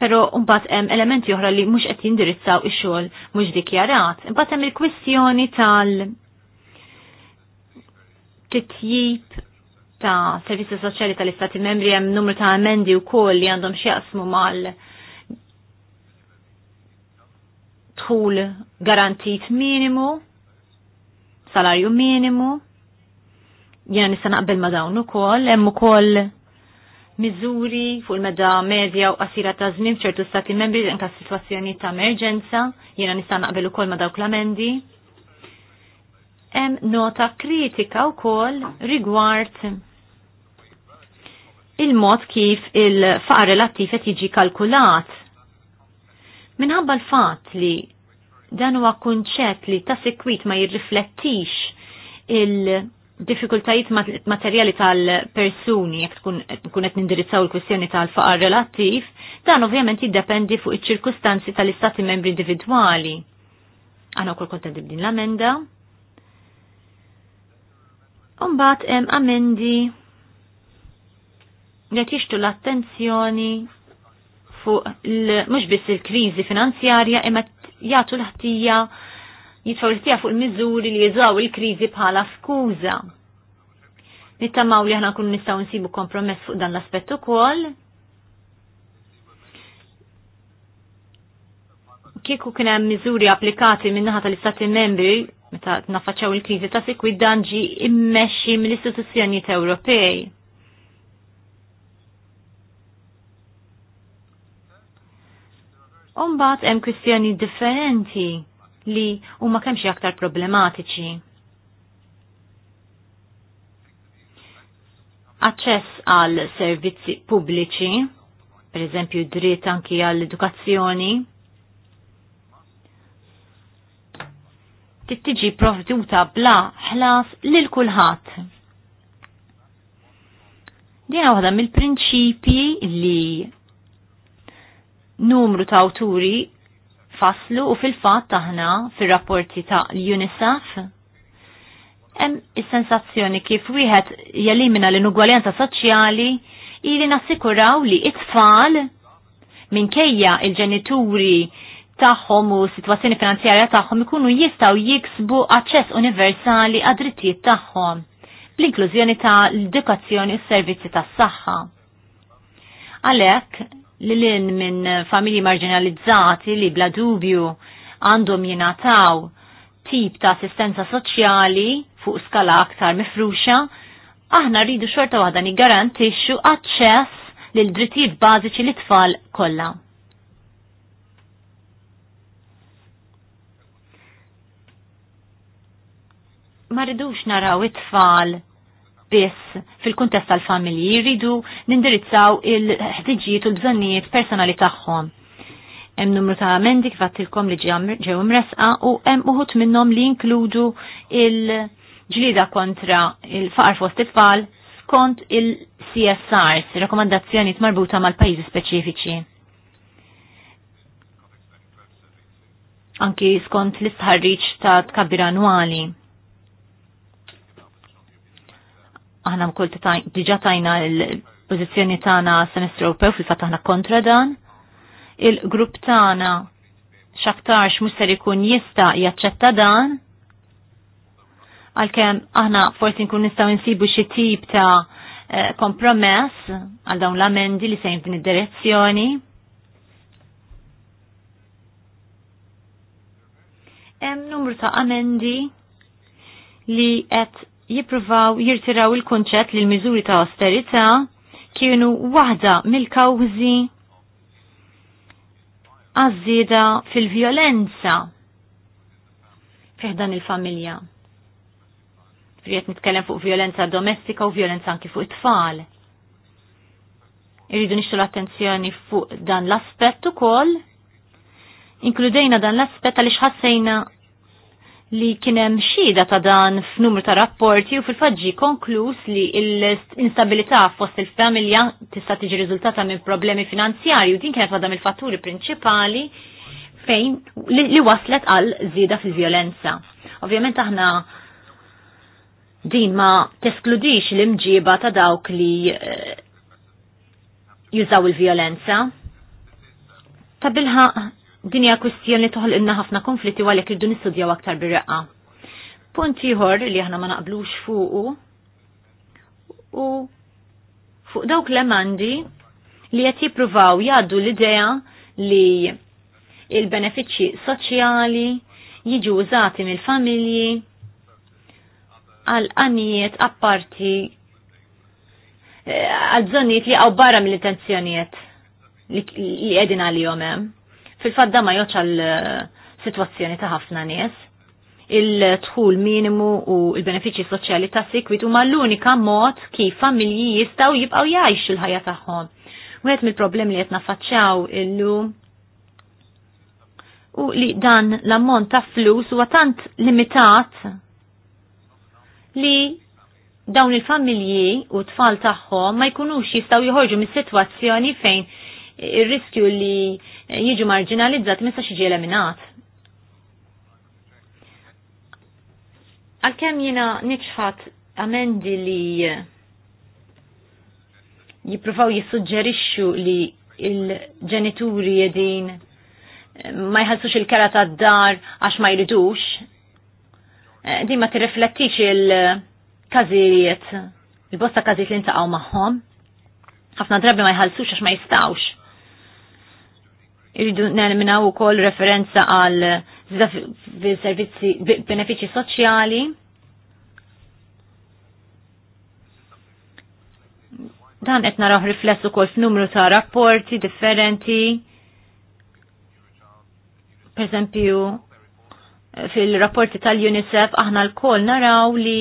Pero mbagħad hemm elementi oħra li mhux qed jindirizzaw ix-xogħol mhux dikjarat. Imbagħad hemm il-kwistjoni tal titjib ta' servizzi soċjali tal-Istati membri hemm numru ta' emendi wkoll li għandhom x'jaqsmu mal- tħul garantit minimu, salarju minimu, jena nista naqbel ma dawn ukoll, hemm ukoll miżuri fuq il-meda medja u qasira ta' żmien f'ċertu stati membri anke sitwazzjoni ta' emerġenza, jiena nista' naqbel ukoll ma' dawk l-amendi. Hemm nota kritika wkoll rigward il-mod kif il-faqar relattiv qed jiġi kalkulat Minħabba l-fat li dan huwa kunċett li ta' sekwit ma jirriflettix il-diffikultajiet materjali tal-persuni jekk tkun qed nindirizzaw il-kwistjoni tal-faqar relattiv, dan ovvjament jiddependi fuq iċ-ċirkustanzi tal-istati membri individwali. Għana wkoll kontent din l-amenda. Umbat hemm amendi li jixtu l-attenzjoni fuq mhux biss il-kriżi finanzjarja imma jagħtu l-ħtija jitfaw l-ħtija fuq il-miżuri li jeżaw il-kriżi bħala skuża. Nittamaw li aħna nkunu nistgħu nsibu kompromess fuq dan l-aspett ukoll. Kieku kien hemm miżuri applikati min-naħa tal-Istati Membri meta naffaċċaw il-kriżi ta' sikwi dan ġi immexxi mill-istituzzjonijiet Ewropej Umbat hemm kwistjoni differenti li huma kemm xi aktar problematiċi. Aċċess għal servizzi pubbliċi, per eżempju dritt anki għall edukazzjoni tittiġi provduta bla ħlas lil kulħadd. Dina waħda mill-prinċipji li numru ta' awturi faslu u fil-fat taħna fil-rapporti ta' UNICEF hemm is-sensazzjoni kif wieħed jelimina l-inugwaljanza soċjali ili nassikuraw li it-tfal minkejja il-ġenituri tagħhom u situazzjoni finanzjarja tagħhom ikunu jistgħu jiksbu aċċess universali għad drittijiet tagħhom bl-inklużjoni ta' l-edukazzjoni u s-servizzi tas-saħħa. Għalhekk li l-in minn familji marginalizzati li bla dubju għandhom jinataw tip ta' assistenza soċjali fuq skala aktar mifruxa, aħna rridu xorta waħda nigarantixxu aċċess lil drittijiet bażiċi li tfal kollha. Ma rridux naraw it-tfal biss fil-kuntest tal-familji, jridu nindirizzaw il-ħtiġijiet u l-bżonnijiet personali tagħhom. Hemm numru ta' amendi kif għattilkom li ġew imresqa u hemm uħut minnhom li jinkludu il-ġlida kontra il-faqar fost it-tfal skont il-CSRs, rakomandazzjoni marbuta mal-pajjiżi speċifiċi. Anki skont l-istħarriċ ta' tkabbir annwali aħna mkull diġa tajna l-pozizjoni tagħna semestru Ewropew fil-fatt kontra dan. Il-grupp tagħna xaktarx musser ser ikun jista' jaċċetta dan. Għalkemm aħna forsi nkun nistgħu insibu xi tip ta' eh, kompromess għal dawn l-amendi li sejn din id-direzzjoni. Hemm numru ta' amendi li qed jippruvaw jirtiraw il-konċett li l-miżuri ta' austerita kienu waħda mill-kawżi għażieda fil violenza fiħdan il-familja. Riet nitkellem fuq violenza domestika u violenza anki fuq it-tfal. Irridu nixtu l-attenzjoni fuq dan l-aspett ukoll. Inkludejna dan l-aspett għaliex ħassejna li kienem xida ta' dan f'numru ta' rapporti u fil-faġġi konkluż li l-instabilità fost il-familja tista' tiġi riżultata minn problemi finanzjarji u din kienet għadam mill-fatturi prinċipali fejn li, li waslet għal zida fil-violenza. Ovvjament aħna din ma teskludix l-imġiba ta' dawk li eh, jużaw il-violenza. Ta' bilħa dinja kwistjoni toħol inna ħafna konflitti għalek irdu nistudjaw aktar bir-reqqa. Punt ieħor li aħna ma naqblux fuqu u fuq dawk l-emandi li qed jippruvaw jgħaddu l-idea li il-benefiċċji soċjali jiġu użati mill-familji għal qanijiet apparti eh, għal bżonnijiet li għaw barra mill-intenzjonijiet li għedin għal jomem eh. hemm fil-fadda ma joċ għal eh, situazzjoni ta' ħafna nies. Il-tħul minimu u il-benefiċi soċjali ta' sikwit huma l-unika mod kif familji jistgħu jibqgħu jgħixu l-ħajja tagħhom. Wieħed mill-problemi li qed nafaċċaw illum u li dan l-ammont ta' flus huwa tant limitat li dawn il-familji u tfal tagħhom ma jkunux jistgħu joħorġu mis-sitwazzjoni fejn ir-riskju li jiġu marginalizzat mista xiġi eliminat. Għalkemm jiena niċħat amendi li jippruvaw jissuġġerixxu li il-ġenituri jedin ma jħalsux il-kera ta' dar għax ma jridux. Eh, Di ma tirriflettix il-kazijiet, il-bosta kazijiet li ntaqaw maħħom. ħafna drabi ma jħalsux għax ma jistawx. Irridu nerminaw u kol referenza għal servizzi benefici soċjali. Dan qed naraw riflessu kol f'numru ta' rapporti differenti. Per esempio, fil-rapporti tal-UNICEF aħna l kol naraw li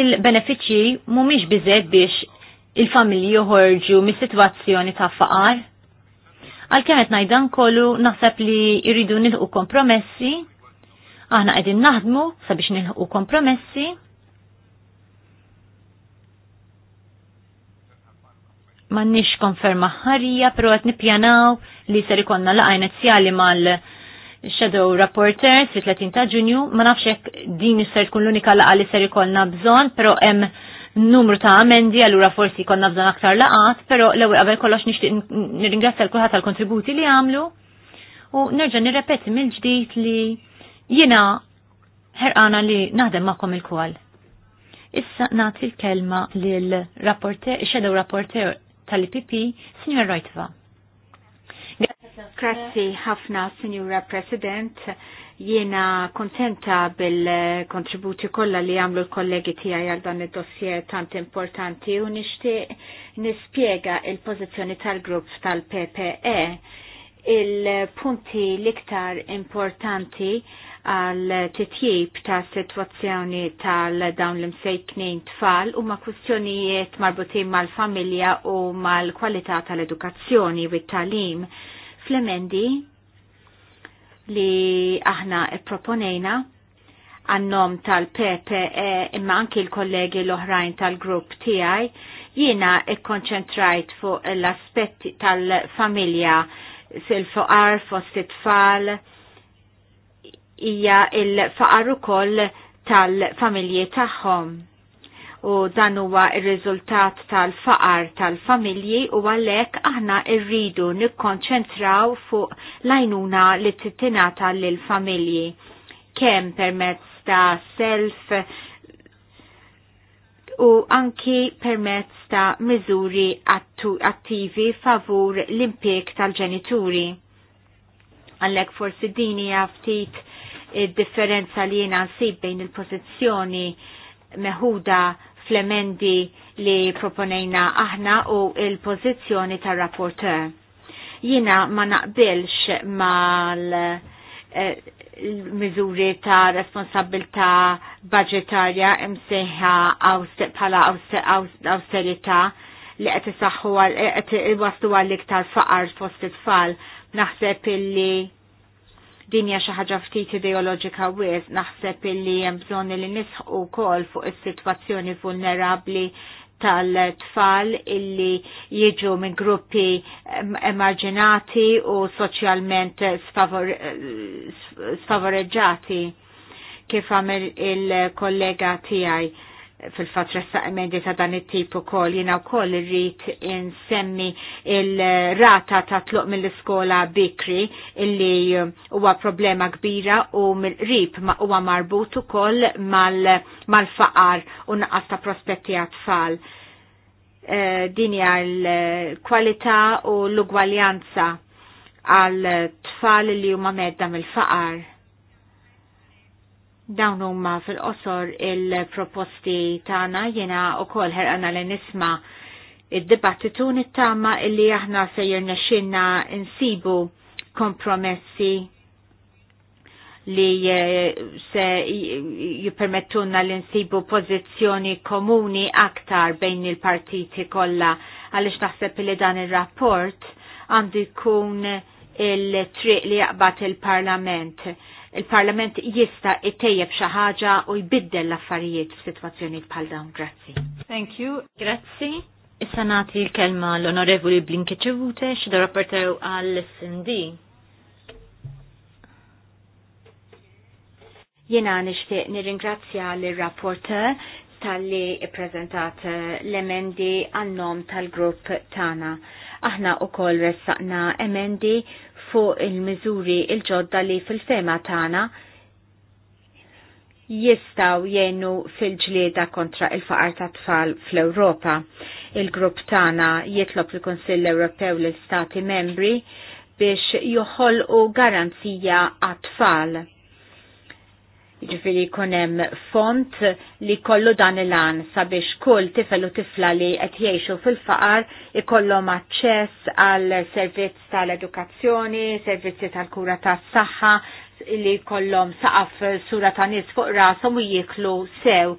il-benefiċi mumiex bizzed biex il-familji joħorġu mis-sitwazzjoni ta' faqar. Għalkemm qed najdan kollu naħseb li jridu nilħu kompromessi, aħna qegħdin naħdmu sabiex nilħu kompromessi. nix konferma ħarija, pero għet nipjanaw li ser ikonna laqa inizjali mal Shadow Reporters fi 30 ta' ġunju, ma nafx jekk din ser tkun l-unika laqa li ser ikollna bżonn, pero hemm numru ta' amendi, allura forsi konna bżon aktar laqat, pero l-ewwel qabel kollox nixtieq nirringrazzja l kulħadd tal-kontributi li għamlu u nerġa' nirrepeti mill-ġdid li jiena ħerqana li naħdem magħkom il kual Issa nagħti l-kelma lil rapporter, shadow rapporter tal-IPP, Signor Rojtva. Grazzi ħafna, Signora President. Jiena kontenta bil-kontributi kollha li għamlu l-kollegi tiegħi għal dan id-dossier tant importanti u nixtieq nispjega il-pożizzjoni tal-grupp tal-PPE il-punti l-iktar importanti għal titjib ta' situazzjoni tal-dawn l-imsejknin tfal u ma' kwistjonijiet marbutin mal-familja u mal-kwalità tal-edukazzjoni u t-talim. Flemendi, li aħna proponejna għannom tal-PPE imma anki l-kollegi l-oħrajn tal-grupp tiegħi jiena ikkonċentrajt fuq l-aspetti tal-familja fil-foqar fost it-tfal hija il-faqar ukoll tal-familji tagħhom u dan huwa ir-riżultat tal-faqar tal-familji u għalhekk aħna rridu nikkonċentraw fuq lajnuna li titinata lill familji kemm permezz ta' self u anki permezz ta' miżuri attivi favur l-impjeg tal-ġenituri. Għallek forsi dini għaftit id-differenza li jena nsib bejn il-pozizjoni meħuda fl-emendi li proponejna aħna u il-pozizjoni tar rapporteur Jina ma naqbilx mal eh, l miżuri ta' responsabilta budgetarja imsejħa bħala austerita li qed isaħħu eh, qed iwasslu għal iktar faqar fost it-tfal. Naħseb illi din hija xi ħaġa ftit ideoloġika wies naħseb illi hemm bżonn li nisħu wkoll fuq is-sitwazzjoni vulnerabbli tal-tfal illi jiġu minn gruppi emarġinati u soċjalment sfavoreġġati kif għamil il-kollega tiegħi fil fatra ressa emendi ta' dan it-tip u koll, jina u koll rrit insemmi il-rata ta' tluq mill-iskola bikri illi huwa problema kbira u mill-rib ma' huwa marbut u mal-faqar u naqas ta' prospetti għatfall. Eh, Dinja l-kwalità u l-ugwaljanza għal tfal li huma medda mill-faqar Dawn huma fil-qosor il-proposti tagħna jiena wkoll ħerqana li nisma' id-dibattitu nittama illi aħna sejjer nexxinna insibu kompromessi li eh, se jippermettuna li nsibu pożizzjoni komuni aktar bejn il-partiti kollha għaliex naħseb li dan ir-rapport għandu jkun il-triq li jaqbad il-Parlament il-Parlament jista ittejjeb xi ħaġa u jbiddel l-affarijiet f-situazzjoni bħal dawn. Grazzi. Thank you. Grazzi. Issa nagħti l-kelma l-Onorevoli ċevute, xida rapporteru għall-SND. Jena nixtieq nirringrazzja l-rapporter tal-li prezentat l-emendi għal-nom tal-grupp tana. Aħna u kol ressaqna emendi fuq il-mizuri il-ġodda li fil-fema tana jistaw jenu fil-ġlieda kontra il-faqar ta' tfal fl-Europa. Il-grupp tana jitlob il-Konsill Ewropew l-Stati membri biex joħolqu garanzija għat-tfal Ġifiri kunem font li kollu dan il-an sabiex kull tifel u tifla li qed jgħixu fil-faqar ikollhom aċċess għal servizz tal-edukazzjoni, servizzi tal-kura tas-saħħa li kollhom saqaf sura ta' nies fuq rashom u jiklu sew.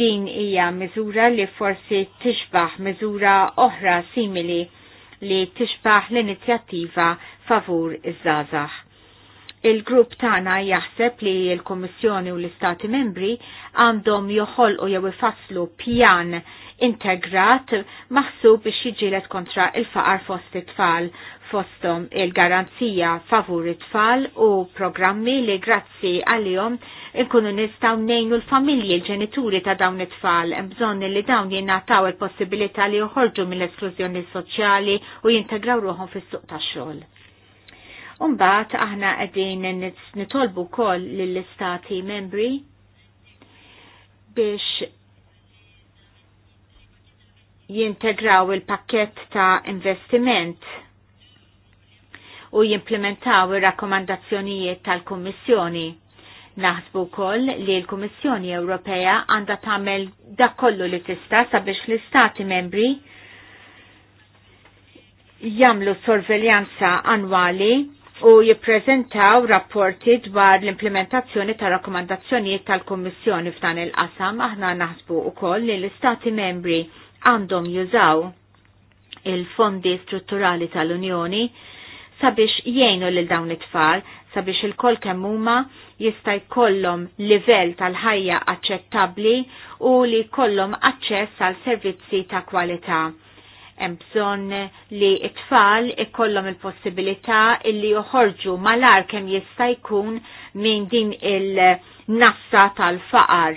Din hija miżura li forsi tixbaħ miżura oħra simili li tixbaħ l-inizjattiva favur iż-żazax Il-grupp tagħna jaħseb li l-Kummissjoni u l-Istati membri għandhom joħolqu jew ifasslu pjan integrat maħsub biex jiġilet kontra il-faqar fost it-tfal fostom il-garanzija favur it-tfal u programmi li grazzi għalihom inkunu nistaw nejnu l-familji l-ġenituri ta' dawn it-tfal bżonni li dawn jinnataw il-possibilità li joħorġu mill-esklużjoni soċjali u jintegraw ruħom fis-suq ta' xogħol. Umbat aħna għedin nitolbu kol l-istati membri biex jintegraw il-pakket ta' investiment u jimplementaw il-rakkomandazzjonijiet tal-Kommissjoni. Naħsbu kol li l-Kommissjoni Ewropea għanda tagħmel dak kollu li tista' sabiex l-Istati membri jagħmlu sorveljanza annwali u jippreżentaw rapporti dwar l-implementazzjoni ta' rakkomandazzjonijiet tal-Kommissjoni f'dan il-qasam aħna naħsbu ukoll li l-Istati membri għandhom jużaw il-fondi strutturali tal-Unjoni sabiex jgħinu lil dawn it-tfal sabiex il kemm kemmuma jista' jkollhom livell tal-ħajja aċċettabbli u li jkollhom aċċess għal servizzi ta' kwalità hemm bżonn li t-tfal ikollhom il-possibilità illi joħorġu malar kemm jista' jkun minn din il-nassa tal-faqar.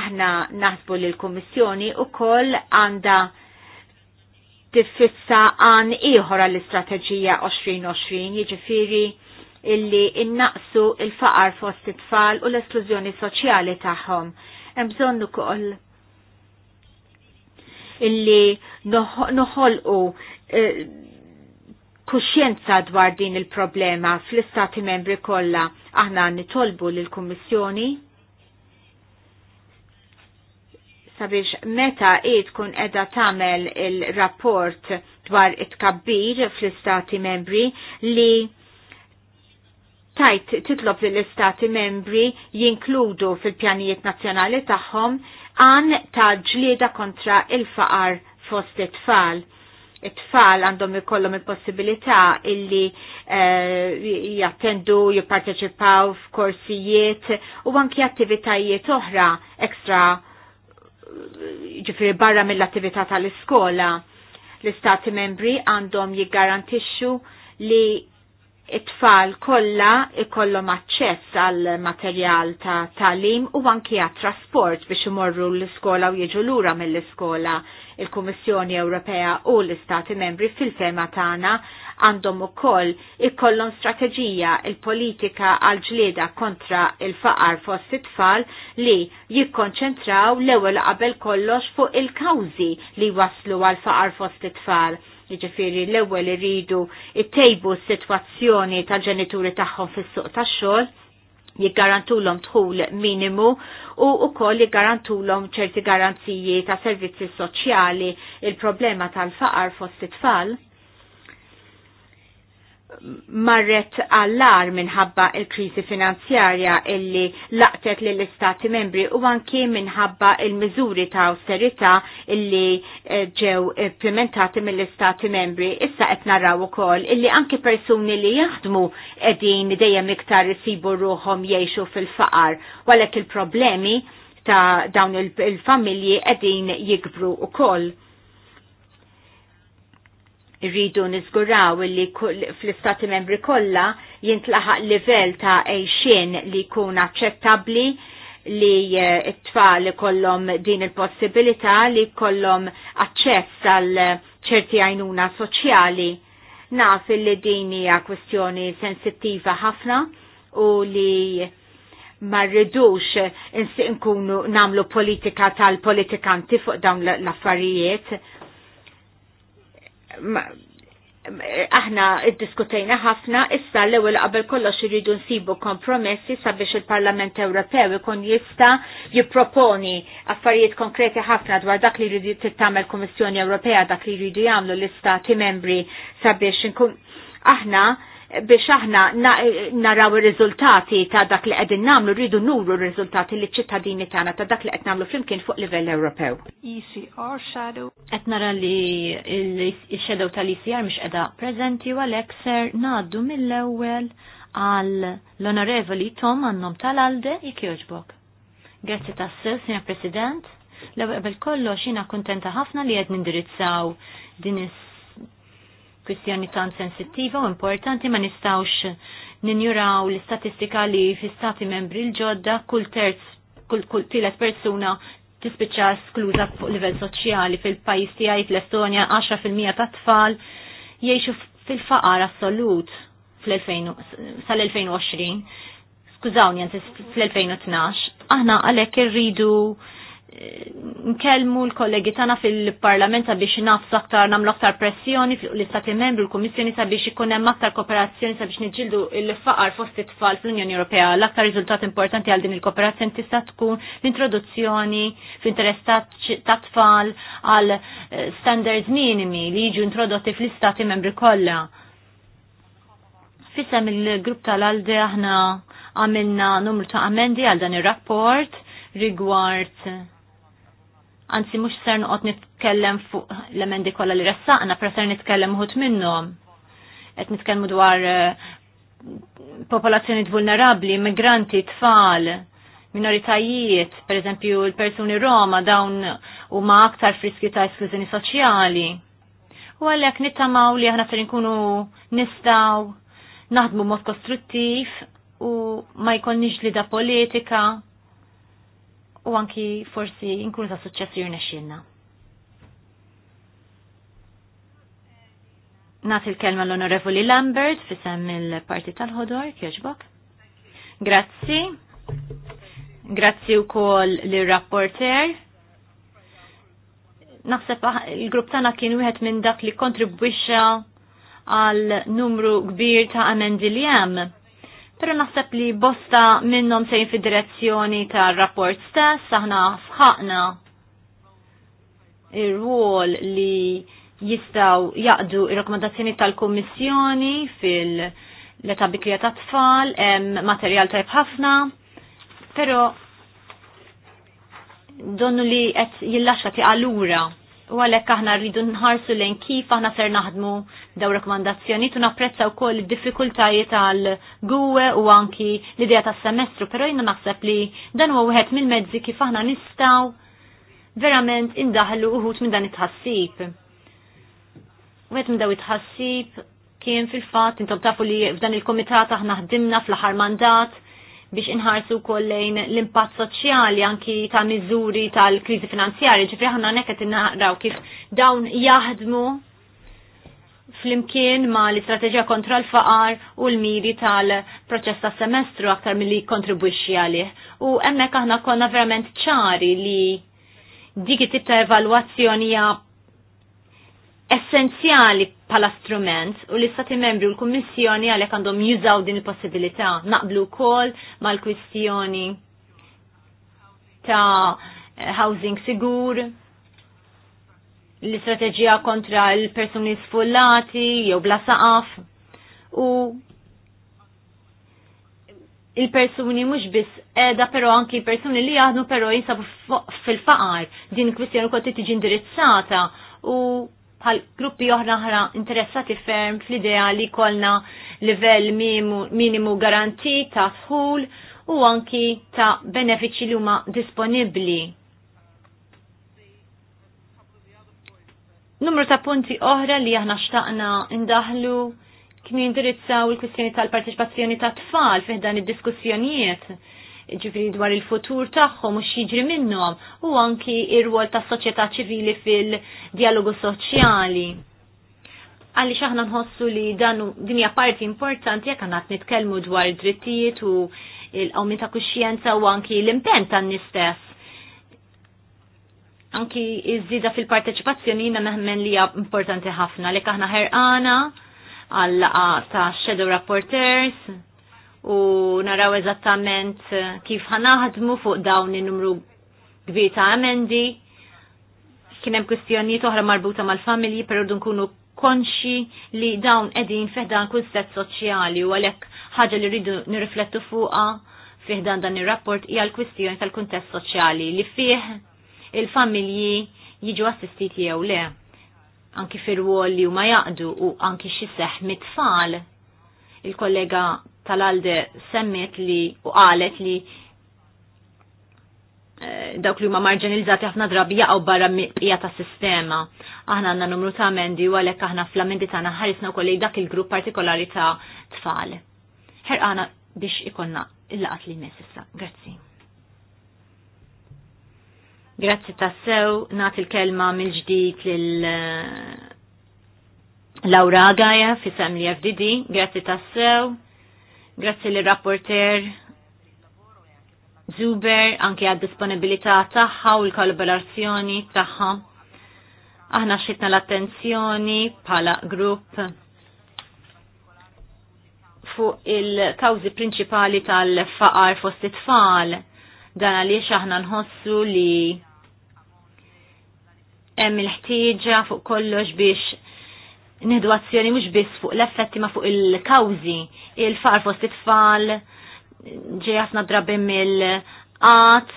Aħna naħsbu li l-Kummissjoni wkoll għandha tiffissa għan ieħor għall-istrateġija 2020, jiġifieri illi innaqsu il-faqar fost it-tfal u l-esklużjoni soċjali tagħhom. Hemm bżonn ukoll illi noħolqu eh, kuxjenza dwar din il-problema fl-istati membri kollha aħna nitolbu lill-Kummissjoni sabiex meta id kun edha tamel il-rapport dwar it-kabbir fl-istati membri li tajt titlob l-istati membri jinkludu fil-pjanijiet nazjonali tagħhom għan ta' ġlieda kontra il-faqar fost it-tfal it-tfal għandhom ikollhom il-possibilità illi uh, jattendu, jipparteċipaw f'korsijiet u anki attivitajiet oħra ekstra ġifri barra mill-attività tal-iskola. L-istati membri għandhom jiggarantixxu li it-tfal kollha ikollhom aċċess għal materjal ta' talim u anki għat trasport biex imorru l-iskola u jiġu lura mill-iskola. Il-Kummissjoni Ewropea u l-Istati Membri fil-fema tagħna għandhom ukoll ikollhom strateġija il-politika għal ġlieda kontra il-faqar fost it-tfal li jikkonċentraw l-ewwel qabel kollox fuq il-kawżi li waslu għal faqar fost it-tfal jiġifieri l-ewwel iridu tejbu s-sitwazzjoni ta' ġenituri tagħhom fis-suq tax-xogħol jiggarantulhom dħul minimu u wkoll jiggarantulhom ċerti garanziji ta' servizzi soċjali il-problema tal-faqar fost it-tfal marret għallar minħabba il-krisi finanzjarja illi laqtet l istati membri u anki minħabba il-mizuri ta' austerita illi eh, ġew implementati mill-istati membri. Issa qed naraw ukoll illi anki persuni li jaħdmu edin dejjem iktar isibu ruhom jgħixu fil-faqar Walek il-problemi ta' dawn il-familji edin jikbru ukoll. koll Irridu nizguraw li fl-istati membri kollha jintlaħaq livell ta' għejxien li jkun aċċettabbli li eh, t-tfal kollom din il-possibilità li kollom aċċess għal ċerti għajnuna soċjali. Naf li din hija kwestjoni sensittiva ħafna u li ma rridux nkunu namlu politika tal-politikanti fuq dawn l-affarijiet aħna iddiskutejna ħafna, issa l-ewwel qabel kollox iridu nsibu kompromessi sabiex il-Parlament Ewropew ikun jista' jipproponi affarijiet konkreti ħafna dwar dak li jridu tittamel Kummissjoni Ewropea dak li jridu jagħmlu l-istati membri sabiex inkun aħna biex aħna naraw ir-riżultati ta' dak li qegħdin nagħmlu rridu nuru r-riżultati li ċittadini tagħna ta' dak li qed nagħmlu flimkien fuq livell Ewropew. ECR shadow. Qed nara li il shadow tal-ECR mish edha prezenti u għal ekser ngħaddu mill-ewwel għal l-onorevoli Tom għannom tal-Alde i jikjoġbok. Grazzi s Sina President. L-ewwel kollox jiena kuntenta ħafna li qed nindirizzaw din is kwistjoni tant sensittiva u importanti ma nistawx ninjuraw l-istatistika li fi stati membri l-ġodda kull terz, kull, kull tilet persuna tispiċċa skluża fuq livell soċjali fil-pajjiż tiegħi fl-Estonja 10% ta' tfal jiexu fil-faqar assolut sal-2020. Skużawni, fl-2012. Aħna għalhekk irridu nkellmu l-kollegi tagħna fil-Parlament sabiex nafsu aktar nagħmlu aktar pressjoni l-Istati Membri l-Kummissjoni sabiex ikun hemm aktar kooperazzjoni sabiex niġildu l-faqar fost it-tfal fl-Unjoni Ewropea. L-aktar riżultat importanti għal din il-kooperazzjoni tista' tkun l-introduzzjoni fl-interess ta' tfal għal eh, standards minimi li jiġu introdotti fl-Istati Membri kollha. Fisem il-grupp tal-Alde aħna għamilna numru ta' amendi għal dan ir rapport rigward anzi mux ser nuqot nitkellem fuq l-emendi kolla li ressaqna, per ser nitkellem uħut minnom. Et nitkellmu dwar eh, popolazzjoni vulnerabli, migranti, tfal, minoritajiet, per eżempju l-persuni Roma, dawn u ma aktar friski ta' esklużjoni soċjali. U għallek nittamaw li aħna ser kunu nistaw, naħdmu mod kostruttiv u ma jkollniġ li da politika u anki forsi nkunu ta' suċċessu jirnexxinna. Nagħti il-kelma l-Onorevoli Lambert fisem il-Parti tal-Ħodor, kieġbok. Grazzi. Grazzi wkoll lir-rapporter naħseb il-grupp tagħna kien wieħed minn dak li kontribwixxa għal numru kbir ta' amendi li hemm pero naħseb li bosta minnom sejn fid-direzzjoni tar rapport stess, aħna sħaqna il wol li jistaw jaqdu il rekomendazzjoni tal-Kommissjoni fil-leta bikrija ta' tfal, materjal tajb ħafna, pero donnu li qed jillaxka ti għalura U għalhekk aħna rridu nħarsu lejn kif aħna ser naħdmu daw rakkomandazzjonijiet u napprezzaw kol id-diffikultajiet għal gwe u anki l-idea tas-semestru, però jina naħseb li dan huwa wieħed mill-mezzi kif aħna nistgħu verament indaħlu uħut minn dan it-ħassib. Wet minn daw it-ħassib kien fil-fat, intom tafu li f'dan il-komitat aħna ħdimna fl-ħar mandat biex inħarsu kollejn l-impatt soċjali anki ta' miżuri tal-krizi finanzjarja, ġifri ħanna nekket naqraw kif dawn jaħdmu fl-imkien ma l-istrateġija kontra l-faqar u l-miri tal-proċess ta' semestru aktar mill-li kontribwixxi għalih. U hemmhekk aħna konna verament ċari li dik it-tip ta' evalwazzjoni hija essenzjali pala strument u li stati membri u l-Kommissjoni għalek għandhom jużaw din il-possibilità naqblu kol mal-kwistjoni ta' housing sigur, l-istrateġija kontra l-personi sfullati jew bla saqaf u il-persuni mhux biss edha però anki persuni li jaħdmu però jinsabu fil-faqar din kwistjoni kont tiġi indirizzata u bħal gruppi oħra ħra interessati ferm fl-idea li kolna livell minimu garanti ta' sħul u anki ta' benefiċi li huma disponibbli. Numru ta' punti oħra li aħna xtaqna indaħlu kien indirizzaw il-kwistjoni tal-parteċipazzjoni ta' tfal fih dan id-diskussjonijiet ġifiri dwar il-futur tagħhom u xieġri minnhom u anki ir-rwol tas-soċjetà ċivili fil-dialogu soċjali. Għalli aħna nħossu li dan dinja parti importanti jekk għanat nitkelmu dwar id-drittijiet u l-qawmin ta' kuxjenza u anki l-impenn tan-nies stess anki iż-żida fil-parteċipazzjoni jina meħmen li hija importanti ħafna li aħna ħerqana għalla ta' shadow rapporters u naraw eżattament eh, kif ħanaħdmu fuq dawn in-numru kbir ta' emendi. Kien hemm kwistjonijiet oħra marbuta mal-familji, però nkunu konxi li dawn qegħdin kull kunstett soċjali u għalhekk ħaġa li rridu nirriflettu fuqha fiħdan dan ir-rapport hija l-kwistjoni tal-kuntest soċjali li fih il-familji jiġu assistiti jew le anki fir-ruol li huma jaqdu u anki xi seħ mit-tfal. Il-kollega tal-alde semmet li u qalet li eh, dawk li huma marġinizzati ħafna drabi jaqgħu barra mija ta' sistema. Aħna għandna numru ta' amendi u għalhekk aħna fl-amendi tagħna ħarisna wkoll dak il-grupp partikolari ta' tfal. Ħerqana biex ikollna il-laqat li jmiss issa. Grazzi. Grazzi tassew, nagħti il-kelma mill-ġdid lil eh, Laura Gaja fi Sam li FDD, grazzi tas-sew. Grazzi li rapporter Zuber anke għad disponibilità tagħha u l-kollaborazzjoni tagħha. Aħna xitna l-attenzjoni bħala grupp fuq il-kawzi prinċipali tal-faqar fost it-tfal. Dan għaliex aħna nħossu li hemm il-ħtieġa fuq kollox biex Nidwazzjoni mux mhux biss fuq l-effetti ma fuq il-kawżi, il far fost it-tfal, ġej ħafna drabi mill-qat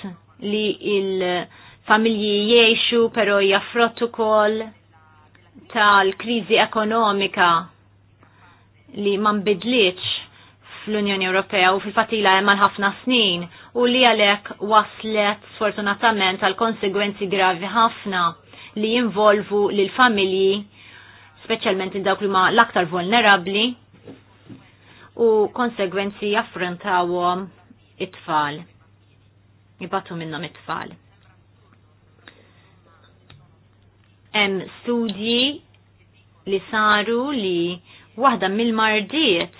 li il-familji jiexu però jaffrottu kol tal-kriżi ekonomika li ma bidliċ fl-Unjoni Ewropea u fil-fatila hemm ħafna snin u li għalhekk waslet sfortunatament għal konsegwenzi gravi ħafna li jinvolvu l familji speċjalment in dawk li ma l-aktar vulnerabli u konsegwenzi jaffrontawhom it-tfal. Jibatu minnhom it-tfal. Hemm studji li saru li waħda mill-mardiet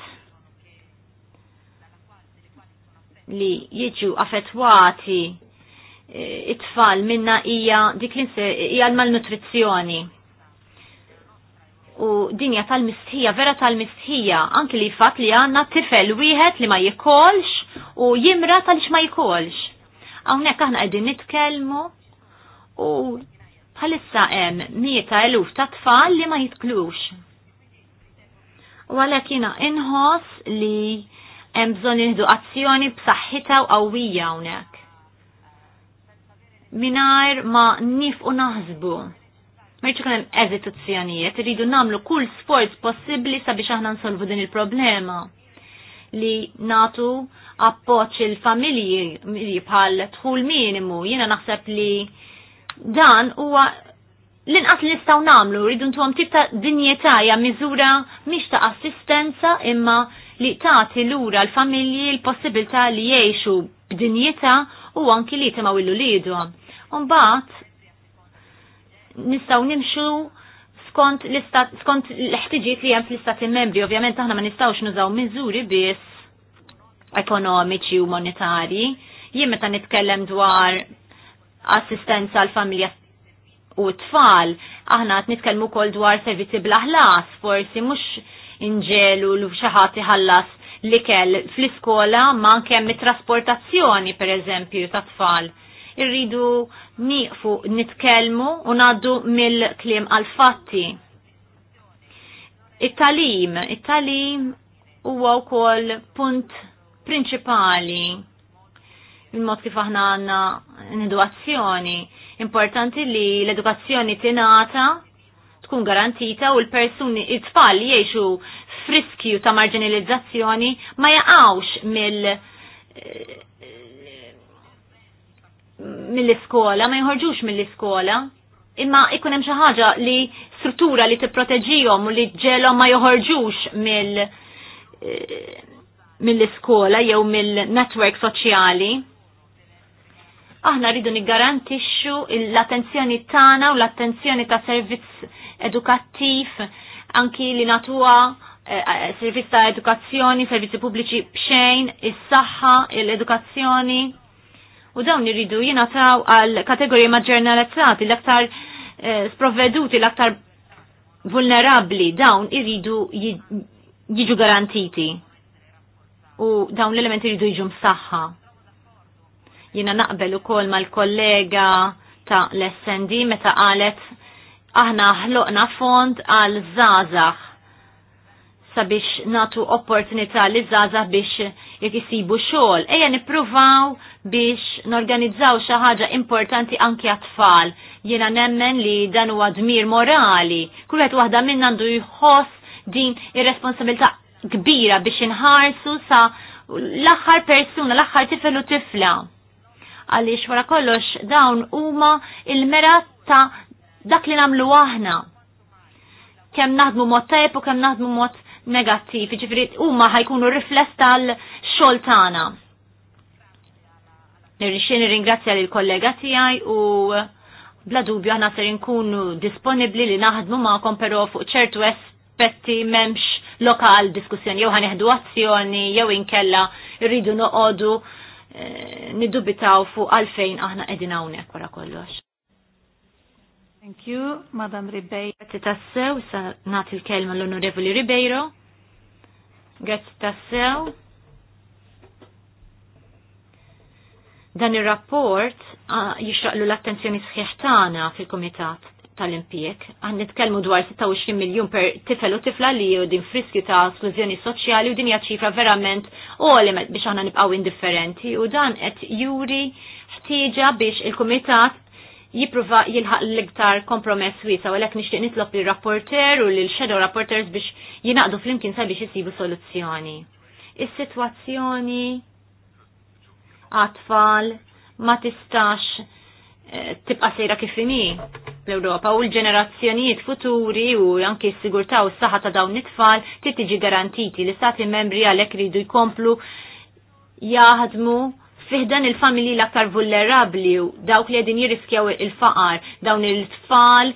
li jiġu affettwati eh, it-tfal minna hija dik li hija l-malnutrizzjoni u dinja tal-mistħija, vera tal-mistħija, anki li fatt li għanna tifel wieħed li ma jikolx u jimra tal-x ma jikolx. Għawnek aħna għedin nitkelmu u bħalissa hemm mieta eluf ta' tfal li ma jitklux. U għalhekk jiena inħoss li hemm bżonn nieħdu azzjoni b'saħħitha u qawwija hawnhekk. Minar ma u naħsbu Merċu kunem eżituzzjonijiet, rridu namlu kull sforz possibli sabiex aħna nsolvu din il-problema li natu appoċ il-familji bħal tħul minimu, jina naħseb li dan huwa l-inqas li nistaw namlu, rridu ntuħam tip ta' dinjeta ja miżura miex ta' assistenza imma li tagħti lura l-familji l-possibilità li jgħixu b'dinjeta u anki li timaw illu lidu. bat, nistaw nimxu skont l-istat, skont l ħtiġijiet li hemm fl-istati membri, ovvjament aħna ma nistgħux nużaw miżuri biss ekonomiċi u monetarji. Jien meta nitkellem dwar assistenza għal familja u tfal, aħna qed nitkellmu wkoll dwar servizzi bl-aħlas, forsi mhux inġelu l xi ħadd iħallas li kell fl-iskola ma kemm it-trasportazzjoni pereżempju ta' tfal irridu nieqfu nitkellmu u ngħaddu mill-kliem għal fatti. It-talim, it-talim huwa wkoll punt prinċipali il-mod kif aħna għandna n-edukazzjoni. Importanti li l-edukazzjoni tingħata tkun garantita u l-persuni it-tfal jiexu friskju ta' marginalizzazzjoni ma jaqawx mill mill-iskola, ma jħorġux mill-iskola, imma ikun hemm xi ħaġa li struttura li tipproteġihom u li ġelhom ma joħorġux mill eh, mill-iskola jew mill-network soċjali. Aħna rridu niggarantixxu l-attenzjoni tagħna u l-attenzjoni ta' servizz edukattiv anki li natuha eh, servizz ta' edukazzjoni, servizzi pubbliċi bxejn, is-saħħa, l-edukazzjoni u dawn iridu jingħataw għal kategoriji maġġernalizzati l-aktar eh, sprovveduti l-aktar vulnerabli dawn iridu jiġu garantiti u dawn l-elementi iridu jiġu msaħħa. Jiena naqbel ukoll mal-kollega ta' l-SND meta qalet aħna ħloqna fond għal zazax sabiex natu opportunità li zazax biex jek jisibu xogħol. eja nippruvaw biex norganizzaw xi ħaġa importanti anki għat-tfal. Jiena nemmen li dan huwa dmir morali. Kull qed waħda minn għandu jħoss din ir-responsabilità kbira biex inħarsu sa l-aħħar persuna, l-aħħar tifel u tifla. Għaliex wara kollox dawn huma il-mera ta' dak li nagħmlu aħna. Kemm naħdmu mod tajb u kemm naħdmu mod negattiv, ġifri huma ħajkunu rifless tal-xoltana. Nirrixin ringrazzja l kollega tiegħi u bla dubju aħna ser inkunu disponibbli li naħdmu magħkom però fuq ċertu aspetti m'hemmx lokal diskussjoni jew ħaneħdu azzjoni jew inkella rridu noqogħdu eh, niddubitaw fuq għalfejn aħna qegħdin hawnhekk wara kollox. Thank you, Madam Ribeiro. Grazie tassew, sa nagħti l-kelma l-Onorevoli Ribeiro. Grazie tassew. Dan ir-rapport jixraqlu l-attenzjoni sħiħ tagħna fil-Kumitat tal-impjek. Għan nitkellmu dwar 26 miljon per tifel u tifla li u din friski ta' esklużjoni soċjali u din hija ċifra verament u biex aħna nibqgħu indifferenti u dan qed juri ħtieġa biex il-kumitat jipruva jilħaq l-iktar kompromess wiesa u għalhekk nixtieq nitlob lir-rapporter u l shadow rapporters biex jinaqdu flimkien sabiex isibu soluzzjoni. Is-sitwazzjoni għatfall ma tistax eh, tibqa sejra kif imi l-Ewropa u l-ġenerazzjonijiet futuri u anke s sigurta u s-saħħa ta' dawn it-tfal titiġi garantiti li stati membri għalhekk ridu jkomplu jaħdmu fiħdan il-familji l-aktar vulnerabli u dawk li għedin jiriskjaw il-faqar, dawn il-tfal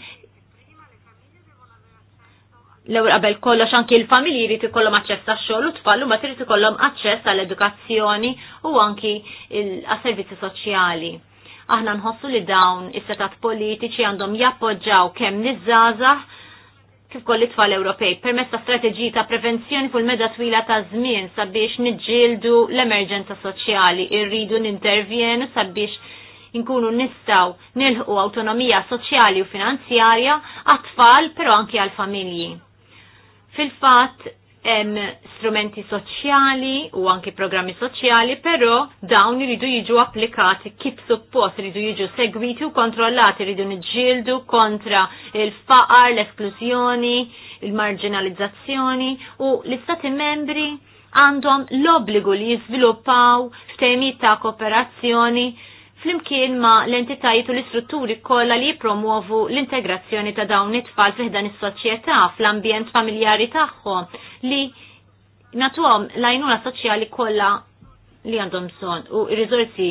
l-ewwel qabel kollox anki l-familji jrid ikollhom aċċess għax-xogħol u tfal ma trid ikollhom aċċess għall edukazzjoni u anki għas-servizzi soċjali. Aħna nħossu li dawn is-setat politiċi għandhom jappoġġaw kemm niżżgħażagħ kif kolli tfal Ewropej permezz ta' strateġiji ta' prevenzjoni fuq meda twila ta' żmien sabiex niġġieldu l-emerġenza soċjali, irridu nintervjenu sabiex inkunu nistaw nilħu autonomija soċjali u finanzjarja għat-tfal pero anki għal-familji Fil-fat, hemm strumenti soċjali u anki programmi soċjali, però dawn iridu jiġu applikati kif suppost, iridu jiġu segwiti u kontrollati, iridu niġġieldu kontra il-faqar, l-esklużjoni, il-marginalizzazzjoni u l-istati membri għandhom l-obbligu li jizviluppaw ftejmiet ta' kooperazzjoni flimkien ma l-entitajiet u l-istrutturi kollha li jipromuovu l-integrazzjoni ta' dawn it-tfal fiħdan is-soċjetà fl-ambjent familjari tagħhom li natuhom l-għajnuna soċjali kollha li għandhom bżonn u r-riżorsi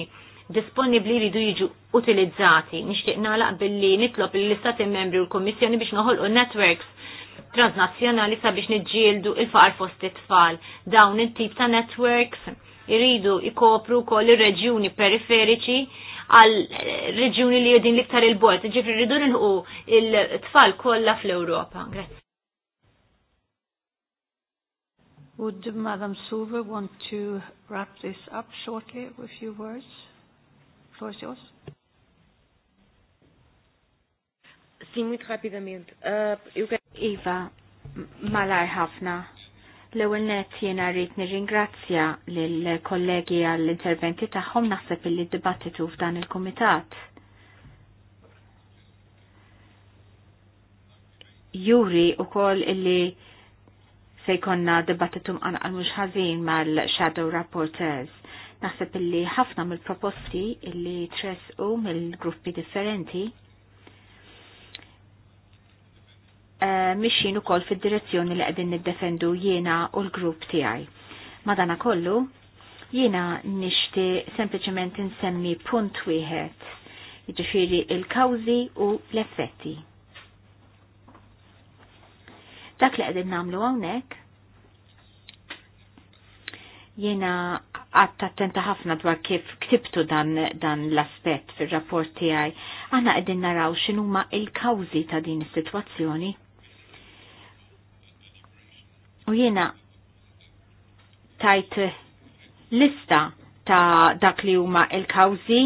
disponibli jridu jiġu utilizzati. Nixtieq nagħlaq billi nitlob lill-Istati Membri u l-Kummissjoni biex noħolqu networks transnazzjonali sabiex niġġieldu il-faqar fost it-tfal. Dawn it-tip ta' networks iridu ikopru kol il reġjuni periferiċi għal eh, reġjuni li jodin liktar il-bord, ġifri rridu nħu il-tfal kolla fl europa Grazie. Would Madam Suver want to wrap this up shortly with a few words? Floor is yours. Sim, muito rapidamente. Uh, eu iva, malar ħafna. L-ewwel net jiena rrid nirringrazzja lill-kollegi għall-interventi tagħhom naħseb illi dibattitu f'dan il-kumitat. Juri wkoll illi se jkollna dibattitu mqanqal mhux ħażin mal-shadow rapporteurs. Naħseb illi ħafna mill-proposti illi tressqu mill-gruppi differenti Eh, mixin ukoll fil direzzjoni li qegħdin niddefendu jiena u l-grupp tiegħi. Madana kollu, jiena nishti sempliċement insemmi punt wieħed, jiġifieri il-kawżi u l-effetti. Dak li qegħdin nagħmlu hawnhekk jiena għatta attenta ħafna dwar kif ktibtu dan, dan l-aspett fil-rapport tiegħi. Aħna qegħdin naraw x'inhuma il-kawżi ta' din is-sitwazzjoni U jiena tajt lista ta' dak li huma il-kawżi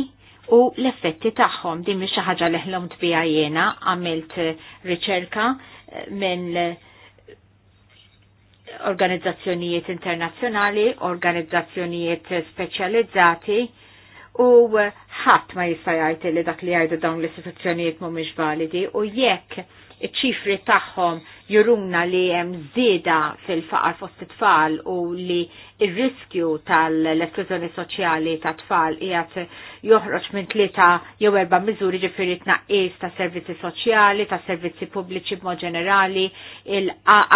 u l-effetti tagħhom din mhix xi ħaġa li ħlom tbija jiena għamilt riċerka minn organizzazzjonijiet internazzjonali, organizzazzjonijiet speċjalizzati u ħadd ma jista' jgħid li dak li jgħidu dawn l-istituzzjonijiet mhumiex validi u jekk iċ-ċifri tagħhom juruna li hemm żieda fil-faqar fost it-tfal u li ir-riskju tal-esklużjoni soċjali ta' tfal qiegħed joħroġ minn tlieta jew erba' miżuri ġifiri tnaqqis ta' servizzi soċjali, ta' servizzi pubbliċi b'mod ġenerali,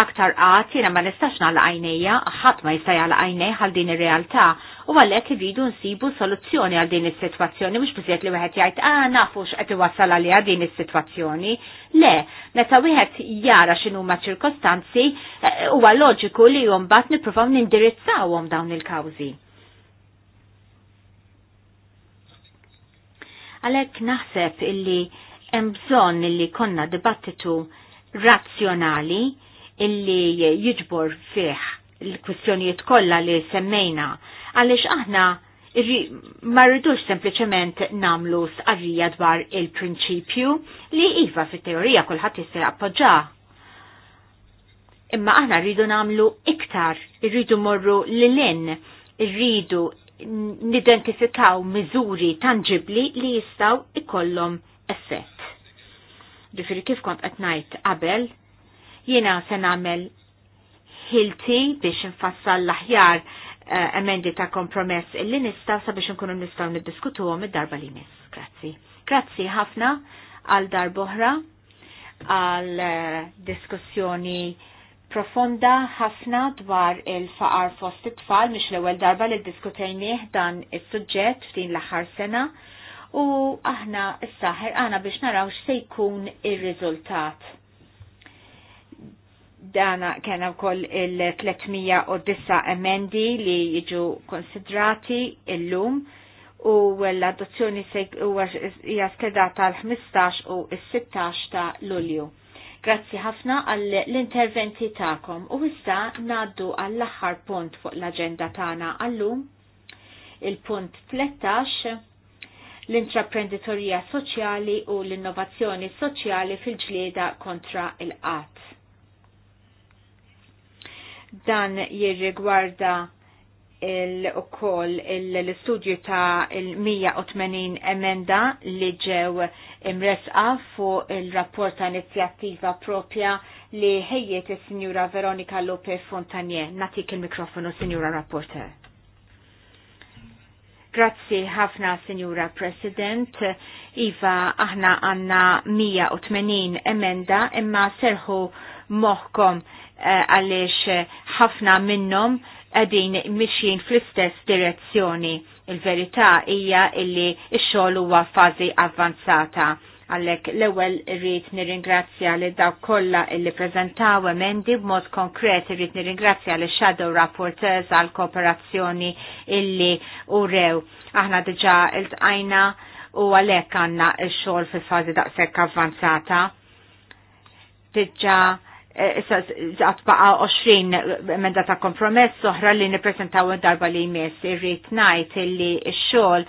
aktar għat jiena ma nistax nagħlaq għajnejja, ħadd ma jista' jagħlaq għajnej għal din ir-realtà u għalhekk iridu nsibu soluzzjoni għal din is-sitwazzjoni mhux biżjed li wieħed jgħid ah nafu x'qed iwassal għalija din is-sitwazzjoni. Le, meta wieħed jara x'inhuma ċirkostanzi eh, huwa loġiku li mbagħad nippruvaw nindirizzawhom għom dawn il-kawżi. Għalhekk naħseb illi hemm bżonn illi konna dibattitu razzjonali illi jiġbor fih l-kwistjonijiet kollha li semmejna għaliex aħna ma rridux sempliċement namlu sqarrija dwar il-prinċipju li iva fit-teorija kulħadd jista' appoġġa. Imma aħna rridu namlu iktar, irridu morru l len irridu nidentifikaw miżuri tangibli li jistaw ikollom effett. Ġifiri kif kont qed ngħid qabel, jiena se nagħmel ħilti biex nfassal l-aħjar eh, emendi ta' kompromess illi nistaw sabiex nkunu nistaw niddiskutuhom id-darba li miss. Grazzi. Grazzi ħafna għal darboħra għal eh, diskussjoni profonda ħafna dwar il-faqar fost it-tfal mish l-ewwel darba li ddiskutejnieh dan is-suġġett f'din l-aħħar sena u aħna s-saħer għana biex naraw x'se jkun ir-riżultat. Dana kena wkoll il-309 emendi li jiġu konsidrati il-lum u l-adozzjoni hija skedata l-15 u s-16 ta' Lulju. Grazzi ħafna għall-interventi ta'kom u issa naddu għall-aħħar punt fuq l-agenda tagħna għallum il-punt 13 l-intraprenditorija soċjali u l-innovazzjoni soċjali fil-ġlieda kontra il qat Dan jirrigwarda il-koll l-studju ta' il-180 emenda li ġew imresqa fuq il-rapport ta' inizjattiva propja li ħejjet il-Sinjura Veronika Lope Fontanier. Natik il-mikrofonu, Sinjura Rapporter. Grazzi ħafna, Sinjura President. Iva, aħna għanna 180 emenda imma serħu moħkom eh, għalix ħafna minnom għadin mixjien fl-istess direzzjoni. Il-verità hija illi x-xogħol huwa fażi avvanzata. Għallek l-ewel rrit nirringrazzja li daw kolla illi prezentaw emendi b'mod konkret rrit nirringrazzja li shadow rapporteurs għal kooperazzjoni illi urew. Aħna diġà il u għalhekk għanna x-xogħol fil-fazi daqshekk avvanzata. Diġà Eh, issa zaqt baqa 20 emenda ta' kompromess oħra li nipresentaw darba li jmiss irrit najt li x-xol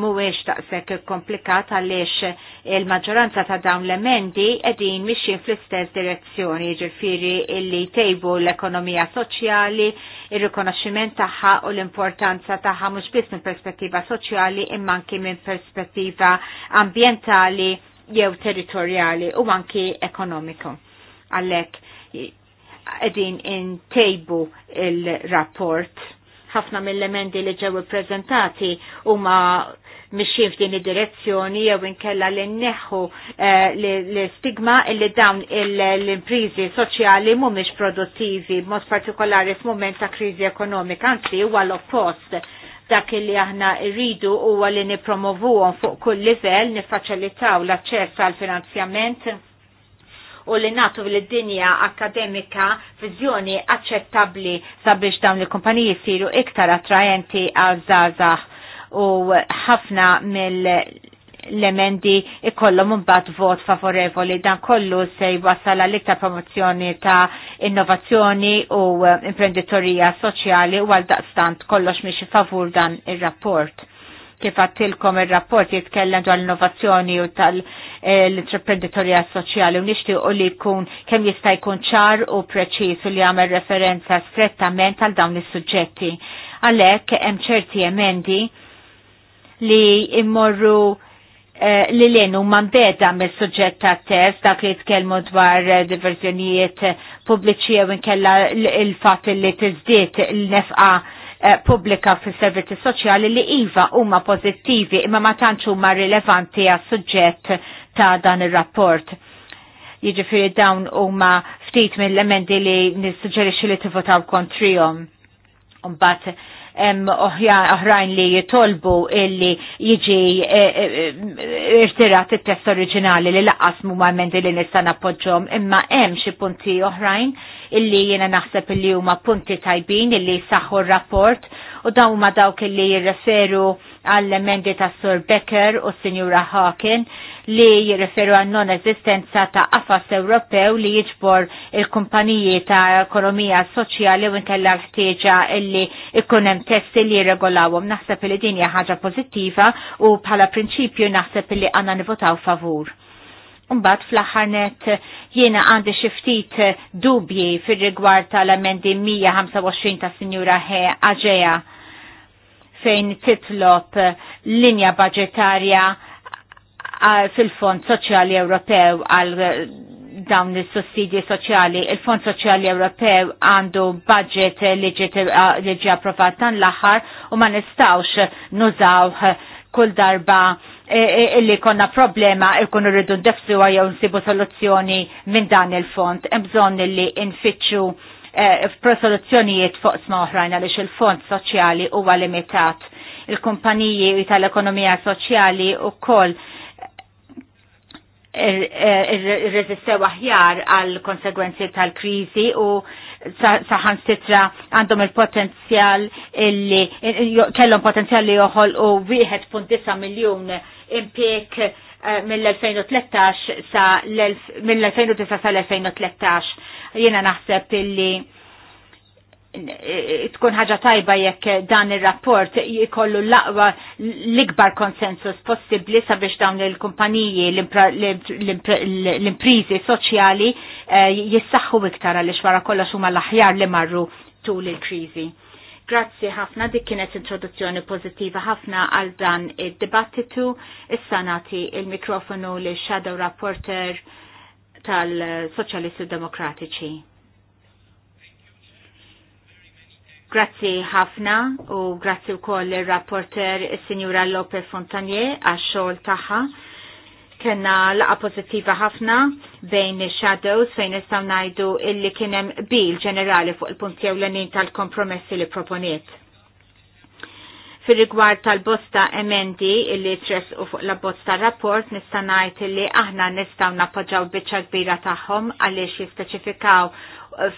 muwiex taqsek komplikat għaliex il-maġġoranza ta' dawn l-emendi edin mixin fl-istess direzzjoni ġifiri illi tejbu l-ekonomija soċjali, il-rikonoxximent tagħha u l-importanza tagħha mhux biss minn perspettiva soċjali imma anki minn perspettiva ambientali jew territorjali u anki ekonomiku għalek edin intejbu il-rapport. ħafna mill-emendi li ġew prezentati huma mixin f'din id-direzzjoni jew inkella li nneħħu l-stigma eh, li dawn l-imprizi soċjali mhumiex produttivi, mod partikolari f'mument ta' kriżi ekonomika, anzi huwa l-oppost dak li aħna rridu huwa li nipromovuhom fuq kull livell, niffaċilitaw l-aċċess għal finanzjament u li natu l-dinja akademika vizjoni aċċettabli sabiex dawn il-kumpaniji siru iktar attrajenti għal zazah u ħafna mill l-emendi ikollhom mumbat vot favorevoli dan kollu se jwassal l iktar promozzjoni ta' innovazzjoni u imprenditorija soċjali u għal daqstant kollox miex favur dan ir-rapport kif għattilkom il-rapport jitkellem dwar l-innovazzjoni u tal entreprenditorja soċjali u nixtiequ li jkun kemm jista' jkun ċar u preċis u li għamel referenza strettament għal dawn is-suġġetti. Għalhekk hemm ċerti emendi li immorru eh, li l-enu mandeda mis suġġett ta' test dak li tkellmu dwar diverzjonijiet pubbliċi u nkella il-fat li tiżdiet l-nefqa' Eh, pubblika fis servizzi soċjali li iva huma pożittivi imma ma tantx huma rilevanti għas suġġett ta' dan ir-rapport. Jiġifieri dawn huma ftit mill-emendi li nissuġġerixxi li tivvotaw kontrihom. Mbagħad oħrajn li jitolbu illi jiġi eh, eh, eh, irtirat it-test oriġinali li laqqas mumamenti li nista' nappoġġhom imma hemm xi punti oħrajn illi jiena naħseb illi huma punti tajbin illi saħħu r-rapport u dawn huma dawk illi jirreferu għall-emendi tas Sur Becker u Sinjura Hawkin li jirreferu għan non eżistenza ta' qafas Ewropew li jiġbor il-kumpaniji ta' ekonomija soċjali u nkella l-ħtieġa illi ikun hemm li jirregolawhom. Naħseb li din hija ħaġa pożittiva u bħala prinċipju naħseb li għandna nivotaw favur. Umbat fl-ħarnet jiena għandi xiftit dubji fil-rigward tal-amendi 125 ta' Sinjura He Aġeja fejn titlop linja budgetarja fil-Fond Soċjali Ewropew għal eh, dawn is-sussidji soċjali. Il-Fond Soċjali Ewropew għandu budget li ġi eh, approvat tan l-aħħar u ma nistawx nużaw eh, kull darba illi konna problema ikun rridu ndefsu jew nsibu soluzzjoni minn dan il-fond. Mbżon illi nfittxu f'prosoluzzjonijiet fuq sma oħrajn għaliex il-fond soċjali huwa limitat. Il-kumpaniji tal-ekonomija soċjali u koll irreżistew aħjar għal konsegwenzi tal-krizi u saħan sitra għandhom il-potenzjal illi kellhom potenzjal li joħol u 1.9 miljun impiek eh, mill-2013 sa mill-2009 sa l-2013. Jiena naħseb illi tkun ħaġa tajba jekk dan ir-rapport jkollu l-aqwa l-ikbar konsensus possibbli sabiex dawn il-kumpaniji l-imprizi soċjali eh, jissaħħu iktar għaliex wara kollox huma l-aħjar li marru tul il-kriżi. Grazzi ħafna dik kienet introduzzjoni pożittiva ħafna għal dan id-dibattitu. Issa nagħti il-mikrofonu li shadow rapporter tal-Soċjalisti Demokratiċi. Grazzi ħafna u grazzi wkoll ir-rapporter is-Sinjura Lopez Fontanier għax-xogħol tagħha Kenna laqa pożittiva ħafna bejn shadows fejn nistgħu ngħidu illi hemm bil ġenerali fuq il-punti ewlenin tal-kompromessi li proponiet. Fir rigward tal-bosta emendi illi tres u fuq la bosta rapport nista' ngħid illi aħna nistgħu nappoġġaw biċċa kbira tagħhom għaliex jispeċifikaw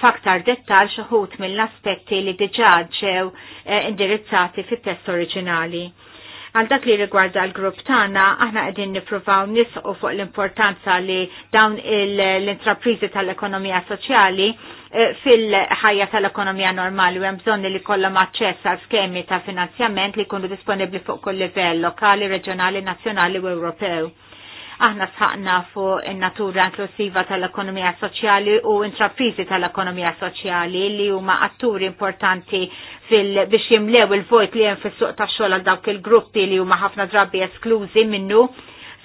faktar dettal xaħut mill-aspetti li diġa ġew eh, indirizzati fit-test oriġinali. Għal dak li rigwarda l-grupp tagħna, aħna qegħdin nippruvaw nisqu fuq l-importanza li dawn l-intrapriżi tal-ekonomija soċjali eh, fil-ħajja tal-ekonomija normali u hemm bżonn li kollhom aċċess għal skemi ta' finanzjament li jkunu disponibbli fuq kull livell lokali, reġjonali, nazzjonali u Ewropew Aħna sħaqna fuq in-natura inklusiva tal-ekonomija soċjali u intraprizi tal-ekonomija soċjali li huma atturi importanti fil biex jimlew il-vojt li hemm fis-suq tax-xogħol għal dawk il-gruppi li huma ħafna drabi esklużi minnu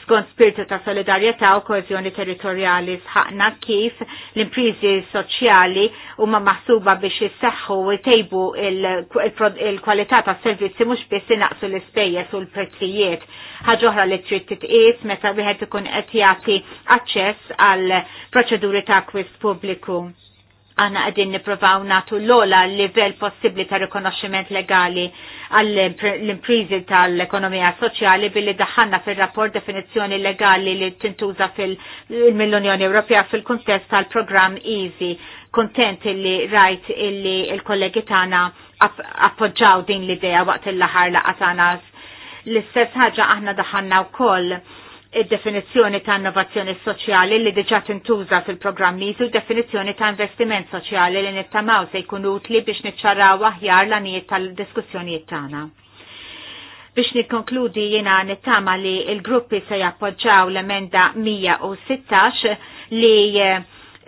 skont spiritu ta' solidarjetà u koezjoni territorjali sħaqna kif l-imprizi soċjali huma maħsuba biex jisseħħu u jtejbu il-kwalità ta' servizzi mhux biss inaqsu l-ispejjeż u l-prezzijiet. Ħaġa li trid titqies meta wieħed ikun qed jagħti aċċess għal proċeduri ta' akwist pubbliku għana għedin niprofaw natu l-ola livell possibli ta' rikonoxximent legali għall-imprizi tal-ekonomija soċjali billi daħanna fil-rapport definizjoni legali li tintuża fil-Unjoni Ewropea fil-kontest tal-programm EASY. Kontent li rajt illi il-kollegi tagħna appoġġaw din l-idea waqt il-laħar laqatana l-istess ħaġa aħna daħanna wkoll id-definizzjoni ta' innovazzjoni soċjali li diġa tintuża fil-programmi u definizzjoni ta' investiment soċjali li nittamaw se jkun utli biex niċċaraw aħjar l-anijiet tal-diskussjonijiet tagħna. Biex nikkonkludi jiena nittama li il-gruppi se jappoġġaw l-emenda 116 li eh,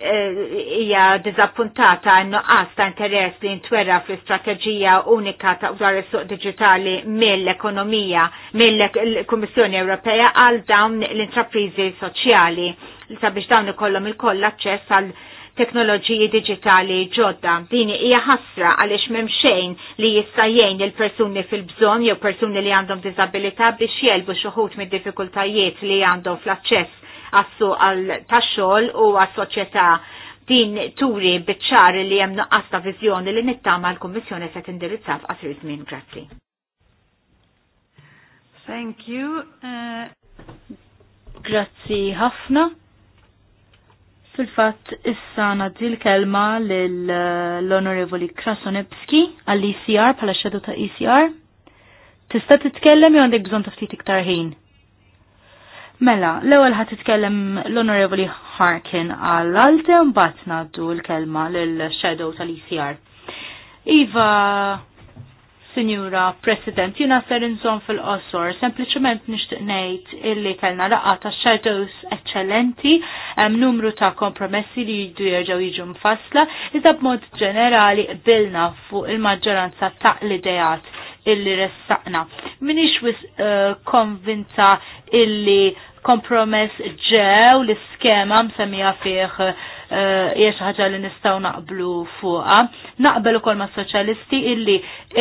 Eh, hija dizappuntata nuqqas ta' interess li ntwera fl-istrateġija unika ta' dwar is-suq digitali mill-ekonomija mill-Kummissjoni Ewropea għal dawn l-intrapriżi soċjali li sabiex dawn ikollhom il-koll aċċess għal teknoloġiji digitali ġodda. Dini hija ħasra għaliex memxejn li jista' jgħin il-persuni fil-bżonn jew persuni li għandhom disabilità biex jelbu xuħut mid-diffikultajiet li għandhom fl-aċċess għassu għal taxxol u għas soċjetà din turi bitċar li hemm nuqqas ta' viżjoni li nittama l-Kummissjoni se tindirizza f'qasri żmien. Grazzi. Thank you. Uh... Grazzi ħafna. Fil-fatt issa nagħti l-kelma lill-Onorevoli uh, Krasonebski għall-ECR bħala xedu ta' ECR. Tista' titkellem jew għandek bżonn ta' ftit iktar ħin? Mela, l-ewwel ħad titkellem l-Onorevoli Harkin għal alte mbagħad ngħaddu l-kelma lill-Shadow tal-ECR. Iva, Sinjura President, jina ser inżon fil-qosor, sempliciment nishtiq ngħid illi kellna laqgħa ta' shadows eccellenti, hemm numru ta' kompromessi li jiddu jerġgħu jiġu mfassla, iżda b'mod ġenerali bilna fuq il-maġġoranza ta' l-idejat illi ressaqna. Minix wis uh, konvinta illi kompromess ġew l-iskema msemmija fih eh, jiex ħaġa li nistaw naqblu fuqa. Naqbel ukoll kolma soċjalisti illi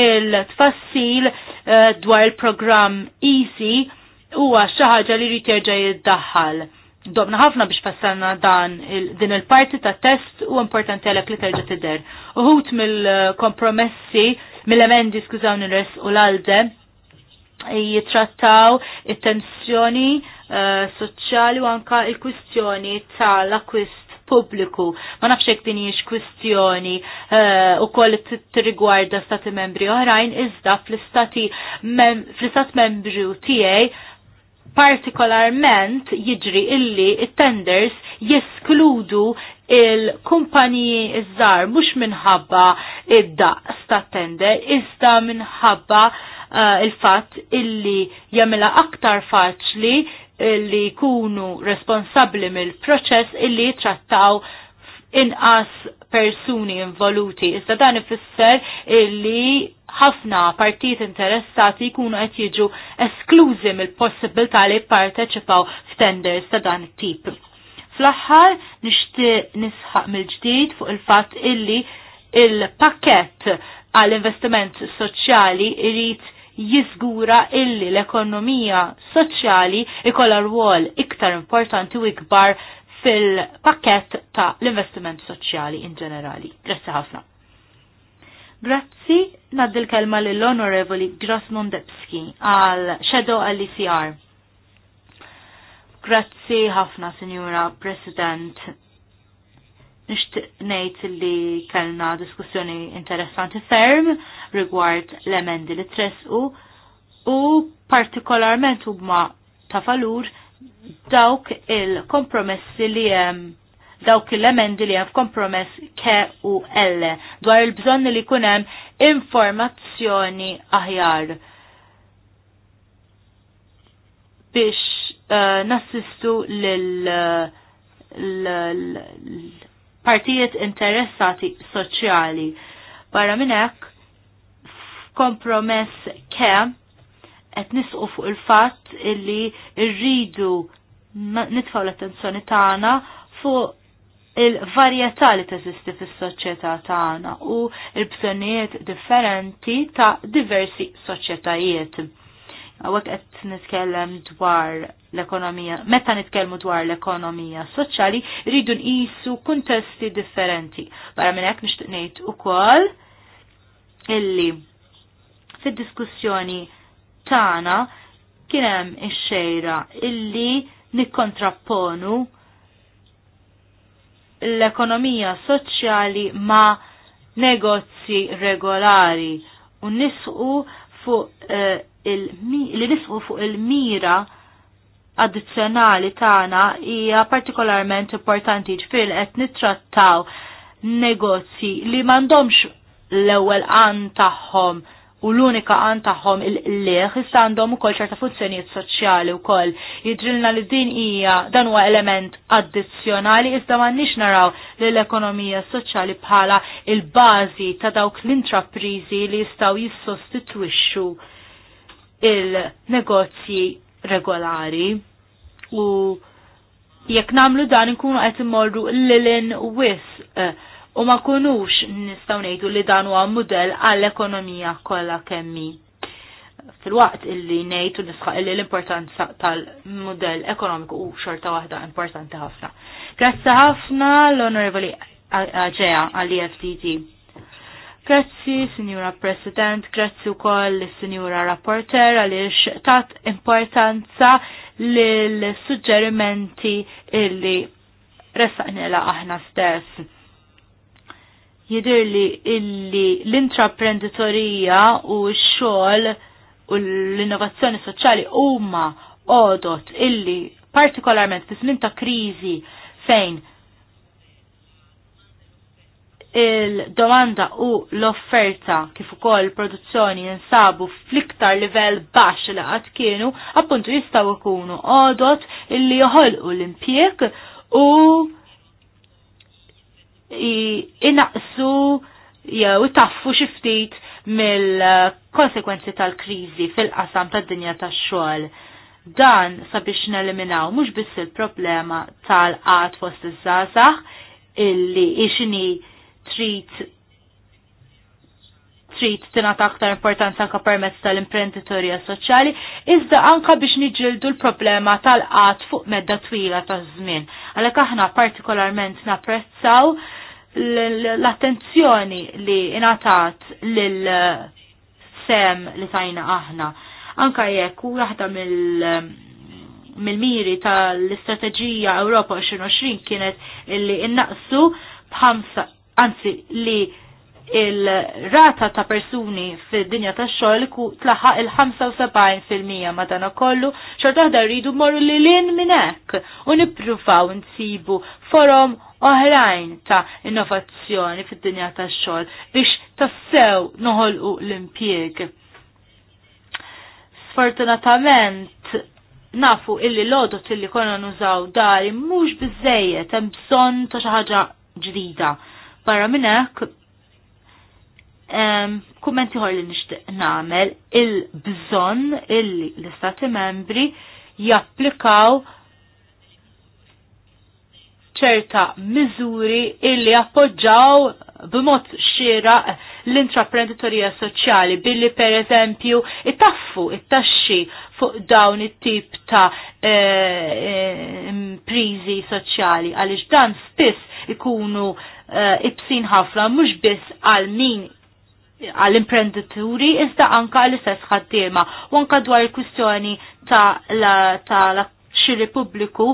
il-tfassil eh, dwar il-programm Easy huwa xi ħaġa li jrid jerġa' jiddaħħal. Dobna ħafna biex passanna dan din il-parti ta' test u importanti għalek li terġa' tidher. Uħut mill-kompromessi, mill-emendi skużawni res u l-alde jitrattaw it-tensjoni Eh, soċjali u anka il-kwistjoni tal-akwist pubbliku. Ma nafx hekk din hiex kwistjoni eh, t tirrigwarda stati membri oħrajn iżda fl istat membru tiegħi partikolarment jiġri illi il tenders jeskludu il-kumpaniji iż-żar mhux minħabba id-daqs tat-tender, iżda minħabba uh, il-fatt illi jagħmilha aktar faċli li jkunu responsabbli mill-proċess illi trattaw inqas persuni involuti. Iżda dan ifisser illi ħafna partijiet interessati jkunu qed jiġu esklużi mill-possibilità li jipparteċipaw f'tenders ta' dan it-tip. Fl-aħħar nixtieq nisħaq mill-ġdid fuq il-fatt illi il-pakket għall-investiment soċjali irid jiżgura illi l-ekonomija soċjali ikolla rwol iktar importanti u ikbar fil-pakket ta' l-investiment soċjali in ġenerali. Grazzi ħafna. Grazzi, naddil kelma l-Onorevoli Grasmondebski għal Shadow għall e Grazzi ħafna, Signora President nishtiq nejt li kellna diskussjoni interessanti ferm rigward l-emendi li tresqu u partikolarment huma ta' valur dawk il-kompromessi li hemm dawk il emendi li hemm kompromess ke u L dwar il-bżonn li jkun hemm informazzjoni aħjar biex uh, nassistu lil uh, partijiet interessati soċjali. Barra minn hekk kompromess ke qed nisqu fuq il-fatt illi rridu nitfaw l-attenzjoni tagħna fuq il-varjetà li teżisti fis-soċjetà tagħna u l-bżonnijiet differenti ta' diversi soċjetajiet għawak għet nitkellem dwar l-ekonomija, meta nitkellmu dwar l-ekonomija soċjali, rridu nqisu kuntesti differenti. Barra minn hekk nixtieq ngħid ukoll illi fid-diskussjoni tagħna kien hemm ix-xejra illi nikkontrapponu l-ekonomija soċjali ma' negozji regolari u nisqu fuq uh, li nisqu fuq il-mira addizzjonali tagħna hija partikolarment importanti ġifier qed nittrattaw negozji li m'għandhomx l-ewwel qan tagħhom u l-unika qan tagħhom il-leħ issa għandhom ukoll ċerta funzjonijiet soċjali wkoll. Jidrilna li din hija dan huwa element addizzjonali iżda m'għandniex naraw lill l-ekonomija soċjali bħala il-bażi ta' dawk l-intraprizi li jistgħu jissostitwixxu il-negozji regolari u jekk namlu dan nkunu qed immorru lilin wis eh, u ma kunux nistgħu ngħidu li dan huwa mudell għall-ekonomija kollha kemmi. Fil-waqt illi ngħid u nisħaq illi l-importanza tal-mudell ekonomiku u xorta waħda importanti ħafna. Grazzi ħafna l-Onorevoli Aġea għall-EFTT. Grazzi, Signora President, grazzi u koll Signora Rapporter għalix tat importanza l-suġġerimenti illi ressaqnila aħna stess. li illi l-intraprenditorija u x-xol u l-innovazzjoni soċjali huma għodot illi partikolarment fi żmien ta' kriżi fejn il-domanda u l-offerta kif ukoll produzzjoni jinsabu fl-iktar livell baxx li qatt kienu appuntu jistgħu jkunu għodot illi joħolqu l-impjeg u inaqsu jew itaffu xi ftit mill-konsekwenzi tal-kriżi fil-qasam tad-dinja tax-xogħol. Dan sabiex neliminaw mhux biss il-problema tal-qat fost iż-żgħażagħ illi ixini trit trid tingħata aktar importanza anke permezz tal-imprenditorja soċjali, iżda anka biex niġildu l-problema tal qat fuq medda twila ta' żmien. Għalhekk aħna partikolarment napprezzaw l-attenzjoni li ingħatat l sem li tajna aħna. Anka jekk u waħda mill mil-miri tal-istrateġija Ewropa 2020 kienet illi innaqsu b'5 anzi li il-rata ta' persuni fid-dinja ta' xogħol tlaħħaq il-75% ma' madana kollu xorta waħda rridu morru li l minn hekk u nippruvaw nsibu forom oħrajn ta' innovazzjoni fid-dinja ta' xogħol biex tassew noħolqu l impieg Sfortunatament nafu illi l-odot illi konna nużaw dari mhux biżejjed hemm bżonn ta' xi ħaġa ġdida Barra minn hekk kummenti ħor li nixtieq nagħmel il-bżonn illi l-Istati membri japplikaw ċerta miżuri illi appoġġaw b'mod xira l-intraprenditorija soċjali billi per eżempju itaffu it-taxxi fuq dawn it-tip ta' e, imprizi soċjali għaliex dan spiss ikunu Eh, ibsin ħafna mhux biss għal min għall-imprenditori iżda anka għall-istess ħaddiema u anka dwar il-kwistjoni ta' la, ta' la xiri pubbliku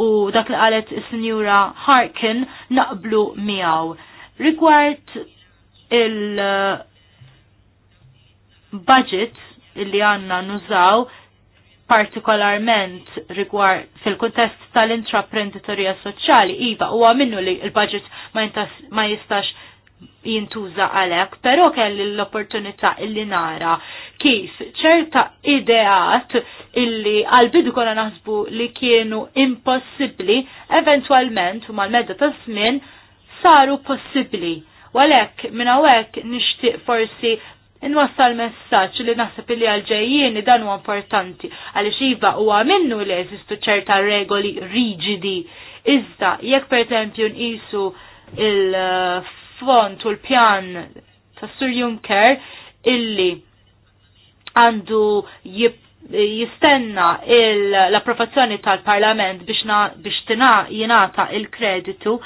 u dak li qalet is-Sinjura Harkin naqblu miegħu. Rigward il-budget eh, illi għanna nużaw partikolarment rigward fil-kuntest tal-intraprenditorija soċjali, iva, huwa minnu li l-budget ma jistax jintuża għalek, pero kelli l-opportunità illi nara kif ċerta ideat illi għal-bidu kona naħsbu li kienu impossibli, eventualment u mal-medda ta' żmien saru possibli. Walek, minn hawnhekk nixtieq forsi Inwassal messaġġ li naħseb li għalġejjieni dan huwa importanti għaliex iva huwa minnu li jeżistu ċerta regoli riġidi. Iżda jekk pereżempju nqisu il-font u l-pjan ta' Sur Juncker illi għandu jistenna l-approvazzjoni tal-Parlament biex tina jinata il-kreditu,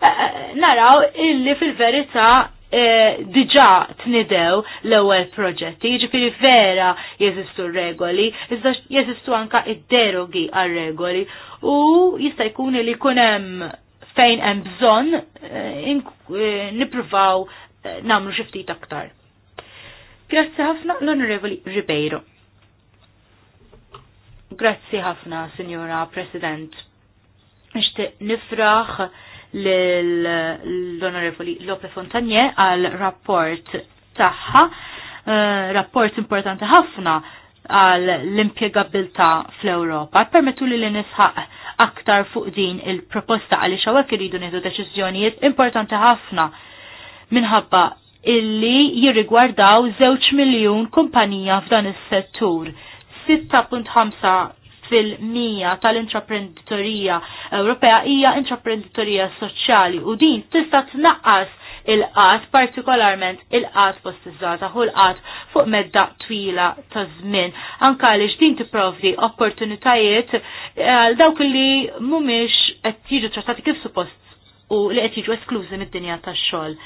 eh, eh, naraw illi fil-verità Eh, diġa tnidew l-ewwel proġetti, jiġifieri vera jeżistu regoli, iżda jeżistu anka id-derogi għal regoli u jista' jkun li jkun hemm fejn hemm bżonn eh, eh, nippruvaw nagħmlu xi ftit aktar. Grazzi ħafna l-Onorevoli Ribeiro. Grazzi ħafna, Signora President. Nixtieq nifraħ l-Onorevoli Lope Fontanier għal rapport tagħha, eh, rapport importanti ħafna għal l-impiegabilta fl-Europa. Permettu li l-nisħaq aktar fuq din il-proposta għalli xawak iridu nidu deċiżjonijiet importanti ħafna minħabba illi jirrigwardaw 0 miljun kumpanija f'dan is-settur. 6.5 fil-mija tal-intraprenditorija Ewropea hija intraprenditorija soċjali u din tista' tnaqqas il-qat, partikolarment il-qat postizzata u l-qat fuq medda twila ta' żmien. Anka li din tipprovdi opportunitajiet eh, għal dawk li mhumiex qed jiġu trattati kif suppost u li qed jiġu esklużi mid-dinja tax-xogħol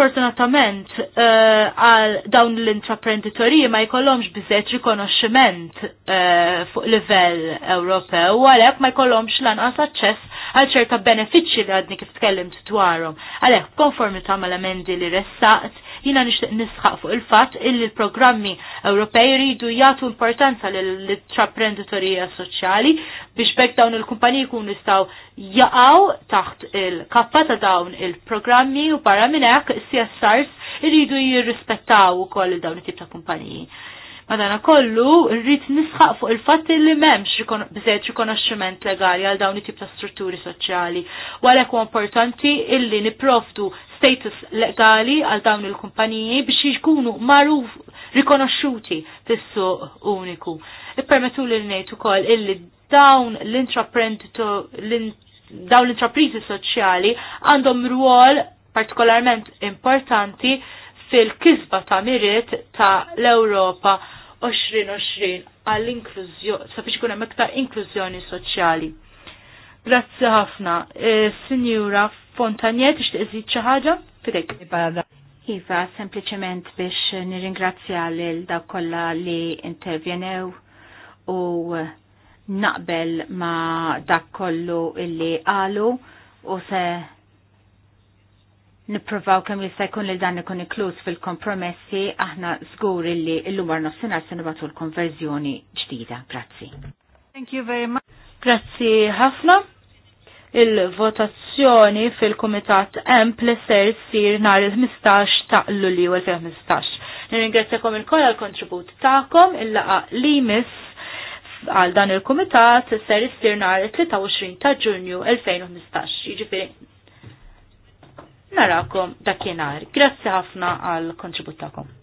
sfortunatament eh, għal uh, dawn l-intraprenditoriji ma jkollhomx biżejt rikonoxximent uh, fuq livell Ewropew u għalhekk ma jkollhomx lanqas aċċess għal ċerta benefiċċji li għadni kif tkellimt dwarhom. Għalhekk konformità mal-emendi li ressaqt Jina nixtieq nisħaq fuq il-fatt illi l-programmi Ewropej jridu jagħtu importanza lill-intraprenditorija soċjali biex bekk dawn il-kumpaniji jkunu jistgħu jaqgħu taħt il-kappa ta' dawn il-programmi u barra minn hekk CSRs irridu jirrispettaw ukoll dawn it-tip ta' kumpaniji. Madana kollu rrit nisħaq fuq il fat li memx bżed rikonoxximent legali għal dawn tip ta' strutturi soċjali. Għalhekk huwa importanti illi niprofdu status legali għal dawn il-kumpaniji biex jkunu maruf rikonoxxuti fis-suq uniku. Ippermettu li ngħid ukoll illi dawn l-intrapriżi soċjali għandhom rwol partikolarment importanti fil-kisba ta' miriet ta' l-Europa 2020 għall-inklużjoni, sabiex ikun hemm iktar inklużjoni soċjali. Grazzi ħafna. E, Sinjura Fontaniet, ixtieq iżid xi ħaġa? Fidek. Iva, sempliċement biex nirringrazzja lil dawk kollha li intervjenew u naqbel ma dak kollu illi qalu u se nipprovaw kemm jista' jkun li dan ikun inkluż fil-kompromessi aħna żgur li l-lumar nofsinhar se nibatu l-konverżjoni ġdida. Grazzi. Thank you very much. Grazzi ħafna. Il-votazzjoni fil-Kumitat M pleser sir nhar il-15 ta' Lulju 2015. Nirringrazzjakom il-koll għal-kontribut tagħkom il-laqa li miss għal dan il-Kumitat ser istir nhar 23 ta' Ġunju 2015. Jiġifieri narakom dakinhar. Grazzi ħafna għal kontributakom.